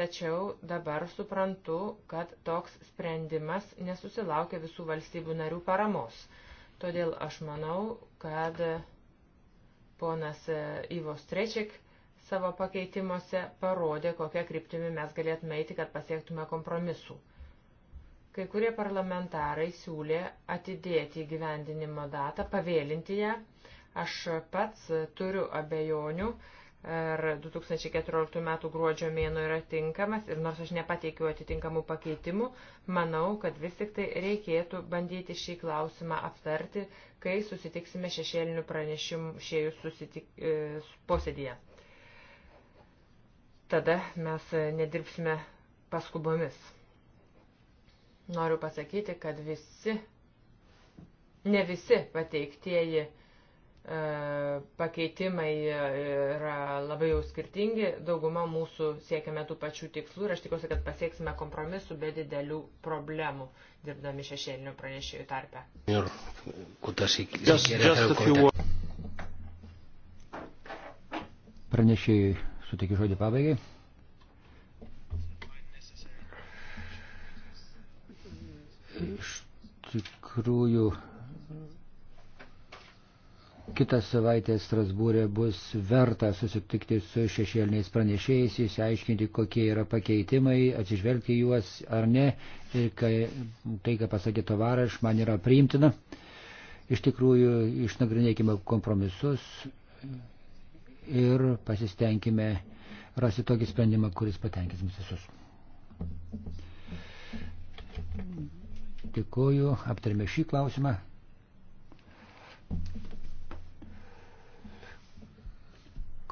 Tačiau dabar suprantu, kad toks sprendimas nesusilaukia visų valstybių narių paramos. Todėl aš manau, kad ponas Ivos Trečik savo pakeitimuose parodė, kokią kryptimį mes galėtume eiti, kad pasiektume kompromisų. Kai kurie parlamentarai siūlė atidėti įgyvendinimo datą, pavėlinti ją. Aš pats turiu abejonių, ar 2014 m. gruodžio mėno yra tinkamas ir nors aš nepateikiu atitinkamų pakeitimų, manau, kad vis tik tai reikėtų bandyti šį klausimą aptarti, kai susitiksime šešėlinių pranešimų šėjų susitik... E, posėdėje. Tada mes nedirbsime paskubomis. Noriu pasakyti, kad visi, ne visi pateiktieji e, pakeitimai yra labai jau skirtingi, dauguma mūsų siekiame tų pačių tikslų ir aš tikiuosi, kad pasieksime kompromisų be didelių problemų dirbdami šešėlinių pranešėjų tarpę.
Ir kutas iki.
Pranešėjai suteikiu žodį pabaigai. Iš tikrųjų, kitą savaitę Strasbūrė bus verta susitikti su šešėliniais pranešėjais, įsiaiškinti, kokie yra pakeitimai, atsižvelgti juos ar ne. Ir kai, tai, ką pasakė tovaraš, man yra priimtina. Iš tikrųjų, išnagrinėkime kompromisus ir pasistengime rasti tokį sprendimą, kuris patenkins visus. Thank you. Dėkuoju, aptarėme šį klausimą.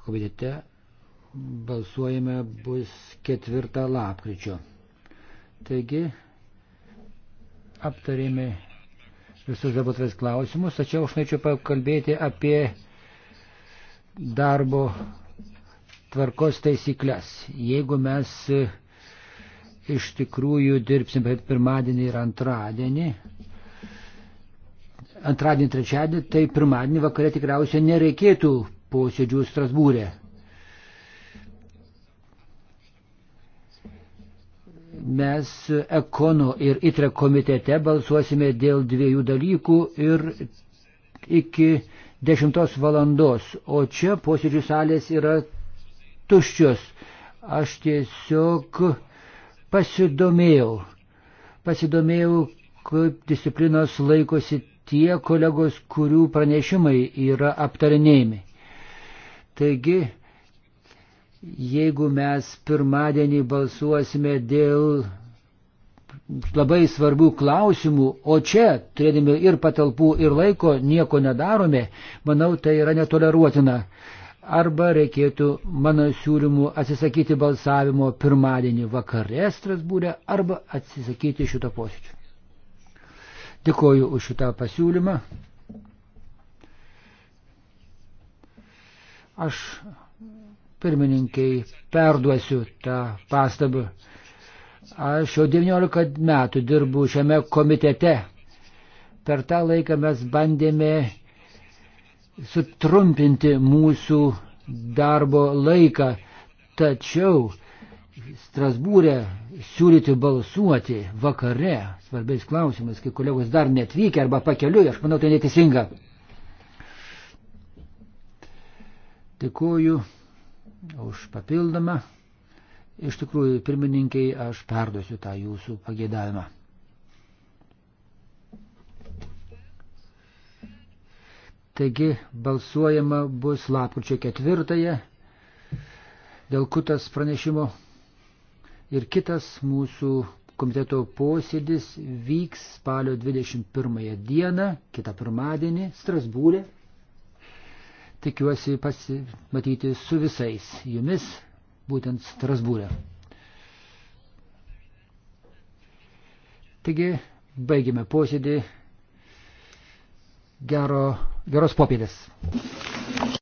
Komitete balsuojame bus ketvirtą lapkričio. Taigi, aptarėme visus dabartės klausimus, tačiau aš norėčiau pakalbėti apie darbo tvarkos taisyklės. Jeigu mes iš tikrųjų dirbsim bet pirmadienį ir antradienį. Antradienį, trečiadienį, tai pirmadienį vakare tikriausiai nereikėtų posėdžių Strasbūrė. Mes Ekono ir ITRE komitete balsuosime dėl dviejų dalykų ir iki 10 valandos, o čia posėdžių salės yra tuščios. Aš tiesiog pasidomėjau. Pasidomėjau, kaip disciplinos laikosi tie kolegos, kurių pranešimai yra aptarinėjami. Taigi, jeigu mes pirmadienį balsuosime dėl labai svarbių klausimų, o čia, turėdami ir patalpų, ir laiko, nieko nedarome, manau, tai yra netoleruotina arba reikėtų mano siūlymų atsisakyti balsavimo pirmadienį vakare Strasbūrė arba atsisakyti šito posėdžio. Dėkoju už šitą pasiūlymą. Aš pirmininkiai perduosiu tą pastabą. Aš jau 19 metų dirbu šiame komitete. Per tą laiką mes bandėme sutrumpinti mūsų darbo laiką, tačiau Strasbūrė siūlyti balsuoti vakare svarbiais klausimais, kai kolegos dar netvykia arba pakeliui, aš manau, tai neteisinga. Dėkuoju už papildomą. Iš tikrųjų, pirmininkiai, aš perduosiu tą jūsų pageidavimą. Taigi balsuojama bus lapkričio ketvirtąją dėl kutas pranešimo ir kitas mūsų komiteto posėdis vyks spalio 21 dieną, kitą pirmadienį, Strasbūrė. Tikiuosi pasimatyti su visais jumis, būtent Strasbūrė. Taigi, baigime posėdį. Gero Geros popietės.